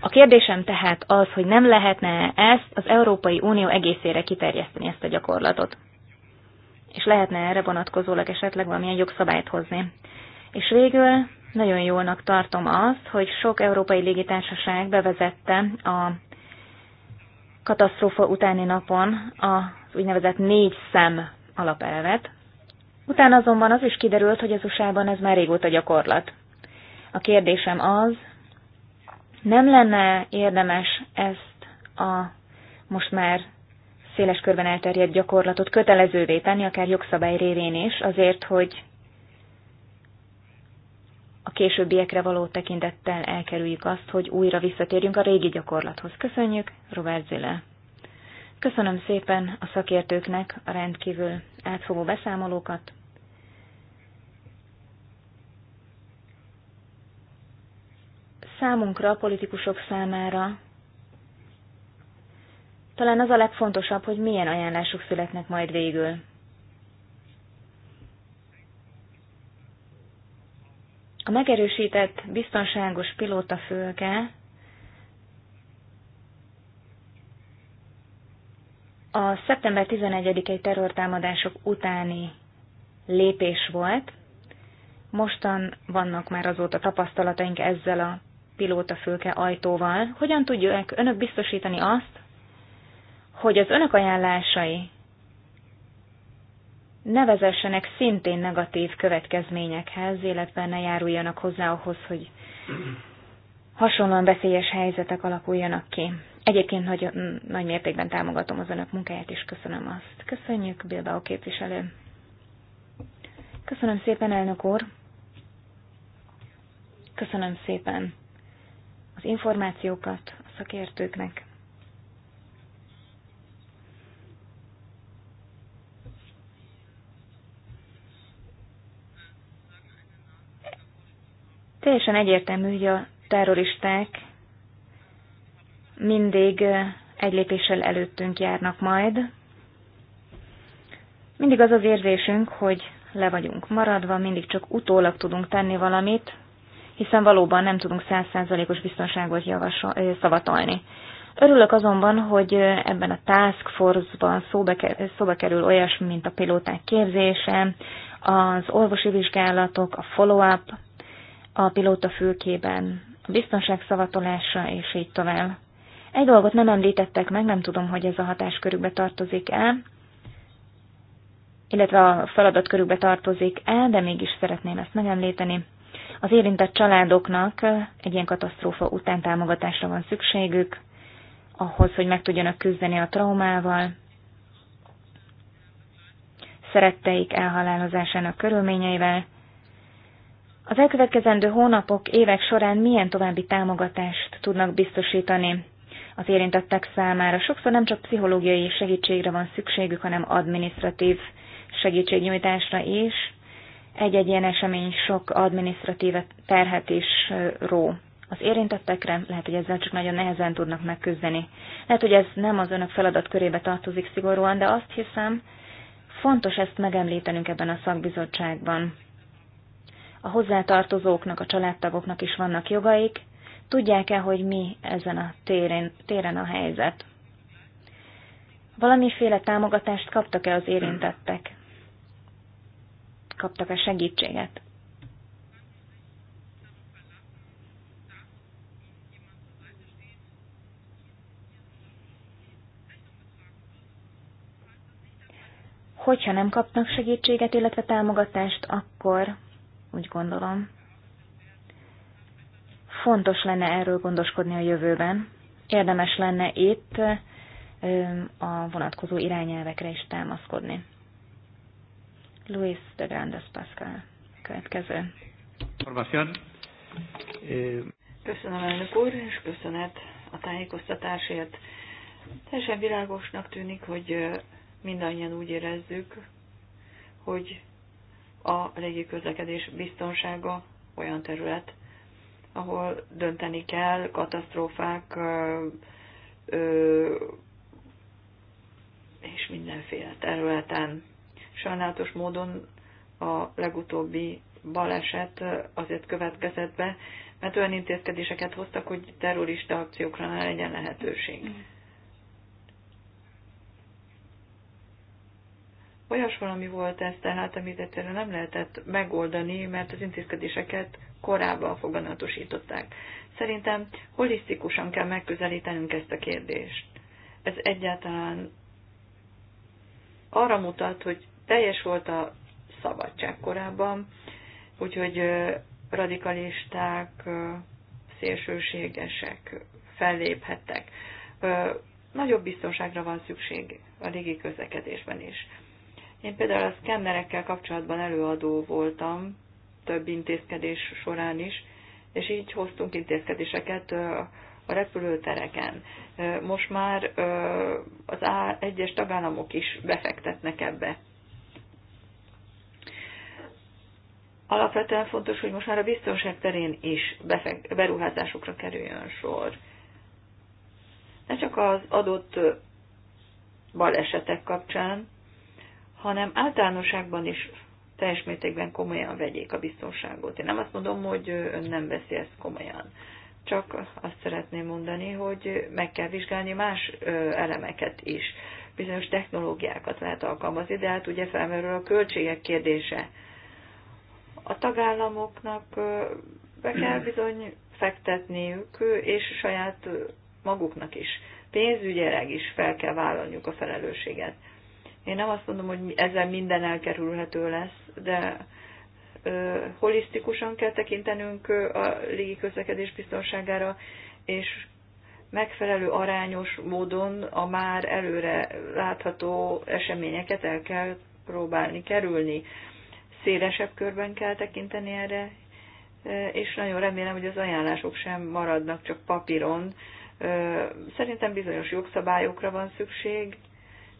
A kérdésem tehát az, hogy nem lehetne ezt az Európai Unió egészére kiterjeszteni ezt a gyakorlatot. És lehetne erre vonatkozólag esetleg valamilyen jogszabályt hozni. És végül nagyon jónak tartom azt, hogy sok európai légitársaság bevezette a katasztrófa utáni napon az úgynevezett négy szem alapelvet. Utána azonban az is kiderült, hogy az USA-ban ez már régóta gyakorlat. A kérdésem az, nem lenne érdemes ezt a most már széles körben elterjedt gyakorlatot kötelezővé tenni, akár jogszabály révén is, azért, hogy a későbbiekre való tekintettel elkerüljük azt, hogy újra visszatérjünk a régi gyakorlathoz. Köszönjük, Robert Zille. Köszönöm szépen a szakértőknek a rendkívül átfogó beszámolókat. Számunkra, a politikusok számára talán az a legfontosabb, hogy milyen ajánlások születnek majd végül. A megerősített biztonságos pilótafülke a szeptember 11-i terrortámadások utáni lépés volt. Mostan vannak már azóta tapasztalataink ezzel a pilótafülke ajtóval. Hogyan tudják önök biztosítani azt, hogy az önök ajánlásai ne vezessenek szintén negatív következményekhez, illetve ne járuljanak hozzá ahhoz, hogy hasonlóan veszélyes helyzetek alakuljanak ki. Egyébként nagy, nagy mértékben támogatom az önök munkáját, és köszönöm azt. Köszönjük, Bilbao képviselő. Köszönöm szépen, elnök úr. Köszönöm szépen az információkat a szakértőknek. Teljesen egyértelmű, hogy a terroristák mindig egy lépéssel előttünk járnak majd. Mindig az az érzésünk, hogy le vagyunk maradva, mindig csak utólag tudunk tenni valamit, hiszen valóban nem tudunk százszázalékos biztonságot javasol, szavatolni. Örülök azonban, hogy ebben a Task Force-ban szóba, szóba kerül olyasmi, mint a pilóták képzése, az orvosi vizsgálatok, a follow-up, a pilóta fülkében, a biztonság szavatolása, és így tovább. Egy dolgot nem említettek meg, nem tudom, hogy ez a hatáskörükbe tartozik-e, illetve a feladatkörükbe tartozik-e, de mégis szeretném ezt megemlíteni. Az érintett családoknak egy ilyen katasztrófa után támogatásra van szükségük, ahhoz, hogy meg tudjanak küzdeni a traumával, szeretteik elhalálozásának körülményeivel, az elkövetkezendő hónapok, évek során milyen további támogatást tudnak biztosítani az érintettek számára? Sokszor nem csak pszichológiai segítségre van szükségük, hanem administratív segítségnyújtásra is. Egy-egy ilyen esemény sok administratív terhet is ró az érintettekre, lehet, hogy ezzel csak nagyon nehezen tudnak megküzdeni. Lehet, hogy ez nem az önök feladat körébe tartozik szigorúan, de azt hiszem, fontos ezt megemlítenünk ebben a szakbizottságban a hozzátartozóknak, a családtagoknak is vannak jogaik. Tudják-e, hogy mi ezen a téren, téren a helyzet? Valamiféle támogatást kaptak-e az érintettek? Kaptak-e segítséget? Hogyha nem kapnak segítséget, illetve támogatást, akkor úgy gondolom. Fontos lenne erről gondoskodni a jövőben. Érdemes lenne itt a vonatkozó irányelvekre is támaszkodni. Luis de Grandes Pascal következő. Eh, Köszönöm, elnök úr, és köszönet a tájékoztatásért. Teljesen világosnak tűnik, hogy mindannyian úgy érezzük, hogy a közlekedés biztonsága olyan terület, ahol dönteni kell katasztrófák ö, ö, és mindenféle területen. Sajnálatos módon a legutóbbi baleset azért következett be, mert olyan intézkedéseket hoztak, hogy terrorista akciókra ne legyen lehetőség. Mm. Olyas valami volt ez tehát, amit egyszerűen nem lehetett megoldani, mert az intézkedéseket korábban foganatosították. Szerintem holisztikusan kell megközelítenünk ezt a kérdést. Ez egyáltalán arra mutat, hogy teljes volt a szabadság korábban, úgyhogy radikalisták, szélsőségesek felléphettek. Nagyobb biztonságra van szükség a légi közlekedésben is. Én például a szkennerekkel kapcsolatban előadó voltam, több intézkedés során is, és így hoztunk intézkedéseket a repülőtereken. Most már az egyes tagállamok is befektetnek ebbe. Alapvetően fontos, hogy most már a biztonság terén is beruházásokra kerüljön sor. Ne csak az adott balesetek kapcsán, hanem általánosságban is teljes mértékben komolyan vegyék a biztonságot. Én nem azt mondom, hogy ön nem veszi ezt komolyan. Csak azt szeretném mondani, hogy meg kell vizsgálni más elemeket is. Bizonyos technológiákat lehet alkalmazni, de hát ugye felmerül a költségek kérdése. A tagállamoknak be kell mm. bizony fektetniük, és saját maguknak is. Pénzügyileg is fel kell vállalniuk a felelősséget én nem azt mondom, hogy ezzel minden elkerülhető lesz, de ö, holisztikusan kell tekintenünk a légi közlekedés biztonságára, és megfelelő arányos módon a már előre látható eseményeket el kell próbálni kerülni. Szélesebb körben kell tekinteni erre, és nagyon remélem, hogy az ajánlások sem maradnak csak papíron. Szerintem bizonyos jogszabályokra van szükség,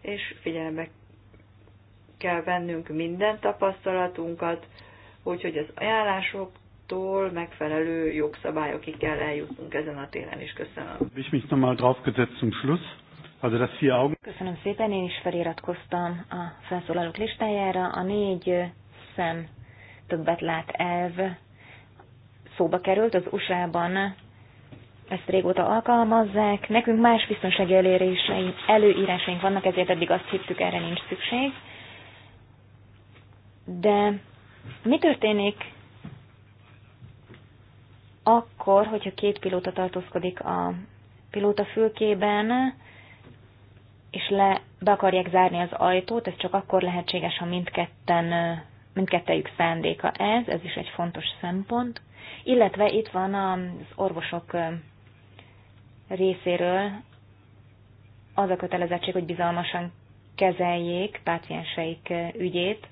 és figyelembe kell vennünk minden tapasztalatunkat, úgyhogy az ajánlásoktól megfelelő jogszabályokig kell eljutnunk ezen a téren is. Köszönöm. Ich mich nochmal draufgesetzt zum Schluss. Also das vier Augen. Köszönöm szépen, én is feliratkoztam a felszólalók listájára. A négy szem többet lát elv szóba került az USA-ban ezt régóta alkalmazzák. Nekünk más biztonsági előírásaink, előírásaink vannak, ezért eddig azt hittük, erre nincs szükség. De mi történik akkor, hogyha két pilóta tartózkodik a fülkében, és le, be akarják zárni az ajtót, ez csak akkor lehetséges, ha mindketten, mindkettejük szándéka ez, ez is egy fontos szempont. Illetve itt van az orvosok részéről az a kötelezettség, hogy bizalmasan kezeljék pácienseik ügyét,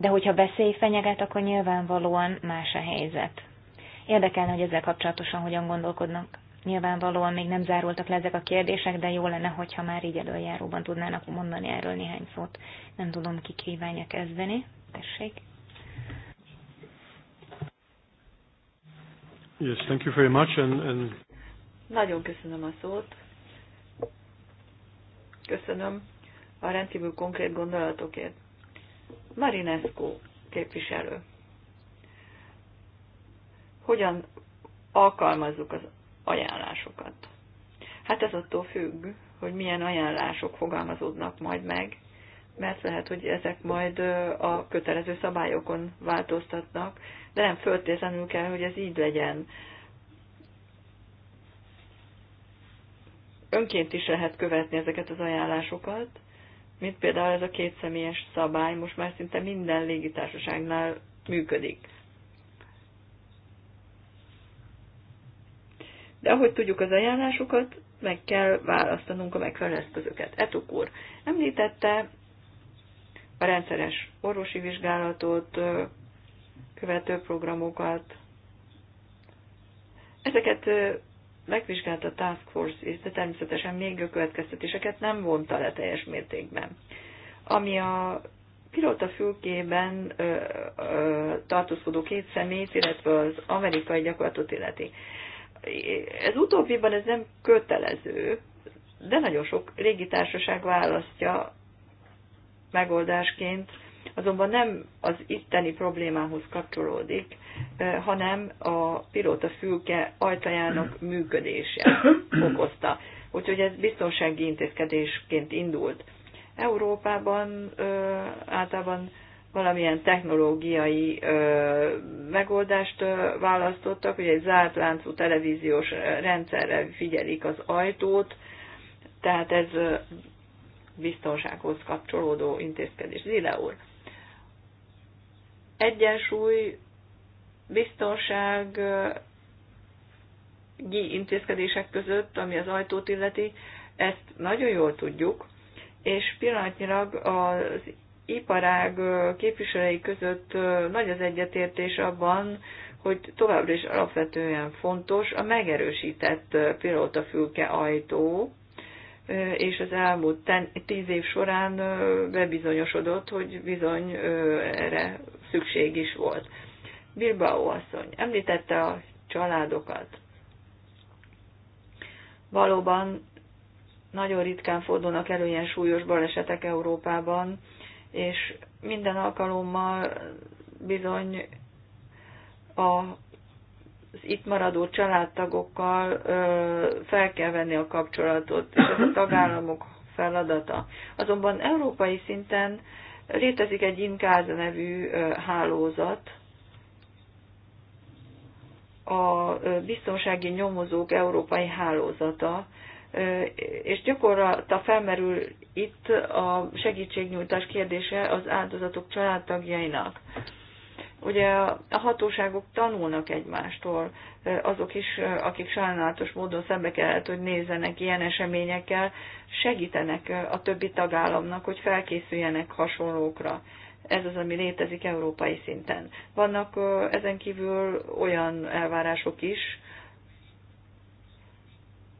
de hogyha veszély fenyeget, akkor nyilvánvalóan más a helyzet. Érdekelne, hogy ezzel kapcsolatosan hogyan gondolkodnak. Nyilvánvalóan még nem zárultak le ezek a kérdések, de jó lenne, hogyha már így előjáróban tudnának mondani erről néhány szót. Nem tudom, ki kívánja kezdeni. Tessék. Yes, thank you very much. And, and... Nagyon köszönöm a szót. Köszönöm a rendkívül konkrét gondolatokért. Marinescu képviselő. Hogyan alkalmazzuk az ajánlásokat? Hát ez attól függ, hogy milyen ajánlások fogalmazódnak majd meg, mert lehet, hogy ezek majd a kötelező szabályokon változtatnak, de nem föltétlenül kell, hogy ez így legyen. Önként is lehet követni ezeket az ajánlásokat, mint például ez a kétszemélyes szabály, most már szinte minden légitársaságnál működik. De ahogy tudjuk az ajánlásokat, meg kell választanunk a megfelelő eszközöket. Etuk úr említette a rendszeres orvosi vizsgálatot, követő programokat. Ezeket megvizsgálta a Task Force is, de természetesen még a következtetéseket nem vonta le teljes mértékben. Ami a pilóta fülkében ö, ö, tartózkodó két szemét, illetve az amerikai gyakorlatot illeti. Ez utóbbiban ez nem kötelező, de nagyon sok légitársaság választja megoldásként azonban nem az itteni problémához kapcsolódik, hanem a pilóta fülke ajtajának működése okozta. Úgyhogy ez biztonsági intézkedésként indult. Európában ö, általában valamilyen technológiai ö, megoldást ö, választottak, hogy egy zárt láncú televíziós rendszerre figyelik az ajtót, tehát ez biztonsághoz kapcsolódó intézkedés. Zile úr, egyensúly, biztonság, intézkedések között, ami az ajtót illeti, ezt nagyon jól tudjuk, és pillanatnyilag az iparág képviselői között nagy az egyetértés abban, hogy továbbra is alapvetően fontos a megerősített pilótafülke ajtó, és az elmúlt tíz év során bebizonyosodott, hogy bizony erre szükség is volt. Bilbao asszony említette a családokat. Valóban nagyon ritkán fordulnak elő ilyen súlyos balesetek Európában, és minden alkalommal bizony a az itt maradó családtagokkal ö, fel kell venni a kapcsolatot, és ez a tagállamok feladata. Azonban európai szinten Létezik egy Inkáza nevű hálózat, a biztonsági nyomozók európai hálózata, és gyakorlata felmerül itt a segítségnyújtás kérdése az áldozatok családtagjainak. Ugye a hatóságok tanulnak egymástól, azok is, akik sajnálatos módon szembe kellett, hogy nézzenek ilyen eseményekkel, segítenek a többi tagállamnak, hogy felkészüljenek hasonlókra ez az, ami létezik európai szinten. Vannak ezen kívül olyan elvárások is,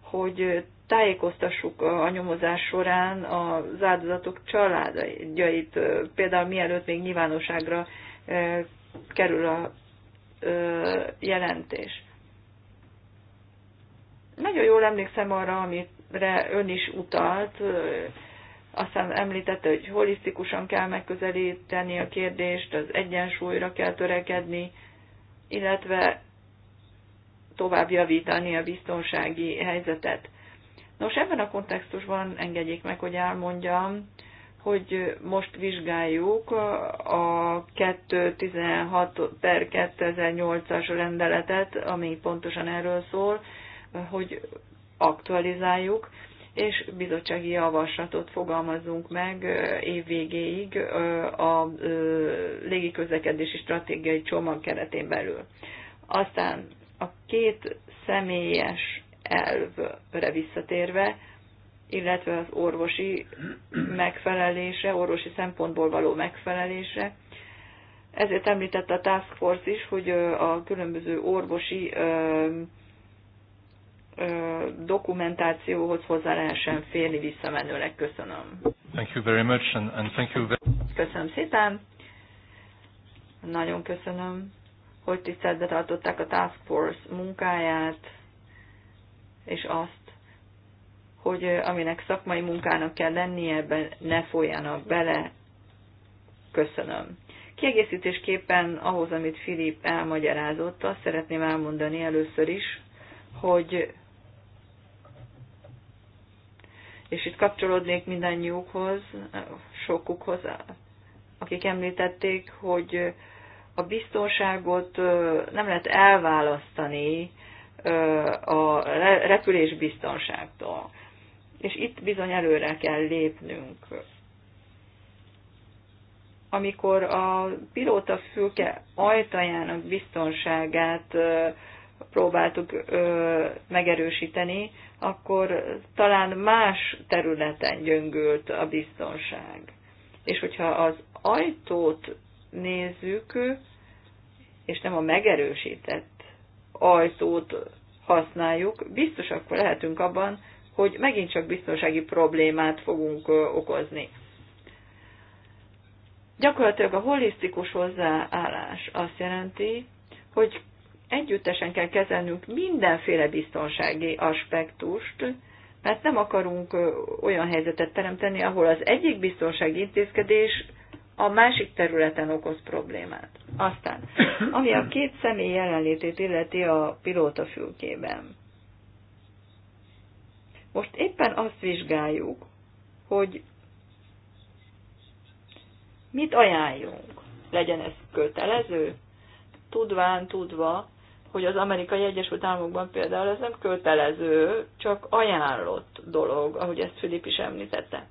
hogy tájékoztassuk a nyomozás során az áldozatok családjait, például mielőtt még nyilvánosságra kerül a ö, jelentés. Nagyon jól emlékszem arra, amire ön is utalt, aztán említette, hogy holisztikusan kell megközelíteni a kérdést, az egyensúlyra kell törekedni, illetve tovább javítani a biztonsági helyzetet. Nos, ebben a kontextusban engedjék meg, hogy elmondjam, hogy most vizsgáljuk a 216 per 2008-as rendeletet, ami pontosan erről szól, hogy aktualizáljuk, és bizottsági javaslatot fogalmazunk meg évvégéig a légiközlekedési stratégiai csomag keretén belül. Aztán a két személyes elvre visszatérve, illetve az orvosi megfelelése, orvosi szempontból való megfelelése. Ezért említette a Task Force is, hogy a különböző orvosi dokumentációhoz hozzá lehessen férni visszamenőleg. Köszönöm. Thank you very much and, and thank you very... Köszönöm szépen. Nagyon köszönöm, hogy tiszteletbe tartották a Task Force munkáját, és azt, hogy aminek szakmai munkának kell lennie, ebben ne folyjanak bele. Köszönöm. Kiegészítésképpen ahhoz, amit Filip elmagyarázott, azt szeretném elmondani először is, hogy és itt kapcsolódnék mindannyiukhoz, sokukhoz, akik említették, hogy a biztonságot nem lehet elválasztani a repülés biztonságtól és itt bizony előre kell lépnünk. Amikor a pilóta fülke ajtajának biztonságát próbáltuk megerősíteni, akkor talán más területen gyöngült a biztonság. És hogyha az ajtót nézzük, és nem a megerősített ajtót használjuk, biztos akkor lehetünk abban, hogy megint csak biztonsági problémát fogunk okozni. Gyakorlatilag a holisztikus hozzáállás azt jelenti, hogy együttesen kell kezelnünk mindenféle biztonsági aspektust, mert nem akarunk olyan helyzetet teremteni, ahol az egyik biztonsági intézkedés a másik területen okoz problémát. Aztán, ami a két személy jelenlétét illeti a pilótafülkében. Most éppen azt vizsgáljuk, hogy mit ajánljunk. Legyen ez kötelező? Tudván, tudva, hogy az amerikai Egyesült Államokban például ez nem kötelező, csak ajánlott dolog, ahogy ezt Filip is említette.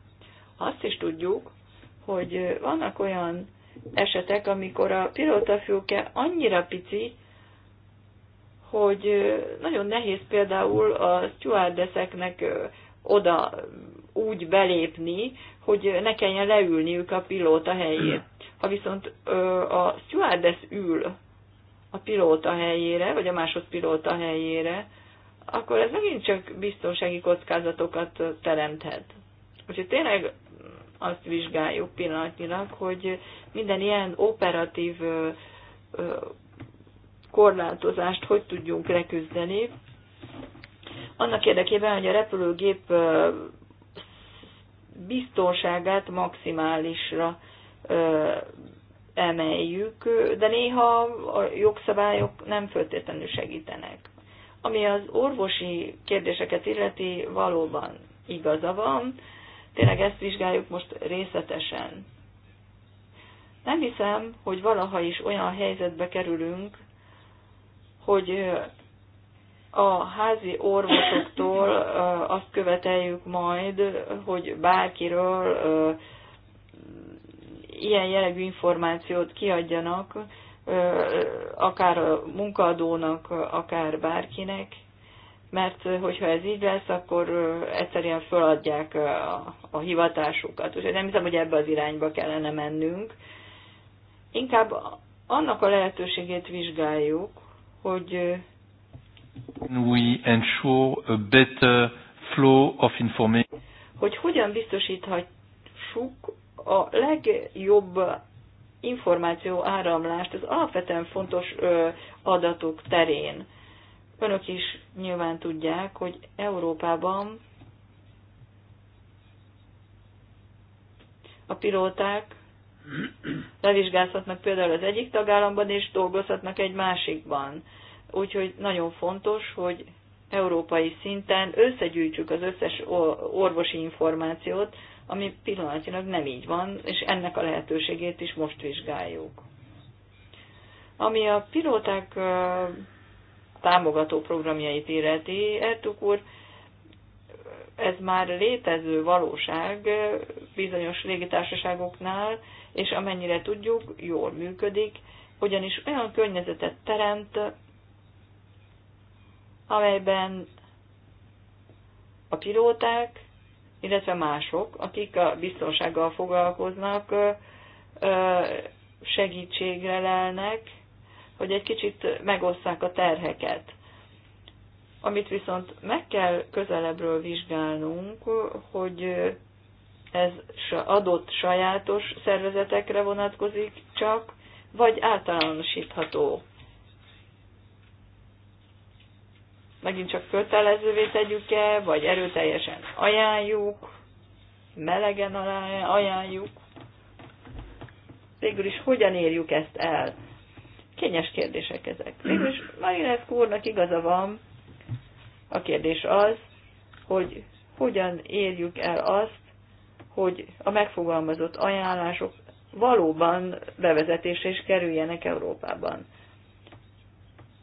Azt is tudjuk, hogy vannak olyan esetek, amikor a pilótafülke annyira pici, hogy nagyon nehéz például a stewardesseknek oda úgy belépni, hogy ne kelljen leülniük a pilóta helyét. Ha viszont a stewardess ül a pilóta helyére, vagy a másodpilóta helyére, akkor ez megint csak biztonsági kockázatokat teremthet. Úgyhogy tényleg azt vizsgáljuk pillanatnyilag, hogy minden ilyen operatív korlátozást hogy tudjunk leküzdeni, annak érdekében, hogy a repülőgép biztonságát maximálisra emeljük, de néha a jogszabályok nem föltétlenül segítenek. Ami az orvosi kérdéseket illeti, valóban igaza van, tényleg ezt vizsgáljuk most részletesen. Nem hiszem, hogy valaha is olyan helyzetbe kerülünk, hogy a házi orvosoktól azt követeljük majd, hogy bárkiről ilyen jellegű információt kiadjanak, akár a munkadónak, akár bárkinek, mert hogyha ez így lesz, akkor egyszerűen feladják a, a hivatásukat. Úgyhogy nem hiszem, hogy ebbe az irányba kellene mennünk. Inkább annak a lehetőségét vizsgáljuk, hogy we ensure a better flow of information. Hogy hogyan biztosíthatjuk a legjobb információ áramlást az alapvetően fontos adatok terén. Önök is nyilván tudják, hogy Európában a pilóták levizsgázhatnak például az egyik tagállamban, és dolgozhatnak egy másikban. Úgyhogy nagyon fontos, hogy európai szinten összegyűjtsük az összes orvosi információt, ami pillanatilag nem így van, és ennek a lehetőségét is most vizsgáljuk. Ami a pilóták támogató programjait illeti, Ertuk úr, ez már létező valóság bizonyos légitársaságoknál, és amennyire tudjuk, jól működik, ugyanis olyan környezetet teremt, amelyben a pilóták, illetve mások, akik a biztonsággal foglalkoznak, segítségre lelnek, hogy egy kicsit megosszák a terheket. Amit viszont meg kell közelebbről vizsgálnunk, hogy ez adott sajátos szervezetekre vonatkozik csak, vagy általánosítható. Megint csak kötelezővé tegyük-e, vagy erőteljesen ajánljuk, melegen ajánljuk. Végül is hogyan érjük ezt el? Kényes kérdések ezek. is Marinescu úrnak igaza van. A kérdés az, hogy hogyan érjük el azt, hogy a megfogalmazott ajánlások valóban bevezetésre is kerüljenek Európában.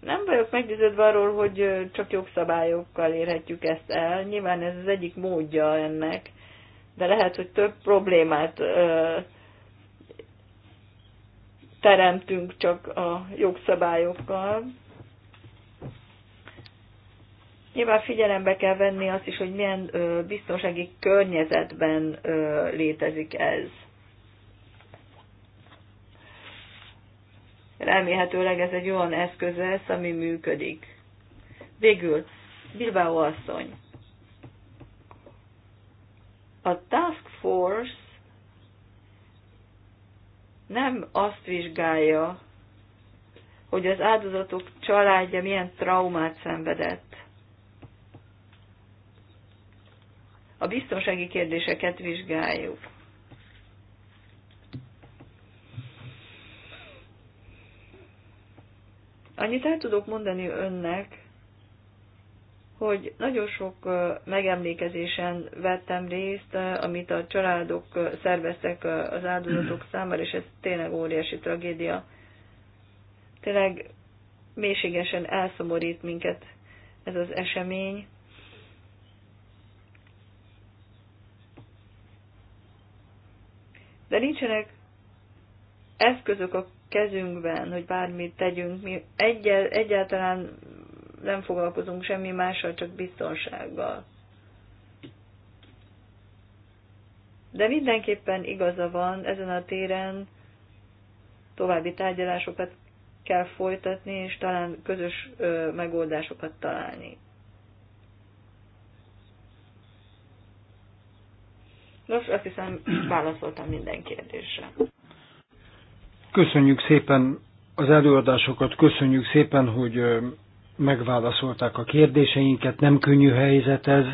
Nem vagyok meggyőződve arról, hogy csak jogszabályokkal érhetjük ezt el. Nyilván ez az egyik módja ennek, de lehet, hogy több problémát ö, teremtünk csak a jogszabályokkal. Nyilván figyelembe kell venni azt is, hogy milyen biztonsági környezetben létezik ez. Remélhetőleg ez egy olyan eszköz lesz, ami működik. Végül, Bilbao asszony. A Task Force nem azt vizsgálja, hogy az áldozatok családja milyen traumát szenvedett. a biztonsági kérdéseket vizsgáljuk. Annyit el tudok mondani önnek, hogy nagyon sok megemlékezésen vettem részt, amit a családok szerveztek az áldozatok számára, és ez tényleg óriási tragédia. Tényleg mélységesen elszomorít minket ez az esemény. de nincsenek eszközök a kezünkben, hogy bármit tegyünk. Mi egyel, egyáltalán nem foglalkozunk semmi mással, csak biztonsággal. De mindenképpen igaza van, ezen a téren további tárgyalásokat kell folytatni, és talán közös ö, megoldásokat találni. Nos, azt hiszem, válaszoltam minden kérdésre. Köszönjük szépen az előadásokat, köszönjük szépen, hogy megválaszolták a kérdéseinket, nem könnyű helyzet ez,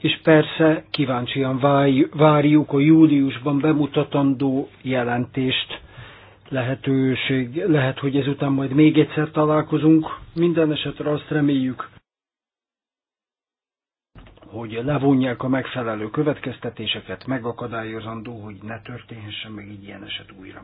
és persze kíváncsian várjuk a júliusban bemutatandó jelentést. Lehetőség, lehet, hogy ezután majd még egyszer találkozunk. Minden esetre azt reméljük, hogy levonják a megfelelő következtetéseket, megakadályozandó, hogy ne történhessen meg így ilyen eset újra.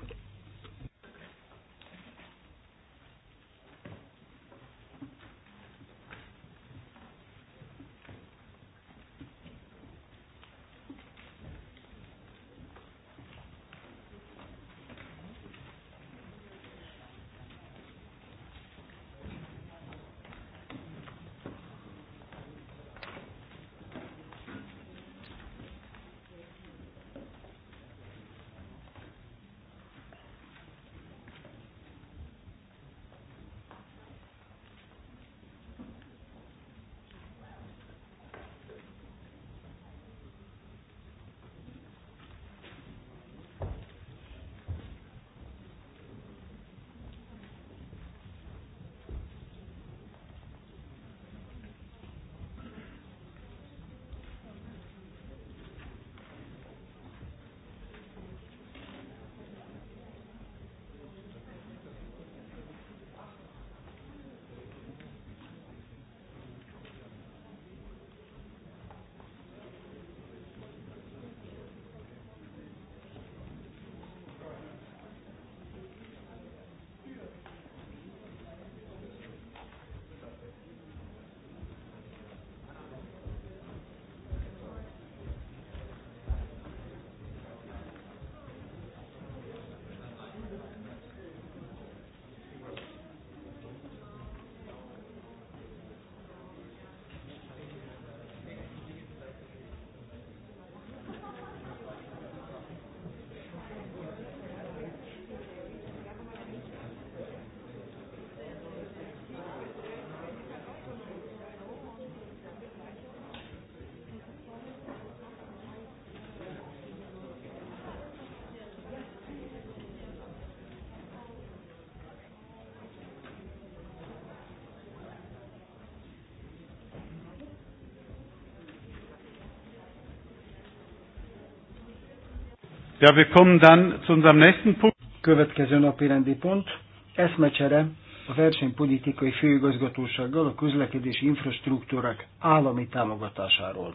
Ja, wir kommen dann zu unserem nächsten Punkt. Következő napi rendi pont, eszmecsere a versenypolitikai főigazgatósággal a közlekedési infrastruktúrák állami támogatásáról.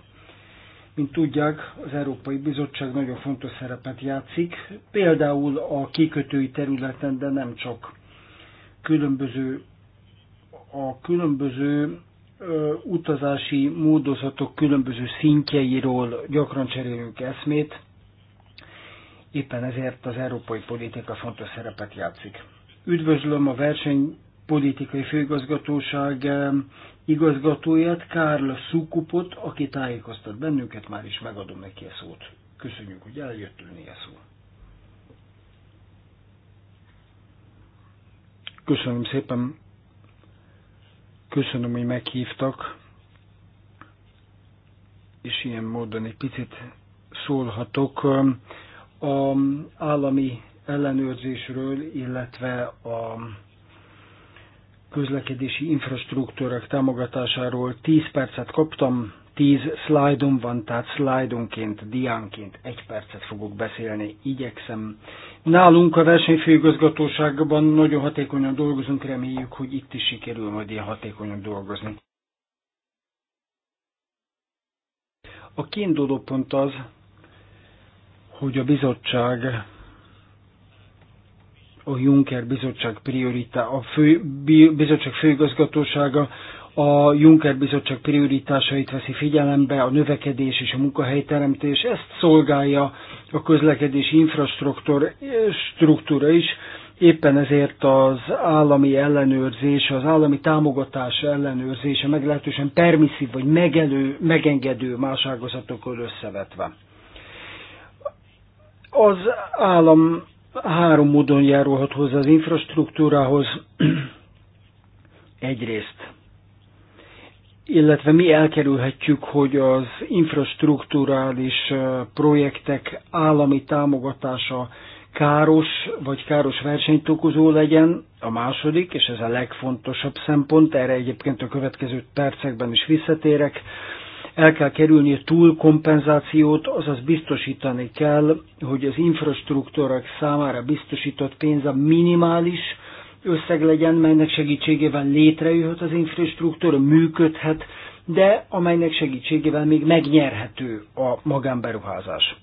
Mint tudják, az Európai Bizottság nagyon fontos szerepet játszik, például a kikötői területen, de nem csak. Különböző, a különböző ö, utazási módozatok különböző szintjeiről gyakran cserélünk eszmét, Éppen ezért az európai politika fontos szerepet játszik. Üdvözlöm a versenypolitikai főigazgatóság igazgatóját, Kárl Szukupot, aki tájékoztat bennünket, már is megadom neki a szót. Köszönjük, hogy eljött ülni a szó. Köszönöm szépen. Köszönöm, hogy meghívtak. És ilyen módon egy picit szólhatok a állami ellenőrzésről, illetve a közlekedési infrastruktúrák támogatásáról 10 percet kaptam, 10 szlájdom van, tehát szlájdonként, diánként egy percet fogok beszélni, igyekszem. Nálunk a versenyfőigazgatóságban nagyon hatékonyan dolgozunk, reméljük, hogy itt is sikerül majd ilyen hatékonyan dolgozni. A kiinduló pont az, hogy a bizottság a Juncker bizottság prioritá, a fő, bizottság főigazgatósága a Juncker bizottság prioritásait veszi figyelembe, a növekedés és a munkahelyteremtés, ezt szolgálja a közlekedési infrastruktúra is, éppen ezért az állami ellenőrzés, az állami támogatás ellenőrzése meglehetősen permisszív vagy megelő, megengedő más ágazatokkal összevetve. Az állam három módon járulhat hozzá az infrastruktúrához. Egyrészt, illetve mi elkerülhetjük, hogy az infrastruktúrális projektek állami támogatása káros vagy káros versenyt okozó legyen, a második, és ez a legfontosabb szempont, erre egyébként a következő percekben is visszatérek, el kell kerülni a túlkompenzációt, azaz biztosítani kell, hogy az infrastruktúrák számára biztosított pénz a minimális összeg legyen, melynek segítségével létrejöhet az infrastruktúra, működhet, de amelynek segítségével még megnyerhető a magánberuházás.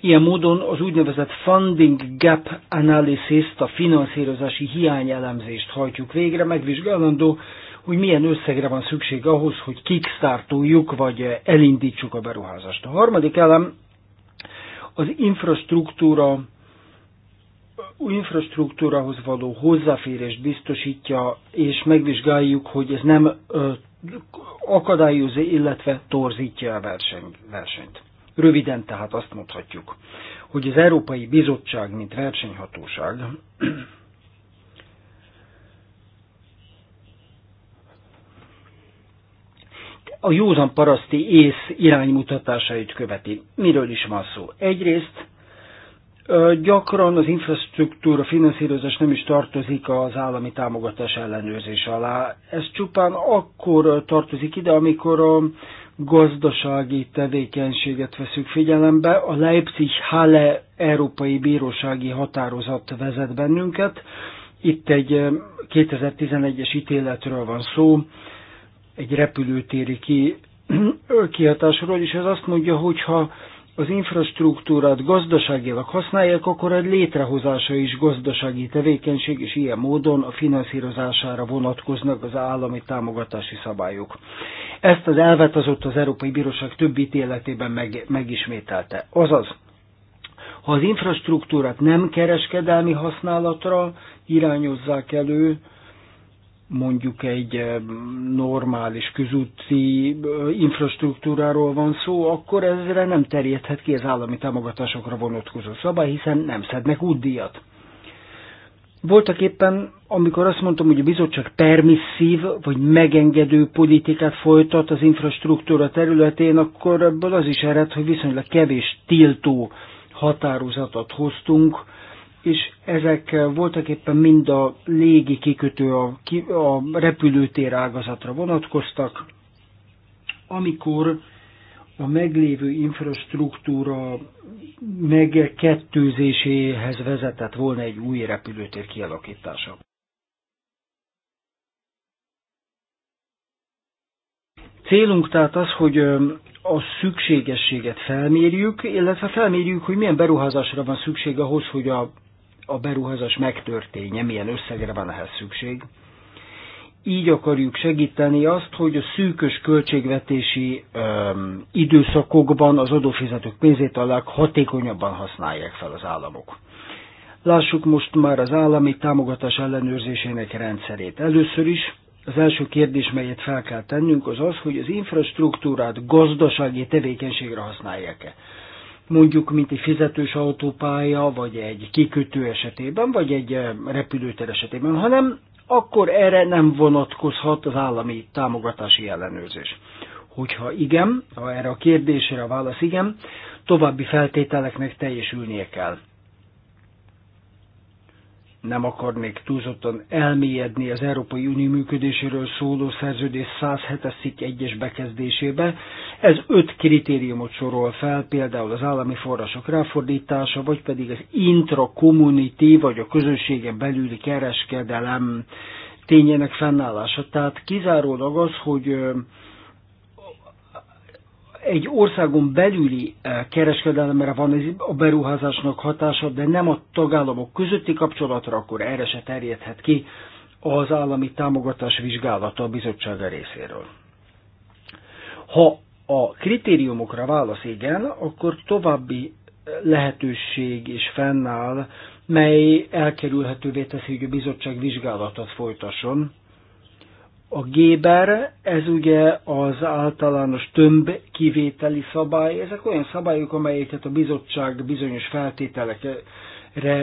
Ilyen módon az úgynevezett funding gap analysis a finanszírozási hiányelemzést hajtjuk végre, megvizsgálandó, hogy milyen összegre van szükség ahhoz, hogy kickstartoljuk, vagy elindítsuk a beruházást. A harmadik elem az infrastruktúra infrastruktúrahoz való hozzáférést biztosítja, és megvizsgáljuk, hogy ez nem akadályozza, illetve torzítja a verseny, versenyt. Röviden tehát azt mondhatjuk, hogy az Európai Bizottság, mint versenyhatóság a józan paraszti ész iránymutatásait követi. Miről is van szó? Egyrészt gyakran az infrastruktúra finanszírozás nem is tartozik az állami támogatás ellenőrzés alá. Ez csupán akkor tartozik ide, amikor a gazdasági tevékenységet veszük figyelembe. A Leipzig-Halle Európai Bírósági Határozat vezet bennünket. Itt egy 2011-es ítéletről van szó, egy repülőtéri ki, kihatásról, és ez azt mondja, hogy ha az infrastruktúrát gazdaságilag használják, akkor egy létrehozása is gazdasági tevékenység, és ilyen módon a finanszírozására vonatkoznak az állami támogatási szabályok. Ezt az elvet az ott az Európai Bíróság több ítéletében meg, megismételte. Azaz, ha az infrastruktúrát nem kereskedelmi használatra irányozzák elő, mondjuk egy eh, normális közúti eh, infrastruktúráról van szó, akkor ezre nem terjedhet ki az állami támogatásokra vonatkozó szabály, hiszen nem szednek útdíjat. Voltak éppen, amikor azt mondtam, hogy a bizottság permisszív vagy megengedő politikát folytat az infrastruktúra területén, akkor ebből az is ered, hogy viszonylag kevés tiltó határozatot hoztunk, és ezek voltak éppen mind a légi kikötő, a, a repülőtér ágazatra vonatkoztak, amikor a meglévő infrastruktúra megkettőzéséhez vezetett volna egy új repülőtér kialakítása. Célunk tehát az, hogy a szükségességet felmérjük, illetve felmérjük, hogy milyen beruházásra van szükség ahhoz, hogy a a beruházás megtörténje, milyen összegre van ehhez szükség. Így akarjuk segíteni azt, hogy a szűkös költségvetési öm, időszakokban az adófizetők pénzét a hatékonyabban használják fel az államok. Lássuk most már az állami támogatás ellenőrzésének rendszerét. Először is az első kérdés, melyet fel kell tennünk, az az, hogy az infrastruktúrát gazdasági tevékenységre használják-e mondjuk, mint egy fizetős autópálya, vagy egy kikötő esetében, vagy egy eh, repülőtér esetében, hanem akkor erre nem vonatkozhat az állami támogatási ellenőrzés. Hogyha igen, ha erre a kérdésre a válasz igen, további feltételeknek teljesülnie kell nem akarnék túlzottan elmélyedni az Európai Unió működéséről szóló szerződés 107 szik egyes bekezdésébe. Ez öt kritériumot sorol fel, például az állami források ráfordítása, vagy pedig az intra-community, vagy a közössége belüli kereskedelem tényének fennállása. Tehát kizárólag az, hogy egy országon belüli eh, kereskedelemre van a beruházásnak hatása, de nem a tagállamok közötti kapcsolatra, akkor erre se terjedhet ki az állami támogatás vizsgálata a bizottsága részéről. Ha a kritériumokra válasz igen, akkor további eh, lehetőség is fennáll, mely elkerülhetővé teszi, hogy a bizottság vizsgálatot folytasson, a Géber, ez ugye az általános tömb kivételi szabály, ezek olyan szabályok, amelyeket a bizottság bizonyos feltételekre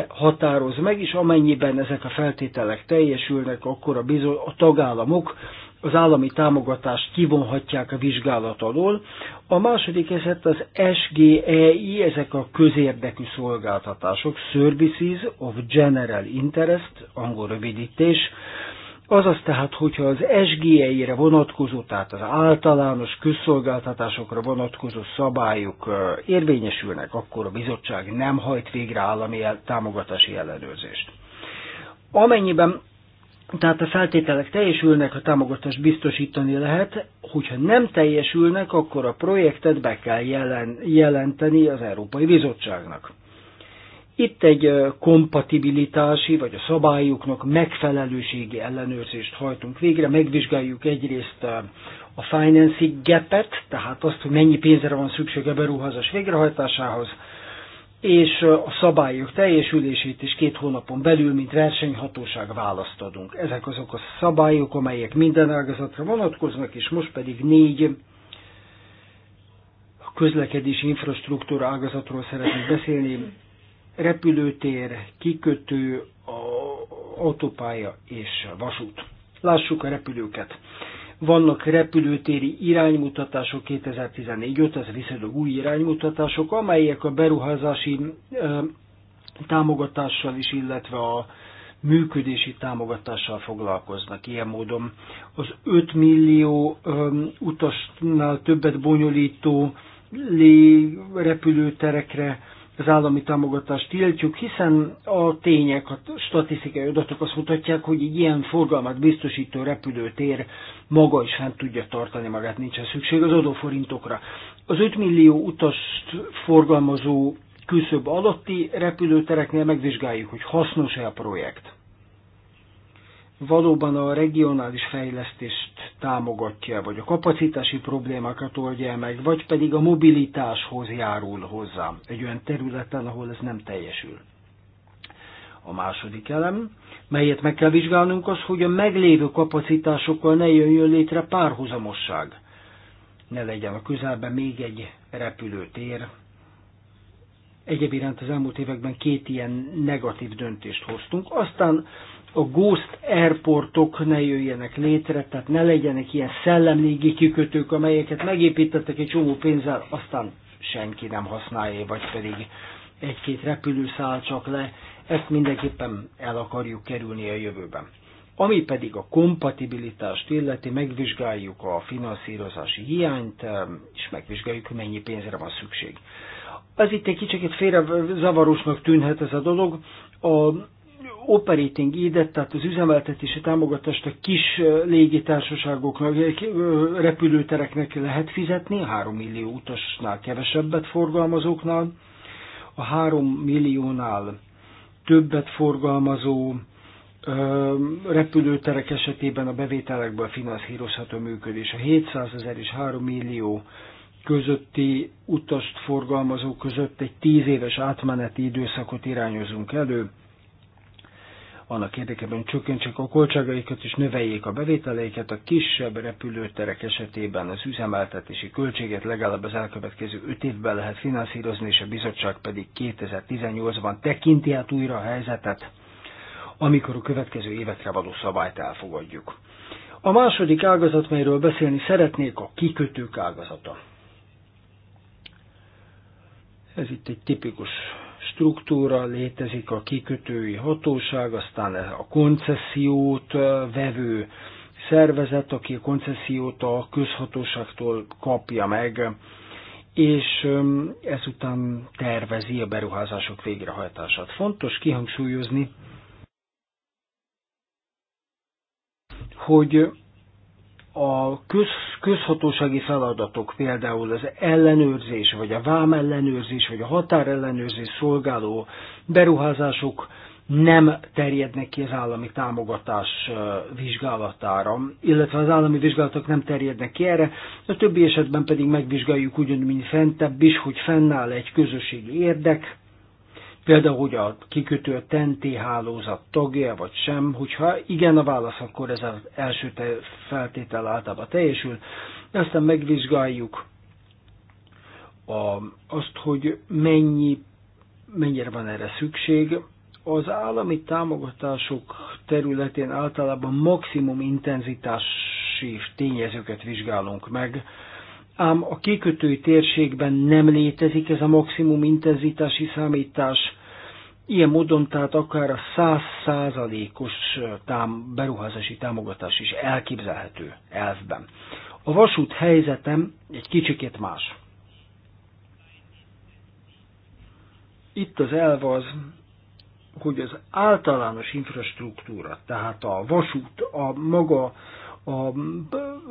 határoz meg, és amennyiben ezek a feltételek teljesülnek, akkor a, bizony, a tagállamok az állami támogatást kivonhatják a vizsgálat alól. A második eset az SGEI, ezek a közérdekű szolgáltatások, Services of General Interest, angol rövidítés, Azaz tehát, hogyha az SGE-ire vonatkozó, tehát az általános közszolgáltatásokra vonatkozó szabályok érvényesülnek, akkor a bizottság nem hajt végre állami támogatási ellenőrzést. Amennyiben tehát a feltételek teljesülnek, a támogatást biztosítani lehet, hogyha nem teljesülnek, akkor a projektet be kell jelen, jelenteni az Európai Bizottságnak. Itt egy kompatibilitási, vagy a szabályoknak megfelelőségi ellenőrzést hajtunk végre, megvizsgáljuk egyrészt a financing gap tehát azt, hogy mennyi pénzre van szüksége beruházás végrehajtásához, és a szabályok teljesülését is két hónapon belül, mint versenyhatóság választ adunk. Ezek azok a szabályok, amelyek minden ágazatra vonatkoznak, és most pedig négy közlekedési infrastruktúra ágazatról szeretnék beszélni repülőtér, kikötő, a autópálya és vasút. Lássuk a repülőket. Vannak repülőtéri iránymutatások 2014 óta, ez viszonylag új iránymutatások, amelyek a beruházási támogatással is, illetve a működési támogatással foglalkoznak. Ilyen módon az 5 millió utasnál többet bonyolító lé repülőterekre az állami támogatást tiltjuk, hiszen a tények, a statisztikai adatok azt mutatják, hogy egy ilyen forgalmat biztosító repülőtér maga is fent tudja tartani magát, nincsen szükség az adóforintokra. Az 5 millió utast forgalmazó küszöb alatti repülőtereknél megvizsgáljuk, hogy hasznos-e a projekt valóban a regionális fejlesztést támogatja, vagy a kapacitási problémákat oldja meg, vagy pedig a mobilitáshoz járul hozzá egy olyan területen, ahol ez nem teljesül. A második elem, melyet meg kell vizsgálnunk, az, hogy a meglévő kapacitásokkal ne jöjjön létre párhuzamosság. Ne legyen a közelben még egy repülőtér. Egyébként az elmúlt években két ilyen negatív döntést hoztunk. Aztán a ghost airportok ne jöjjenek létre, tehát ne legyenek ilyen szellemlégi kikötők, amelyeket megépítettek egy csomó pénzzel, aztán senki nem használja, vagy pedig egy-két repülő száll csak le, ezt mindenképpen el akarjuk kerülni a jövőben. Ami pedig a kompatibilitást illeti, megvizsgáljuk a finanszírozási hiányt, és megvizsgáljuk, hogy mennyi pénzre van szükség. Az itt egy kicsit félre zavarosnak tűnhet ez a dolog. A operating idet, tehát az üzemeltetési támogatást a kis légitársaságoknak, repülőtereknek lehet fizetni, 3 millió utasnál kevesebbet forgalmazóknál, a 3 milliónál többet forgalmazó repülőterek esetében a bevételekből finanszírozható működés. A 700 ezer és 3 millió közötti utast forgalmazó között egy 10 éves átmeneti időszakot irányozunk elő, annak érdekében, csökkentsék a költségeiket és növeljék a bevételeiket, a kisebb repülőterek esetében az üzemeltetési költséget legalább az elkövetkező 5 évben lehet finanszírozni, és a bizottság pedig 2018-ban tekinti át újra a helyzetet, amikor a következő évekre való szabályt elfogadjuk. A második ágazat, melyről beszélni szeretnék, a kikötők ágazata. Ez itt egy tipikus struktúra, létezik a kikötői hatóság, aztán a koncesziót vevő szervezet, aki a koncesziót a közhatóságtól kapja meg, és ezután tervezi a beruházások végrehajtását. Fontos kihangsúlyozni, hogy a köz, közhatósági feladatok, például az ellenőrzés, vagy a vám ellenőrzés, vagy a határellenőrzés szolgáló beruházások nem terjednek ki az állami támogatás vizsgálatára, illetve az állami vizsgálatok nem terjednek ki erre, a többi esetben pedig megvizsgáljuk ugyanúgy, mint fentebb is, hogy fennáll egy közösségi érdek, Például, hogy a kikötő a TNT hálózat tagja, vagy sem, hogyha igen a válasz, akkor ez az első feltétel általában teljesül. Aztán megvizsgáljuk a, azt, hogy mennyi, mennyire van erre szükség. Az állami támogatások területén általában maximum intenzitási tényezőket vizsgálunk meg, ám a kikötői térségben nem létezik ez a maximum intenzitási számítás, Ilyen módon tehát akár a 100%-os tám, beruházási támogatás is elképzelhető elfben. A vasút helyzetem egy kicsikét más. Itt az elv az, hogy az általános infrastruktúra, tehát a vasút, a maga a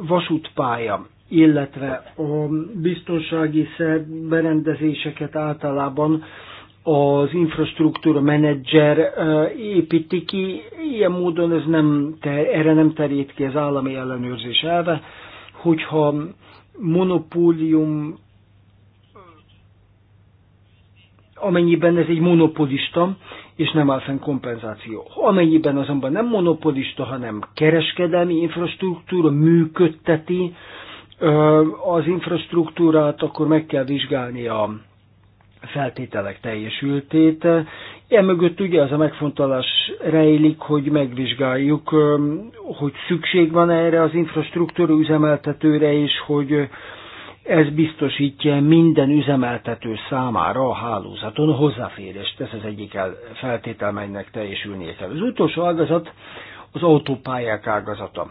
vasútpálya, illetve a biztonsági berendezéseket általában az infrastruktúra menedzser építi ki, ilyen módon ez nem ter, erre nem terjed ki az állami ellenőrzés elve, hogyha monopólium amennyiben ez egy monopolista, és nem áll fenn kompenzáció. Amennyiben azonban nem monopolista, hanem kereskedelmi infrastruktúra működteti, az infrastruktúrát, akkor meg kell vizsgálni a feltételek teljesültét. mögött ugye az a megfontolás rejlik, hogy megvizsgáljuk, hogy szükség van erre az infrastruktúra üzemeltetőre, és hogy ez biztosítja minden üzemeltető számára a hálózaton a hozzáférést. Ez az egyik feltétel, melynek teljesülnie kell. Az utolsó ágazat az autópályák ágazata.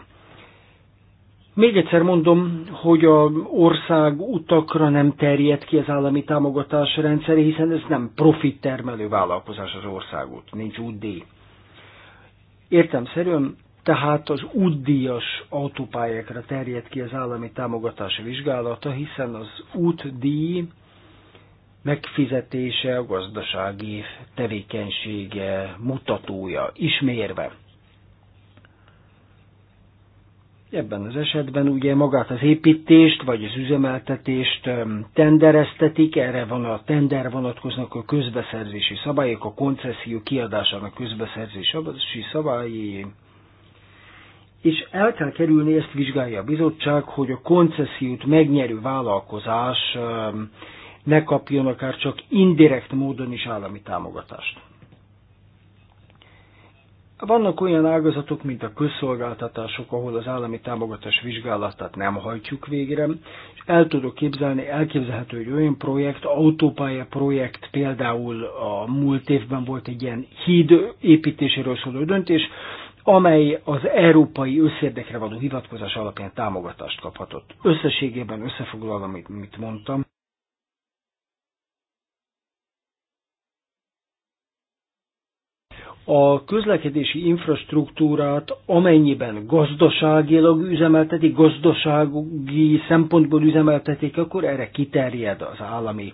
Még egyszer mondom, hogy a ország utakra nem terjed ki az állami támogatás rendszer, hiszen ez nem profit termelő vállalkozás az országút, nincs útdíj. szerint, tehát az útdíjas autópályákra terjed ki az állami támogatás vizsgálata, hiszen az útdíj megfizetése a gazdasági tevékenysége mutatója, ismérve. Ebben az esetben ugye magát az építést vagy az üzemeltetést tendereztetik, erre van a tender vonatkoznak a közbeszerzési szabályok, a konceszió kiadásának közbeszerzési szabályai. És el kell kerülni, ezt vizsgálja a bizottság, hogy a koncesziót megnyerő vállalkozás ne kapjon akár csak indirekt módon is állami támogatást. Vannak olyan ágazatok, mint a közszolgáltatások, ahol az állami támogatás vizsgálatát nem hajtjuk végre, és el tudok képzelni, elképzelhető, hogy olyan projekt, autópálya projekt, például a múlt évben volt egy ilyen híd építéséről szóló döntés, amely az európai összérdekre való hivatkozás alapján támogatást kaphatott. Összességében összefoglalom, amit mondtam. a közlekedési infrastruktúrát amennyiben gazdaságilag üzemeltetik, gazdasági szempontból üzemeltetik, akkor erre kiterjed az állami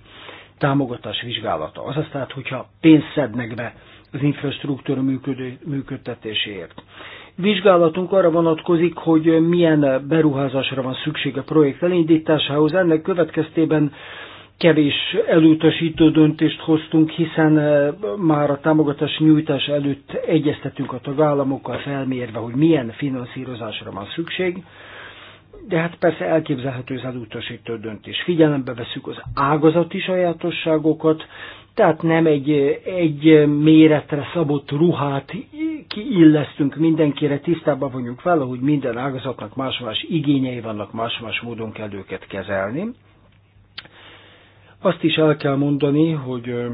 támogatás vizsgálata. Azaz tehát, hogyha pénzt szednek be az infrastruktúra működő, működtetéséért. Vizsgálatunk arra vonatkozik, hogy milyen beruházásra van szükség a projekt elindításához. Ennek következtében kevés elutasító döntést hoztunk, hiszen e, már a támogatás nyújtás előtt egyeztetünk a tagállamokkal felmérve, hogy milyen finanszírozásra van szükség, de hát persze elképzelhető az elutasító döntés. Figyelembe veszük az ágazati sajátosságokat, tehát nem egy, egy méretre szabott ruhát kiillesztünk mindenkire, tisztában vagyunk vele, hogy minden ágazatnak más-más igényei vannak, más-más módon kell őket kezelni. Azt is el kell mondani, hogy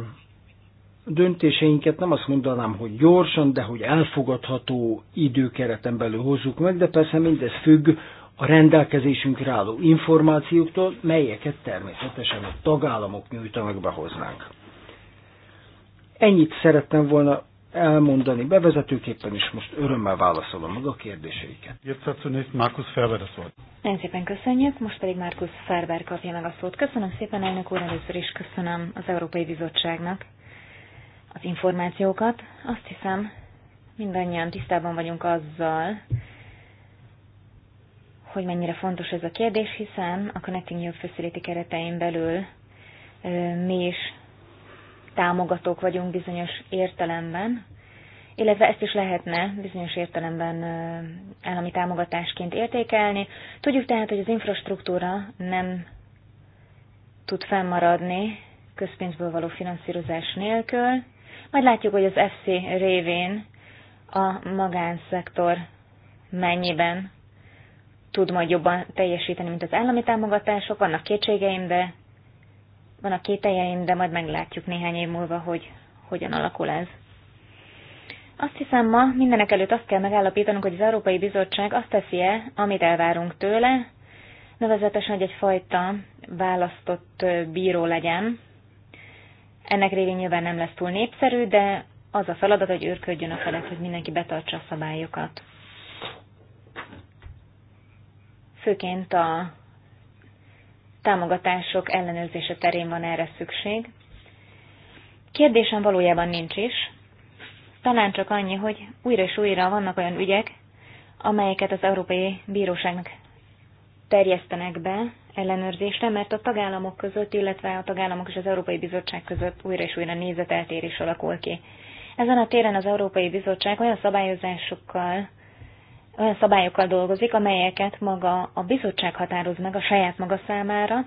döntéseinket nem azt mondanám, hogy gyorsan, de hogy elfogadható időkereten belül hozzuk meg, de persze mindez függ a rendelkezésünkre álló információktól, melyeket természetesen a tagállamok nyújtanak be hoznánk. Ennyit szerettem volna elmondani bevezetőképpen, és most örömmel válaszolom meg a kérdéseiket. Markus Ferber a szót. Nagyon szépen köszönjük, most pedig Markus Ferber kapja meg a szót. Köszönöm szépen, elnök úr, először is köszönöm az Európai Bizottságnak az információkat. Azt hiszem, mindannyian tisztában vagyunk azzal, hogy mennyire fontos ez a kérdés, hiszen a Connecting Europe Facility keretein belül mi is támogatók vagyunk bizonyos értelemben, illetve ezt is lehetne bizonyos értelemben állami támogatásként értékelni. Tudjuk tehát, hogy az infrastruktúra nem tud fennmaradni közpénzből való finanszírozás nélkül. Majd látjuk, hogy az FC révén a magánszektor mennyiben tud majd jobban teljesíteni, mint az állami támogatások. Vannak kétségeim, de van két kételjeim, de majd meglátjuk néhány év múlva, hogy hogyan alakul ez. Azt hiszem ma mindenek előtt azt kell megállapítanunk, hogy az Európai Bizottság azt teszi-e, amit elvárunk tőle, nevezetesen, hogy egyfajta választott bíró legyen. Ennek révén nyilván nem lesz túl népszerű, de az a feladat, hogy őrködjön a felett, hogy mindenki betartsa a szabályokat. Főként a támogatások ellenőrzése terén van erre szükség. Kérdésem valójában nincs is. Talán csak annyi, hogy újra és újra vannak olyan ügyek, amelyeket az Európai Bíróságnak terjesztenek be ellenőrzésre, mert a tagállamok között, illetve a tagállamok és az Európai Bizottság között újra és újra nézeteltérés alakul ki. Ezen a téren az Európai Bizottság olyan szabályozásokkal olyan szabályokkal dolgozik, amelyeket maga a bizottság határoz meg a saját maga számára,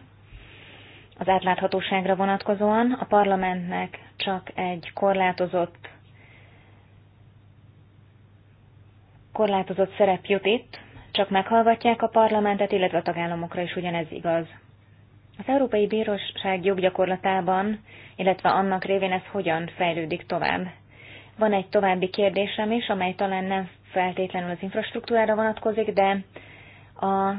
az átláthatóságra vonatkozóan. A parlamentnek csak egy korlátozott korlátozott szerep jut itt, csak meghallgatják a parlamentet, illetve a tagállamokra is ugyanez igaz. Az Európai Bíróság joggyakorlatában, illetve annak révén ez hogyan fejlődik tovább? Van egy további kérdésem is, amely talán nem feltétlenül az infrastruktúrára vonatkozik, de a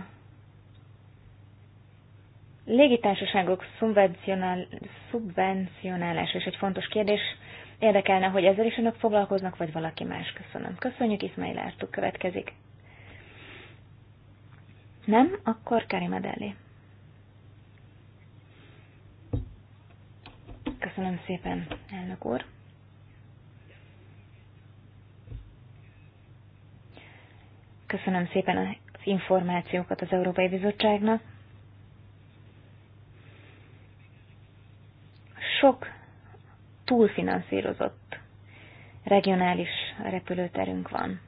légitársaságok szubvencionál, szubvencionálása is egy fontos kérdés. Érdekelne, hogy ezzel is önök foglalkoznak, vagy valaki más. Köszönöm. Köszönjük, Ismail Ártuk következik. Nem? Akkor Karim Adeli. Köszönöm szépen, elnök úr. Köszönöm szépen az információkat az Európai Bizottságnak. Sok túlfinanszírozott regionális repülőterünk van.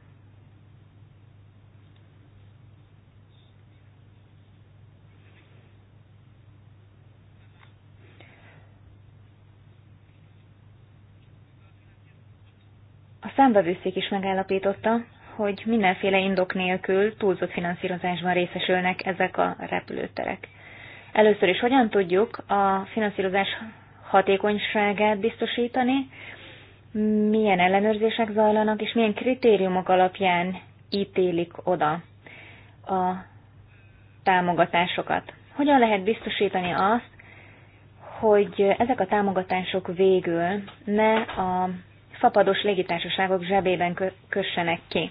A számbevőszék is megállapította, hogy mindenféle indok nélkül túlzott finanszírozásban részesülnek ezek a repülőterek. Először is hogyan tudjuk a finanszírozás hatékonyságát biztosítani, milyen ellenőrzések zajlanak, és milyen kritériumok alapján ítélik oda a támogatásokat. Hogyan lehet biztosítani azt, hogy ezek a támogatások végül ne a fapados légitársaságok zsebében kössenek ki.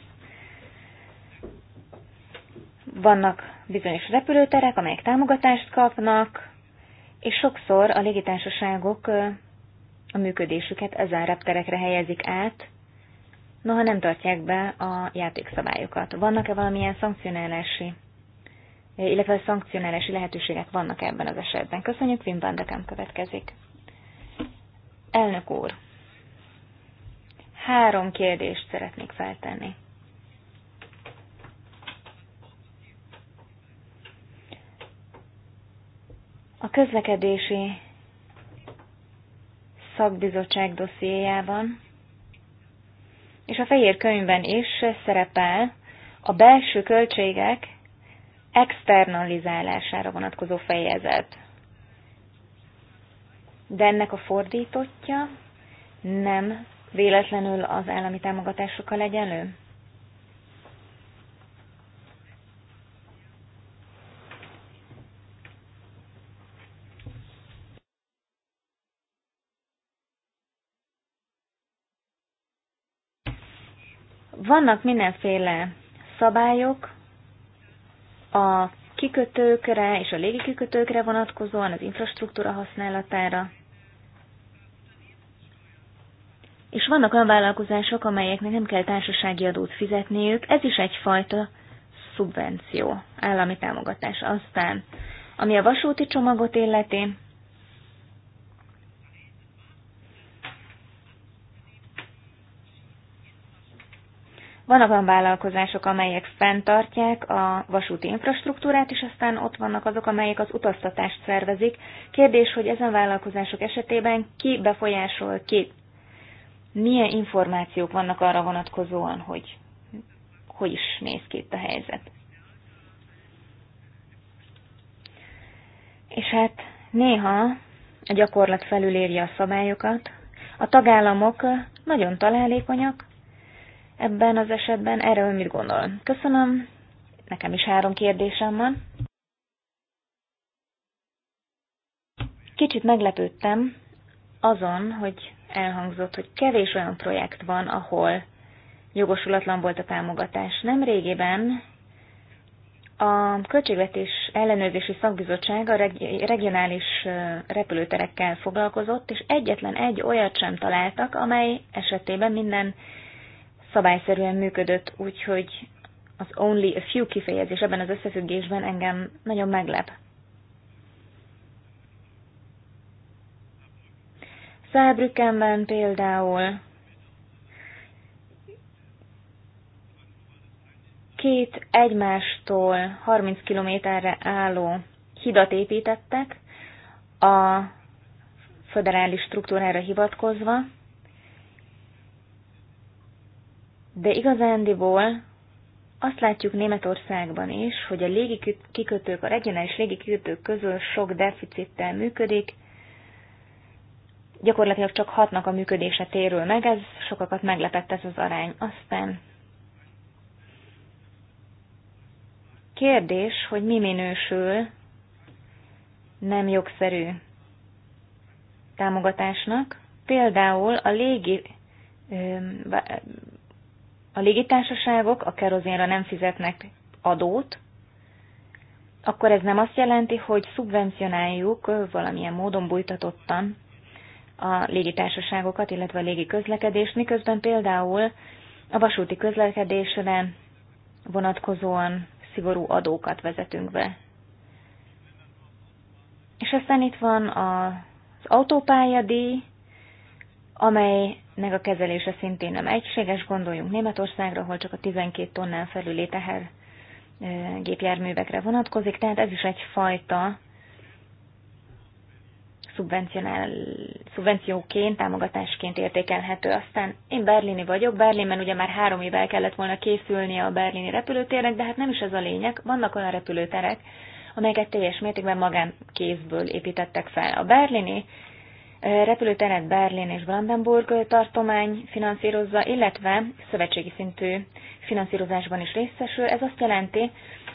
Vannak bizonyos repülőterek, amelyek támogatást kapnak, és sokszor a légitársaságok a működésüket ezen repterekre helyezik át, noha nem tartják be a játékszabályokat. Vannak-e valamilyen szankcionálási, illetve szankcionálási lehetőségek vannak ebben az esetben? Köszönjük, Wim van következik. Elnök úr, három kérdést szeretnék feltenni. A közlekedési szakbizottság dossziéjában és a fehér könyvben is szerepel a belső költségek externalizálására vonatkozó fejezet. De ennek a fordítottja nem véletlenül az állami támogatásokkal egyenlő? Vannak mindenféle szabályok a kikötőkre és a légikikötőkre vonatkozóan, az infrastruktúra használatára, és vannak olyan vállalkozások, amelyeknek nem kell társasági adót fizetniük, ez is egyfajta szubvenció, állami támogatás. Aztán, ami a vasúti csomagot illeti, Vannak olyan vállalkozások, amelyek fenntartják a vasúti infrastruktúrát, és aztán ott vannak azok, amelyek az utaztatást szervezik. Kérdés, hogy ezen vállalkozások esetében ki befolyásol ki? Milyen információk vannak arra vonatkozóan, hogy hogy is néz ki itt a helyzet? És hát néha a gyakorlat felülírja a szabályokat, a tagállamok nagyon találékonyak, ebben az esetben. Erről mit gondol? Köszönöm. Nekem is három kérdésem van. Kicsit meglepődtem azon, hogy elhangzott, hogy kevés olyan projekt van, ahol jogosulatlan volt a támogatás. Nem régében a Költségvetés Ellenőrzési Szakbizottság a regionális repülőterekkel foglalkozott, és egyetlen egy olyat sem találtak, amely esetében minden szabályszerűen működött, úgyhogy az only a few kifejezés ebben az összefüggésben engem nagyon meglep. Saarbrückenben például két egymástól 30 kilométerre álló hidat építettek, a föderális struktúrára hivatkozva, De igazándiból azt látjuk Németországban is, hogy a légi kikötők, a regionális légi kikötők közül sok deficittel működik, gyakorlatilag csak hatnak a működése térül meg, ez sokakat meglepett ez az arány. Aztán kérdés, hogy mi minősül nem jogszerű támogatásnak. Például a légi a légitársaságok a kerozénra nem fizetnek adót, akkor ez nem azt jelenti, hogy szubvencionáljuk valamilyen módon bújtatottan a légitársaságokat, illetve a légi közlekedést, miközben például a vasúti közlekedésre vonatkozóan szigorú adókat vezetünk be. És aztán itt van az autópályadíj, amelynek a kezelése szintén nem egységes. Gondoljunk Németországra, ahol csak a 12 tonnán felüli teher gépjárművekre vonatkozik, tehát ez is egyfajta szubvencióként, támogatásként értékelhető. Aztán én berlini vagyok, Berlinben ugye már három évvel kellett volna készülnie a berlini repülőtérnek, de hát nem is ez a lényeg. Vannak olyan repülőterek, amelyeket teljes mértékben magánkézből építettek fel. A berlini repülőteret Berlin és Brandenburg tartomány finanszírozza, illetve szövetségi szintű finanszírozásban is részesül. Ez azt jelenti,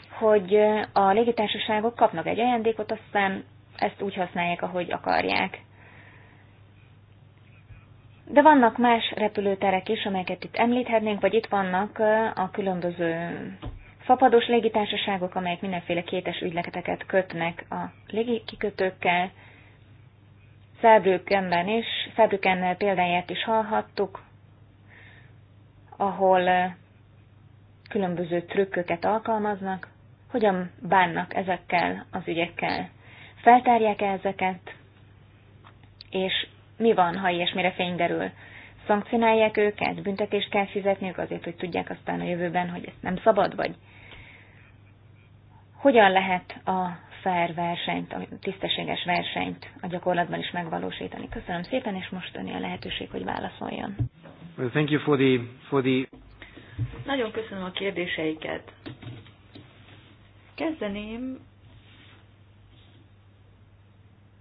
hogy a légitársaságok kapnak egy ajándékot, aztán ezt úgy használják, ahogy akarják. De vannak más repülőterek is, amelyeket itt említhetnénk, vagy itt vannak a különböző fapados légitársaságok, amelyek mindenféle kétes ügyleteket kötnek a légikikötőkkel, Szerbrőkenben is, Szerbrőken példáját is hallhattuk, ahol eh, különböző trükköket alkalmaznak, hogyan bánnak ezekkel az ügyekkel. feltárják -e ezeket, és mi van, ha ilyesmire fény derül? Szankcionálják őket, büntetést kell fizetniük azért, hogy tudják aztán a jövőben, hogy ez nem szabad, vagy hogyan lehet a fair versenyt, a tisztességes versenyt a gyakorlatban is megvalósítani. Köszönöm szépen, és most öné a lehetőség, hogy válaszoljon. Well, thank you for the, for the... Nagyon köszönöm a kérdéseiket. Kezdeném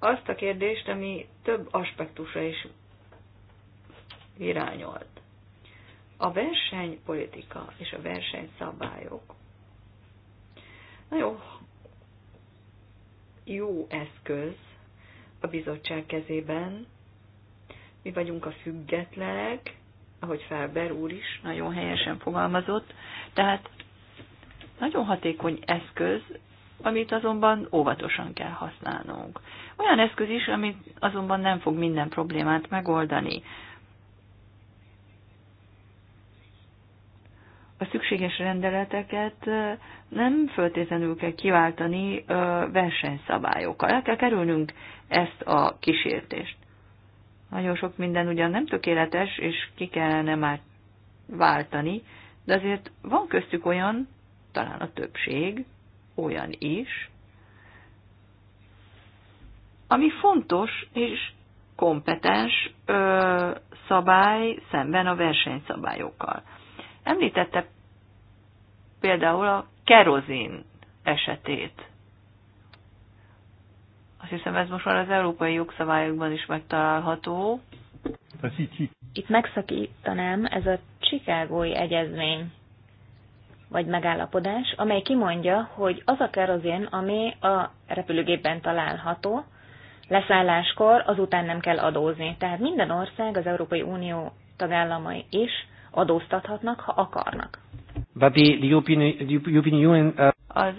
azt a kérdést, ami több aspektusra is irányolt. A versenypolitika és a versenyszabályok nagyon jó eszköz a bizottság kezében. Mi vagyunk a függetlenek, ahogy Felber úr is nagyon helyesen fogalmazott, tehát nagyon hatékony eszköz, amit azonban óvatosan kell használnunk. Olyan eszköz is, amit azonban nem fog minden problémát megoldani. a szükséges rendeleteket nem föltétlenül kell kiváltani versenyszabályokkal. El kell kerülnünk ezt a kísértést. Nagyon sok minden ugyan nem tökéletes, és ki kellene már váltani, de azért van köztük olyan, talán a többség, olyan is, ami fontos és kompetens ö, szabály szemben a versenyszabályokkal. Említette például a kerozin esetét. Azt hiszem ez most már az európai jogszabályokban is megtalálható. Itt megszakítanám, ez a Csikágói Egyezmény vagy megállapodás, amely kimondja, hogy az a kerozin, ami a repülőgépben található, leszálláskor azután nem kell adózni. Tehát minden ország, az Európai Unió tagállamai is adóztathatnak, ha akarnak. But the, the European, the European Union, uh... Az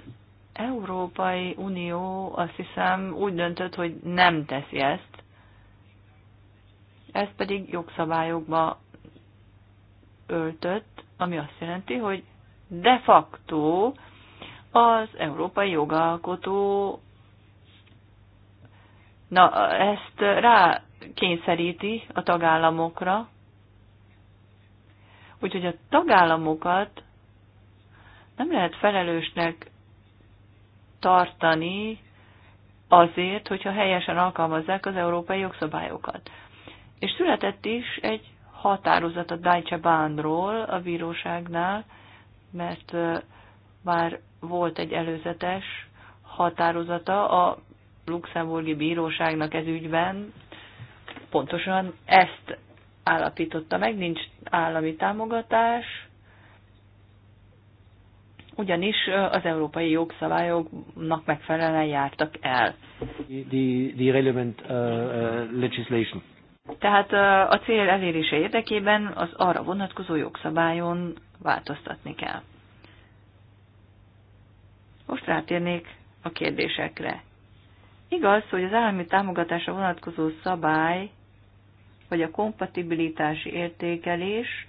Európai Unió azt hiszem úgy döntött, hogy nem teszi ezt, ez pedig jogszabályokba öltött, ami azt jelenti, hogy de facto az európai jogalkotó na, ezt rá kényszeríti a tagállamokra, úgyhogy a tagállamokat nem lehet felelősnek tartani azért, hogyha helyesen alkalmazzák az európai jogszabályokat. És született is egy határozat a Deutsche Bahnról a bíróságnál, mert már volt egy előzetes határozata a luxemburgi bíróságnak ez ügyben, pontosan ezt állapította meg, nincs állami támogatás, ugyanis az európai jogszabályoknak megfelelően jártak el. The, the relevant uh, uh, legislation. Tehát a cél elérése érdekében az arra vonatkozó jogszabályon változtatni kell. Most rátérnék a kérdésekre. Igaz, hogy az állami támogatásra vonatkozó szabály, vagy a kompatibilitási értékelés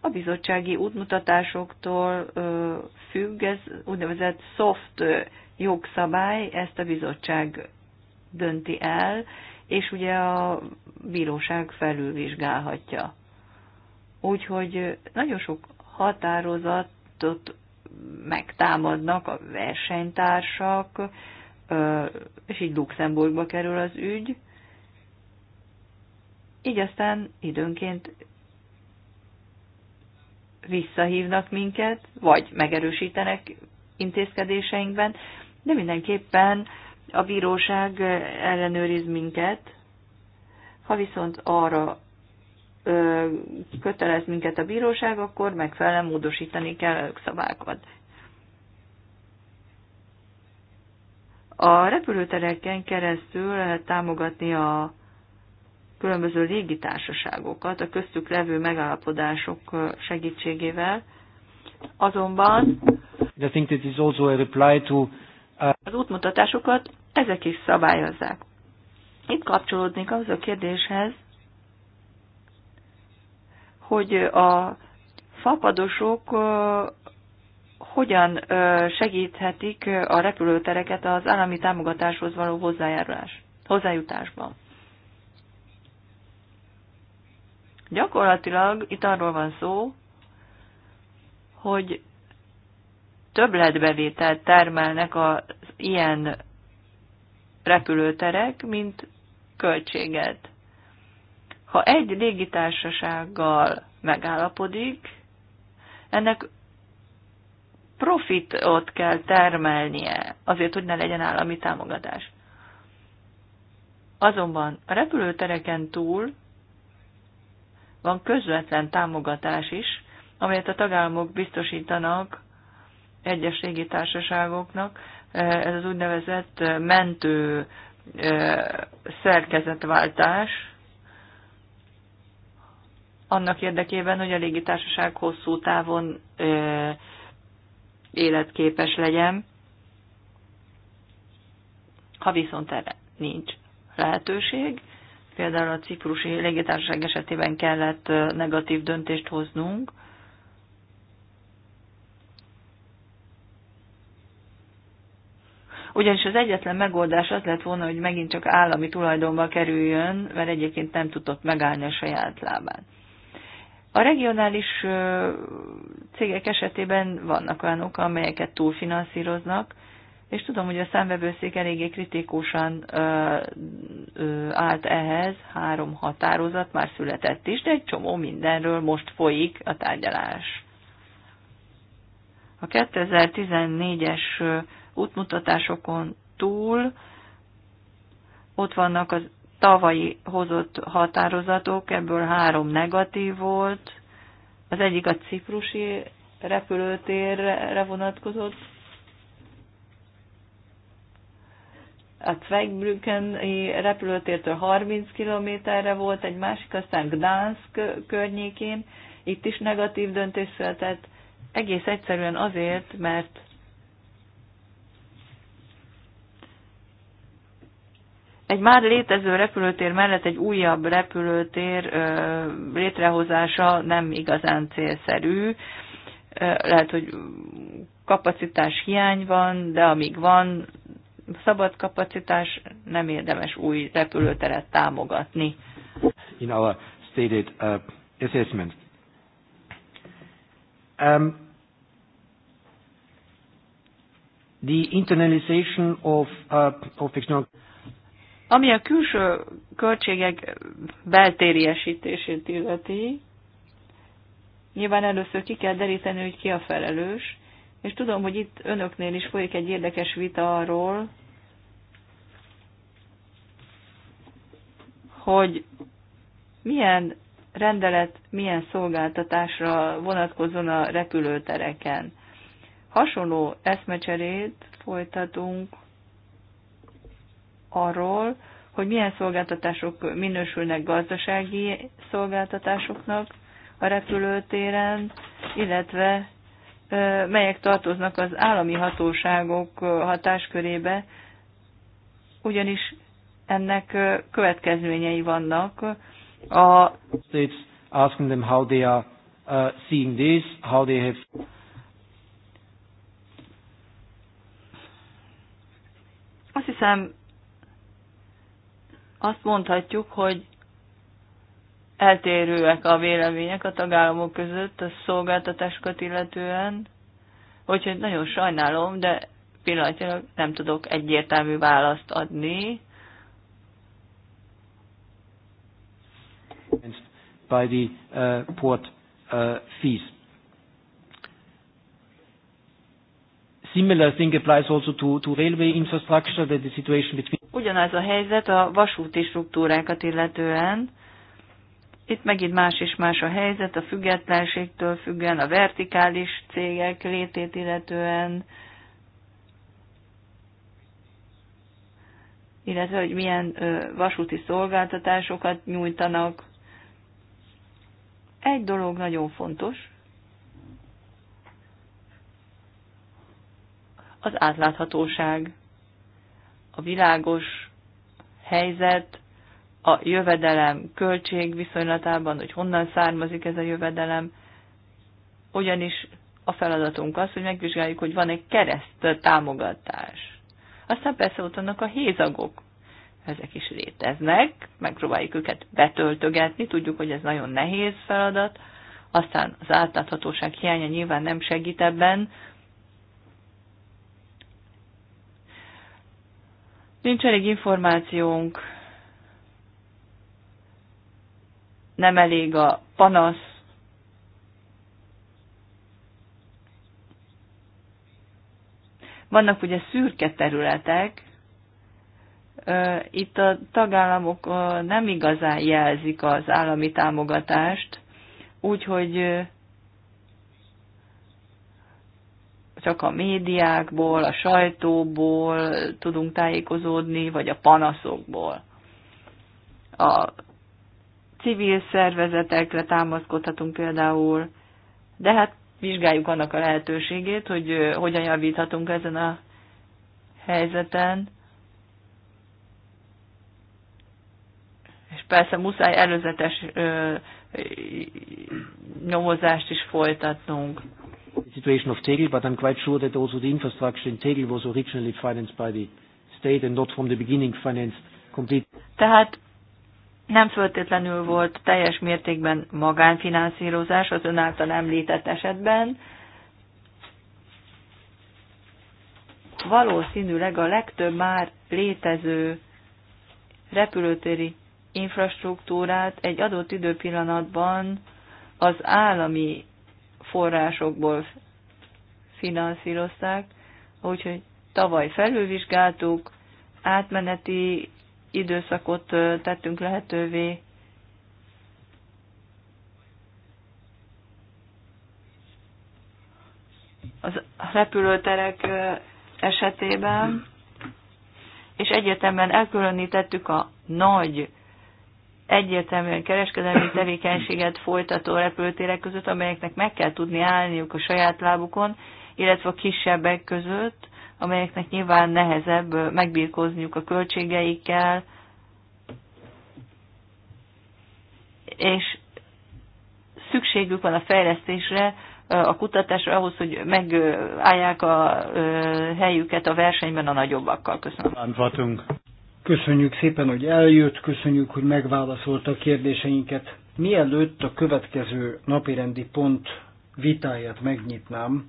a bizottsági útmutatásoktól függ, ez úgynevezett soft jogszabály, ezt a bizottság dönti el, és ugye a bíróság felülvizsgálhatja. Úgyhogy nagyon sok határozatot megtámadnak a versenytársak, és így Luxemburgba kerül az ügy. Így aztán időnként visszahívnak minket, vagy megerősítenek intézkedéseinkben, de mindenképpen a bíróság ellenőriz minket. Ha viszont arra ö, kötelez minket a bíróság, akkor megfelelően módosítani kell a szabályokat. A repülőtereken keresztül lehet támogatni a különböző légitársaságokat a köztük levő megállapodások segítségével. Azonban I think this is also a reply to, uh... az útmutatásokat ezek is szabályozzák. Itt kapcsolódnék ahhoz a kérdéshez, hogy a fapadosok hogyan segíthetik a repülőtereket az állami támogatáshoz való hozzájárulás, hozzájutásban. Gyakorlatilag itt arról van szó, hogy többletbevételt termelnek az ilyen repülőterek, mint költséget. Ha egy légitársasággal megállapodik, ennek profitot kell termelnie, azért, hogy ne legyen állami támogatás. Azonban a repülőtereken túl van közvetlen támogatás is, amelyet a tagállamok biztosítanak egyes társaságoknak, eh, ez az úgynevezett eh, mentő eh, szerkezetváltás, annak érdekében, hogy a légitársaság hosszú távon életképes legyen. Ha viszont erre nincs lehetőség, Például a ciprusi légitársaság esetében kellett negatív döntést hoznunk, ugyanis az egyetlen megoldás az lett volna, hogy megint csak állami tulajdonba kerüljön, mert egyébként nem tudott megállni a saját lábán. A regionális cégek esetében vannak olyanok, amelyeket túlfinanszíroznak, és tudom, hogy a számvevőszék eléggé kritikusan ö, ö, állt ehhez, három határozat már született is, de egy csomó mindenről most folyik a tárgyalás. A 2014-es útmutatásokon túl ott vannak az tavalyi hozott határozatok, ebből három negatív volt, az egyik a ciprusi repülőtérre vonatkozott, a Zweigbrückeni repülőtértől 30 kilométerre volt egy másik, aztán Gdansk környékén, itt is negatív döntés született, egész egyszerűen azért, mert egy már létező repülőtér mellett egy újabb repülőtér létrehozása nem igazán célszerű. Lehet, hogy kapacitás hiány van, de amíg van, szabad kapacitás, nem érdemes új repülőteret támogatni. In our stated uh, assessment. Um, the internalization of, uh, of external ami a külső költségek beltériesítését illeti, nyilván először ki kell deríteni, hogy ki a felelős, és tudom, hogy itt önöknél is folyik egy érdekes vita arról, hogy milyen rendelet milyen szolgáltatásra vonatkozon a repülőtereken. Hasonló eszmecserét folytatunk arról, hogy milyen szolgáltatások minősülnek gazdasági szolgáltatásoknak a repülőtéren, illetve melyek tartoznak az állami hatóságok hatáskörébe, ugyanis ennek következményei vannak. A States asking them how they are uh, seeing this, how they have Azt hiszem, azt mondhatjuk, hogy eltérőek a vélemények a tagállamok között a szolgáltatásokat illetően, úgyhogy nagyon sajnálom, de pillanatnyilag nem tudok egyértelmű választ adni. By the uh, port uh, fees. Similar thing applies also to, to railway infrastructure, that the situation between... Ugyanaz a helyzet a vasúti struktúrákat illetően, itt megint más és más a helyzet, a függetlenségtől függően, a vertikális cégek létét illetően, illetve hogy milyen vasúti szolgáltatásokat nyújtanak. Egy dolog nagyon fontos, az átláthatóság, a világos helyzet, a jövedelem költség viszonylatában, hogy honnan származik ez a jövedelem, ugyanis a feladatunk az, hogy megvizsgáljuk, hogy van-e kereszt támogatás. Aztán persze ott vannak a hézagok, ezek is léteznek, megpróbáljuk őket betöltögetni, tudjuk, hogy ez nagyon nehéz feladat, aztán az átláthatóság hiánya nyilván nem segít ebben. Nincs elég információnk nem elég a panasz, Vannak ugye szürke területek, itt a tagállamok nem igazán jelzik az állami támogatást, úgyhogy csak a médiákból, a sajtóból tudunk tájékozódni, vagy a panaszokból. A civil szervezetekre támaszkodhatunk például, de hát vizsgáljuk annak a lehetőségét, hogy hogyan javíthatunk ezen a helyzeten. És persze muszáj előzetes ö, nyomozást is folytatnunk. The situation of Tegel, but I'm quite sure that also the infrastructure in Tegel was originally financed by the state and not from the beginning financed completely. Tehát nem föltétlenül volt teljes mértékben magánfinanszírozás az ön által említett esetben. Valószínűleg a legtöbb már létező repülőtéri infrastruktúrát egy adott időpillanatban az állami forrásokból finanszírozták, úgyhogy tavaly felülvizsgáltuk, átmeneti időszakot tettünk lehetővé. Az repülőterek esetében, és egyetemben elkülönítettük a nagy egyértelműen kereskedelmi tevékenységet folytató repülőtérek között, amelyeknek meg kell tudni állniuk a saját lábukon, illetve a kisebbek között, amelyeknek nyilván nehezebb megbírkozniuk a költségeikkel, és szükségük van a fejlesztésre, a kutatásra ahhoz, hogy megállják a helyüket a versenyben a nagyobbakkal. Köszönöm. Köszönjük szépen, hogy eljött, köszönjük, hogy megválaszolta a kérdéseinket. Mielőtt a következő napirendi pont vitáját megnyitnám,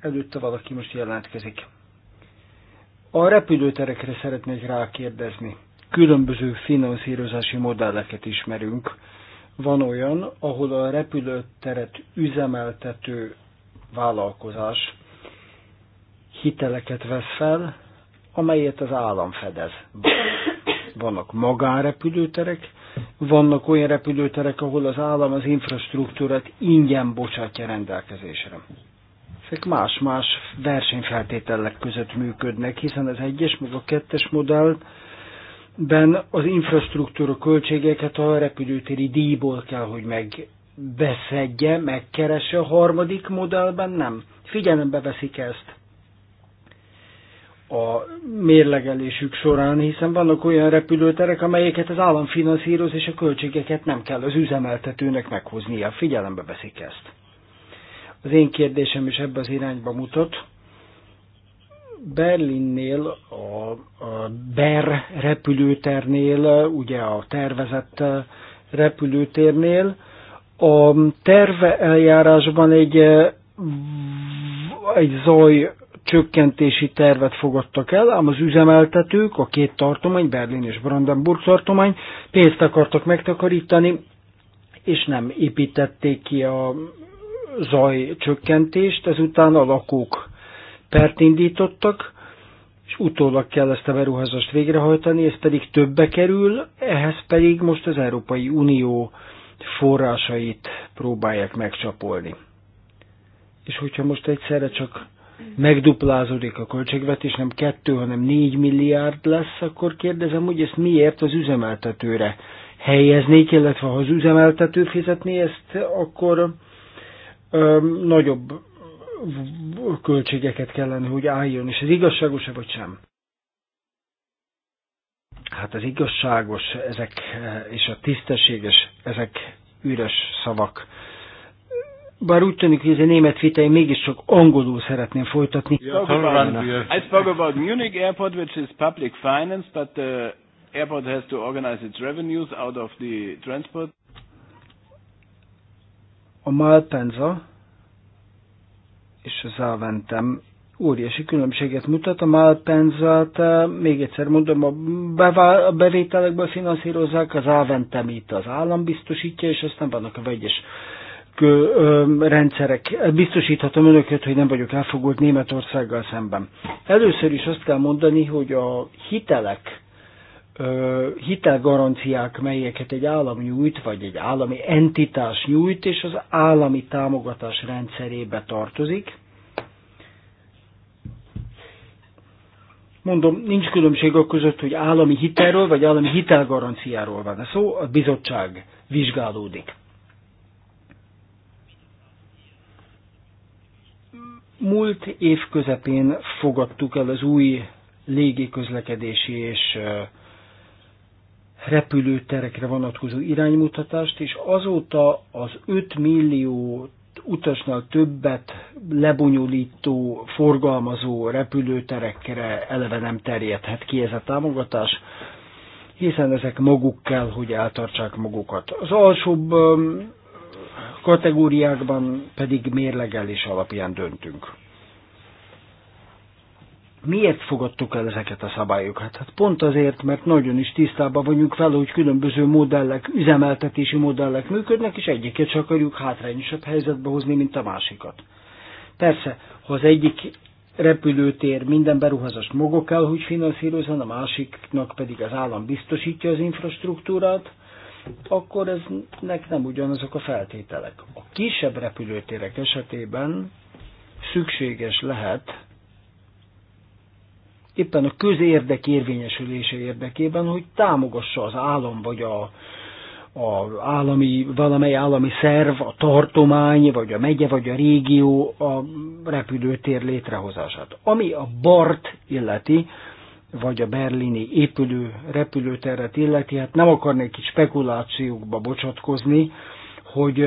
előtte valaki most jelentkezik. A repülőterekre szeretnék rákérdezni. Különböző finanszírozási modelleket ismerünk. Van olyan, ahol a repülőteret üzemeltető vállalkozás hiteleket vesz fel, amelyet az állam fedez. Vannak magánrepülőterek, vannak olyan repülőterek, ahol az állam az infrastruktúrát ingyen bocsátja rendelkezésre ezek más-más versenyfeltételek között működnek, hiszen az egyes meg a kettes modellben az infrastruktúra költségeket a repülőtéri díjból kell, hogy megbeszedje, megkeresse, a harmadik modellben nem. Figyelembe veszik ezt a mérlegelésük során, hiszen vannak olyan repülőterek, amelyeket az állam finanszíroz, és a költségeket nem kell az üzemeltetőnek meghoznia. Figyelembe veszik ezt. Az én kérdésem is ebbe az irányba mutat. Berlinnél, a, a Ber repülőternél, ugye a tervezett repülőtérnél, a terve eljárásban egy, egy zaj csökkentési tervet fogadtak el, ám az üzemeltetők, a két tartomány, Berlin és Brandenburg tartomány pénzt akartak megtakarítani, és nem építették ki a zaj csökkentést, ezután a lakók pert indítottak, és utólag kell ezt a beruházást végrehajtani, ez pedig többe kerül, ehhez pedig most az Európai Unió forrásait próbálják megcsapolni. És hogyha most egyszerre csak megduplázódik a költségvetés, nem kettő, hanem négy milliárd lesz, akkor kérdezem, hogy ezt miért az üzemeltetőre helyeznék, illetve ha az üzemeltető fizetné ezt, akkor nagyobb költségeket kellene, hogy álljon, és ez igazságos-e vagy sem? Hát az igazságos, ezek és a tisztességes, ezek üres szavak. Bár úgy tűnik, hogy ez a német vitáim mégiscsak angolul szeretném folytatni. I spoke about Munich Airport, which is public finance, but the uh, airport has to organize its revenues out of the transport a Malpenza és az Aventem óriási különbséget mutat. A Malpenzát, eh, még egyszer mondom, a, bevá- a bevételekből finanszírozzák, az Aventem itt az állam biztosítja, és aztán vannak a vegyes rendszerek. Biztosíthatom önöket, hogy nem vagyok elfogult Németországgal szemben. Először is azt kell mondani, hogy a hitelek hitelgaranciák, melyeket egy állam nyújt, vagy egy állami entitás nyújt, és az állami támogatás rendszerébe tartozik. Mondom, nincs különbség a között, hogy állami hitelről vagy állami hitelgaranciáról van szó, a bizottság vizsgálódik. Múlt év közepén fogadtuk el az új légiközlekedési és uh, repülőterekre vonatkozó iránymutatást, és azóta az 5 millió utasnál többet lebonyolító, forgalmazó repülőterekre eleve nem terjedhet ki ez a támogatás, hiszen ezek maguk kell, hogy eltartsák magukat. Az alsóbb um, kategóriákban pedig mérlegelés alapján döntünk. Miért fogadtuk el ezeket a szabályokat? Hát, hát pont azért, mert nagyon is tisztában vagyunk vele, hogy különböző modellek, üzemeltetési modellek működnek, és egyiket csak akarjuk hátrányosabb helyzetbe hozni, mint a másikat. Persze, ha az egyik repülőtér minden beruházást maga kell, hogy finanszírozzon, a másiknak pedig az állam biztosítja az infrastruktúrát, akkor eznek nem ugyanazok a feltételek. A kisebb repülőtérek esetében szükséges lehet éppen a közérdek érvényesülése érdekében, hogy támogassa az állam vagy a, a állami, valamely állami szerv, a tartomány, vagy a megye, vagy a régió a repülőtér létrehozását. Ami a BART illeti, vagy a berlini épülő repülőteret illeti, hát nem akarnék itt spekulációkba bocsatkozni, hogy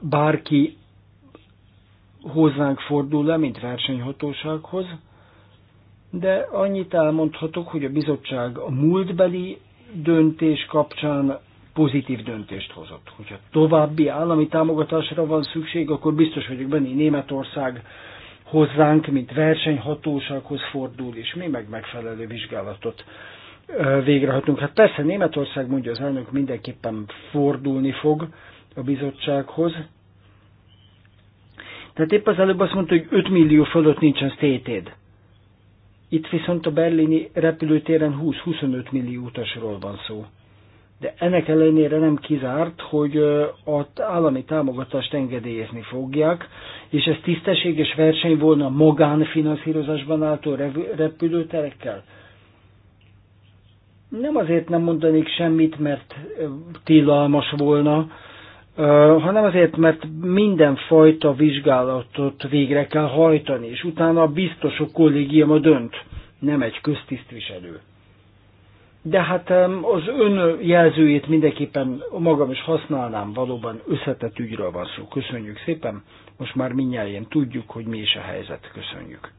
bárki hozzánk fordul le, mint versenyhatósághoz, de annyit elmondhatok, hogy a bizottság a múltbeli döntés kapcsán pozitív döntést hozott. Hogyha további állami támogatásra van szükség, akkor biztos vagyok benne, Németország hozzánk, mint versenyhatósághoz fordul, és mi meg megfelelő vizsgálatot végrehajtunk. Hát persze Németország, mondja az elnök, mindenképpen fordulni fog a bizottsághoz. Tehát épp az előbb azt mondta, hogy 5 millió fölött nincsen state aid. Itt viszont a berlini repülőtéren 20-25 millió utasról van szó. De ennek ellenére nem kizárt, hogy az állami támogatást engedélyezni fogják, és ez tisztességes verseny volna magánfinanszírozásban álltó repülőterekkel. Nem azért nem mondanék semmit, mert tilalmas volna, hanem azért, mert mindenfajta vizsgálatot végre kell hajtani, és utána a biztosok kollégiuma dönt, nem egy köztisztviselő. De hát az ön jelzőjét mindenképpen magam is használnám, valóban összetett ügyről van szó. Köszönjük szépen, most már mindjárt tudjuk, hogy mi is a helyzet. Köszönjük.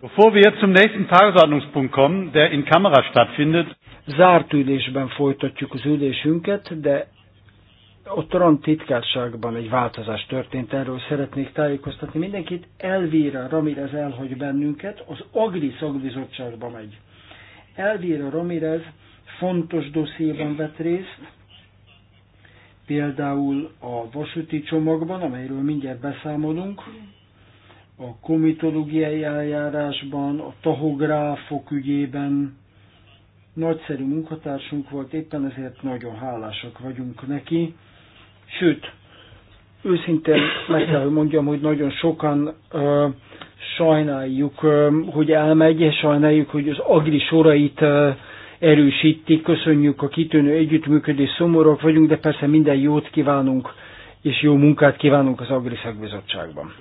Bevor wir zum nächsten Tagesordnungspunkt kommen, der in Kamera stattfindet. Zárt ülésben folytatjuk az ülésünket, de a TRAN titkárságban egy változás történt, erről szeretnék tájékoztatni mindenkit. Elvira Ramirez elhagy bennünket, az Agri szakbizottságba megy. Elvira Ramirez fontos dossziéban vett részt, például a vasúti csomagban, amelyről mindjárt beszámolunk, a komitológiai eljárásban, a tahográfok ügyében, nagyszerű munkatársunk volt, éppen ezért nagyon hálásak vagyunk neki. Sőt, őszintén meg kell, hogy mondjam, hogy nagyon sokan ö, sajnáljuk, ö, hogy elmegy, sajnáljuk, hogy az agri sorait ö, erősítik, köszönjük a kitűnő együttműködés, szomorúak vagyunk, de persze minden jót kívánunk, és jó munkát kívánunk az Agri Szakbizottságban.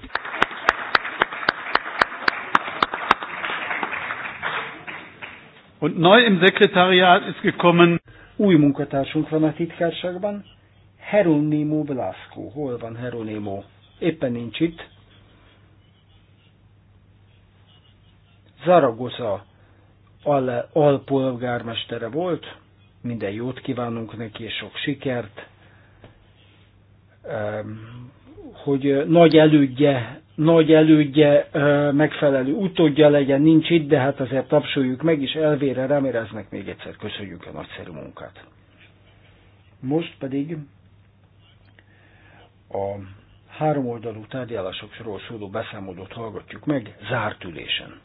Új munkatársunk van a titkárságban, Heronimo Velasco. Hol van Heronimo? Éppen nincs itt. Zaragoza al- alpolgármestere volt. Minden jót kívánunk neki, és sok sikert. Hogy nagy elődje, nagy elődje megfelelő utódja legyen, nincs itt, de hát azért tapsoljuk meg, és elvére reméreznek még egyszer. Köszönjük a nagyszerű munkát. Most pedig a háromoldalú tárgyalásokról szóló beszámolót hallgatjuk meg zárt ülésen.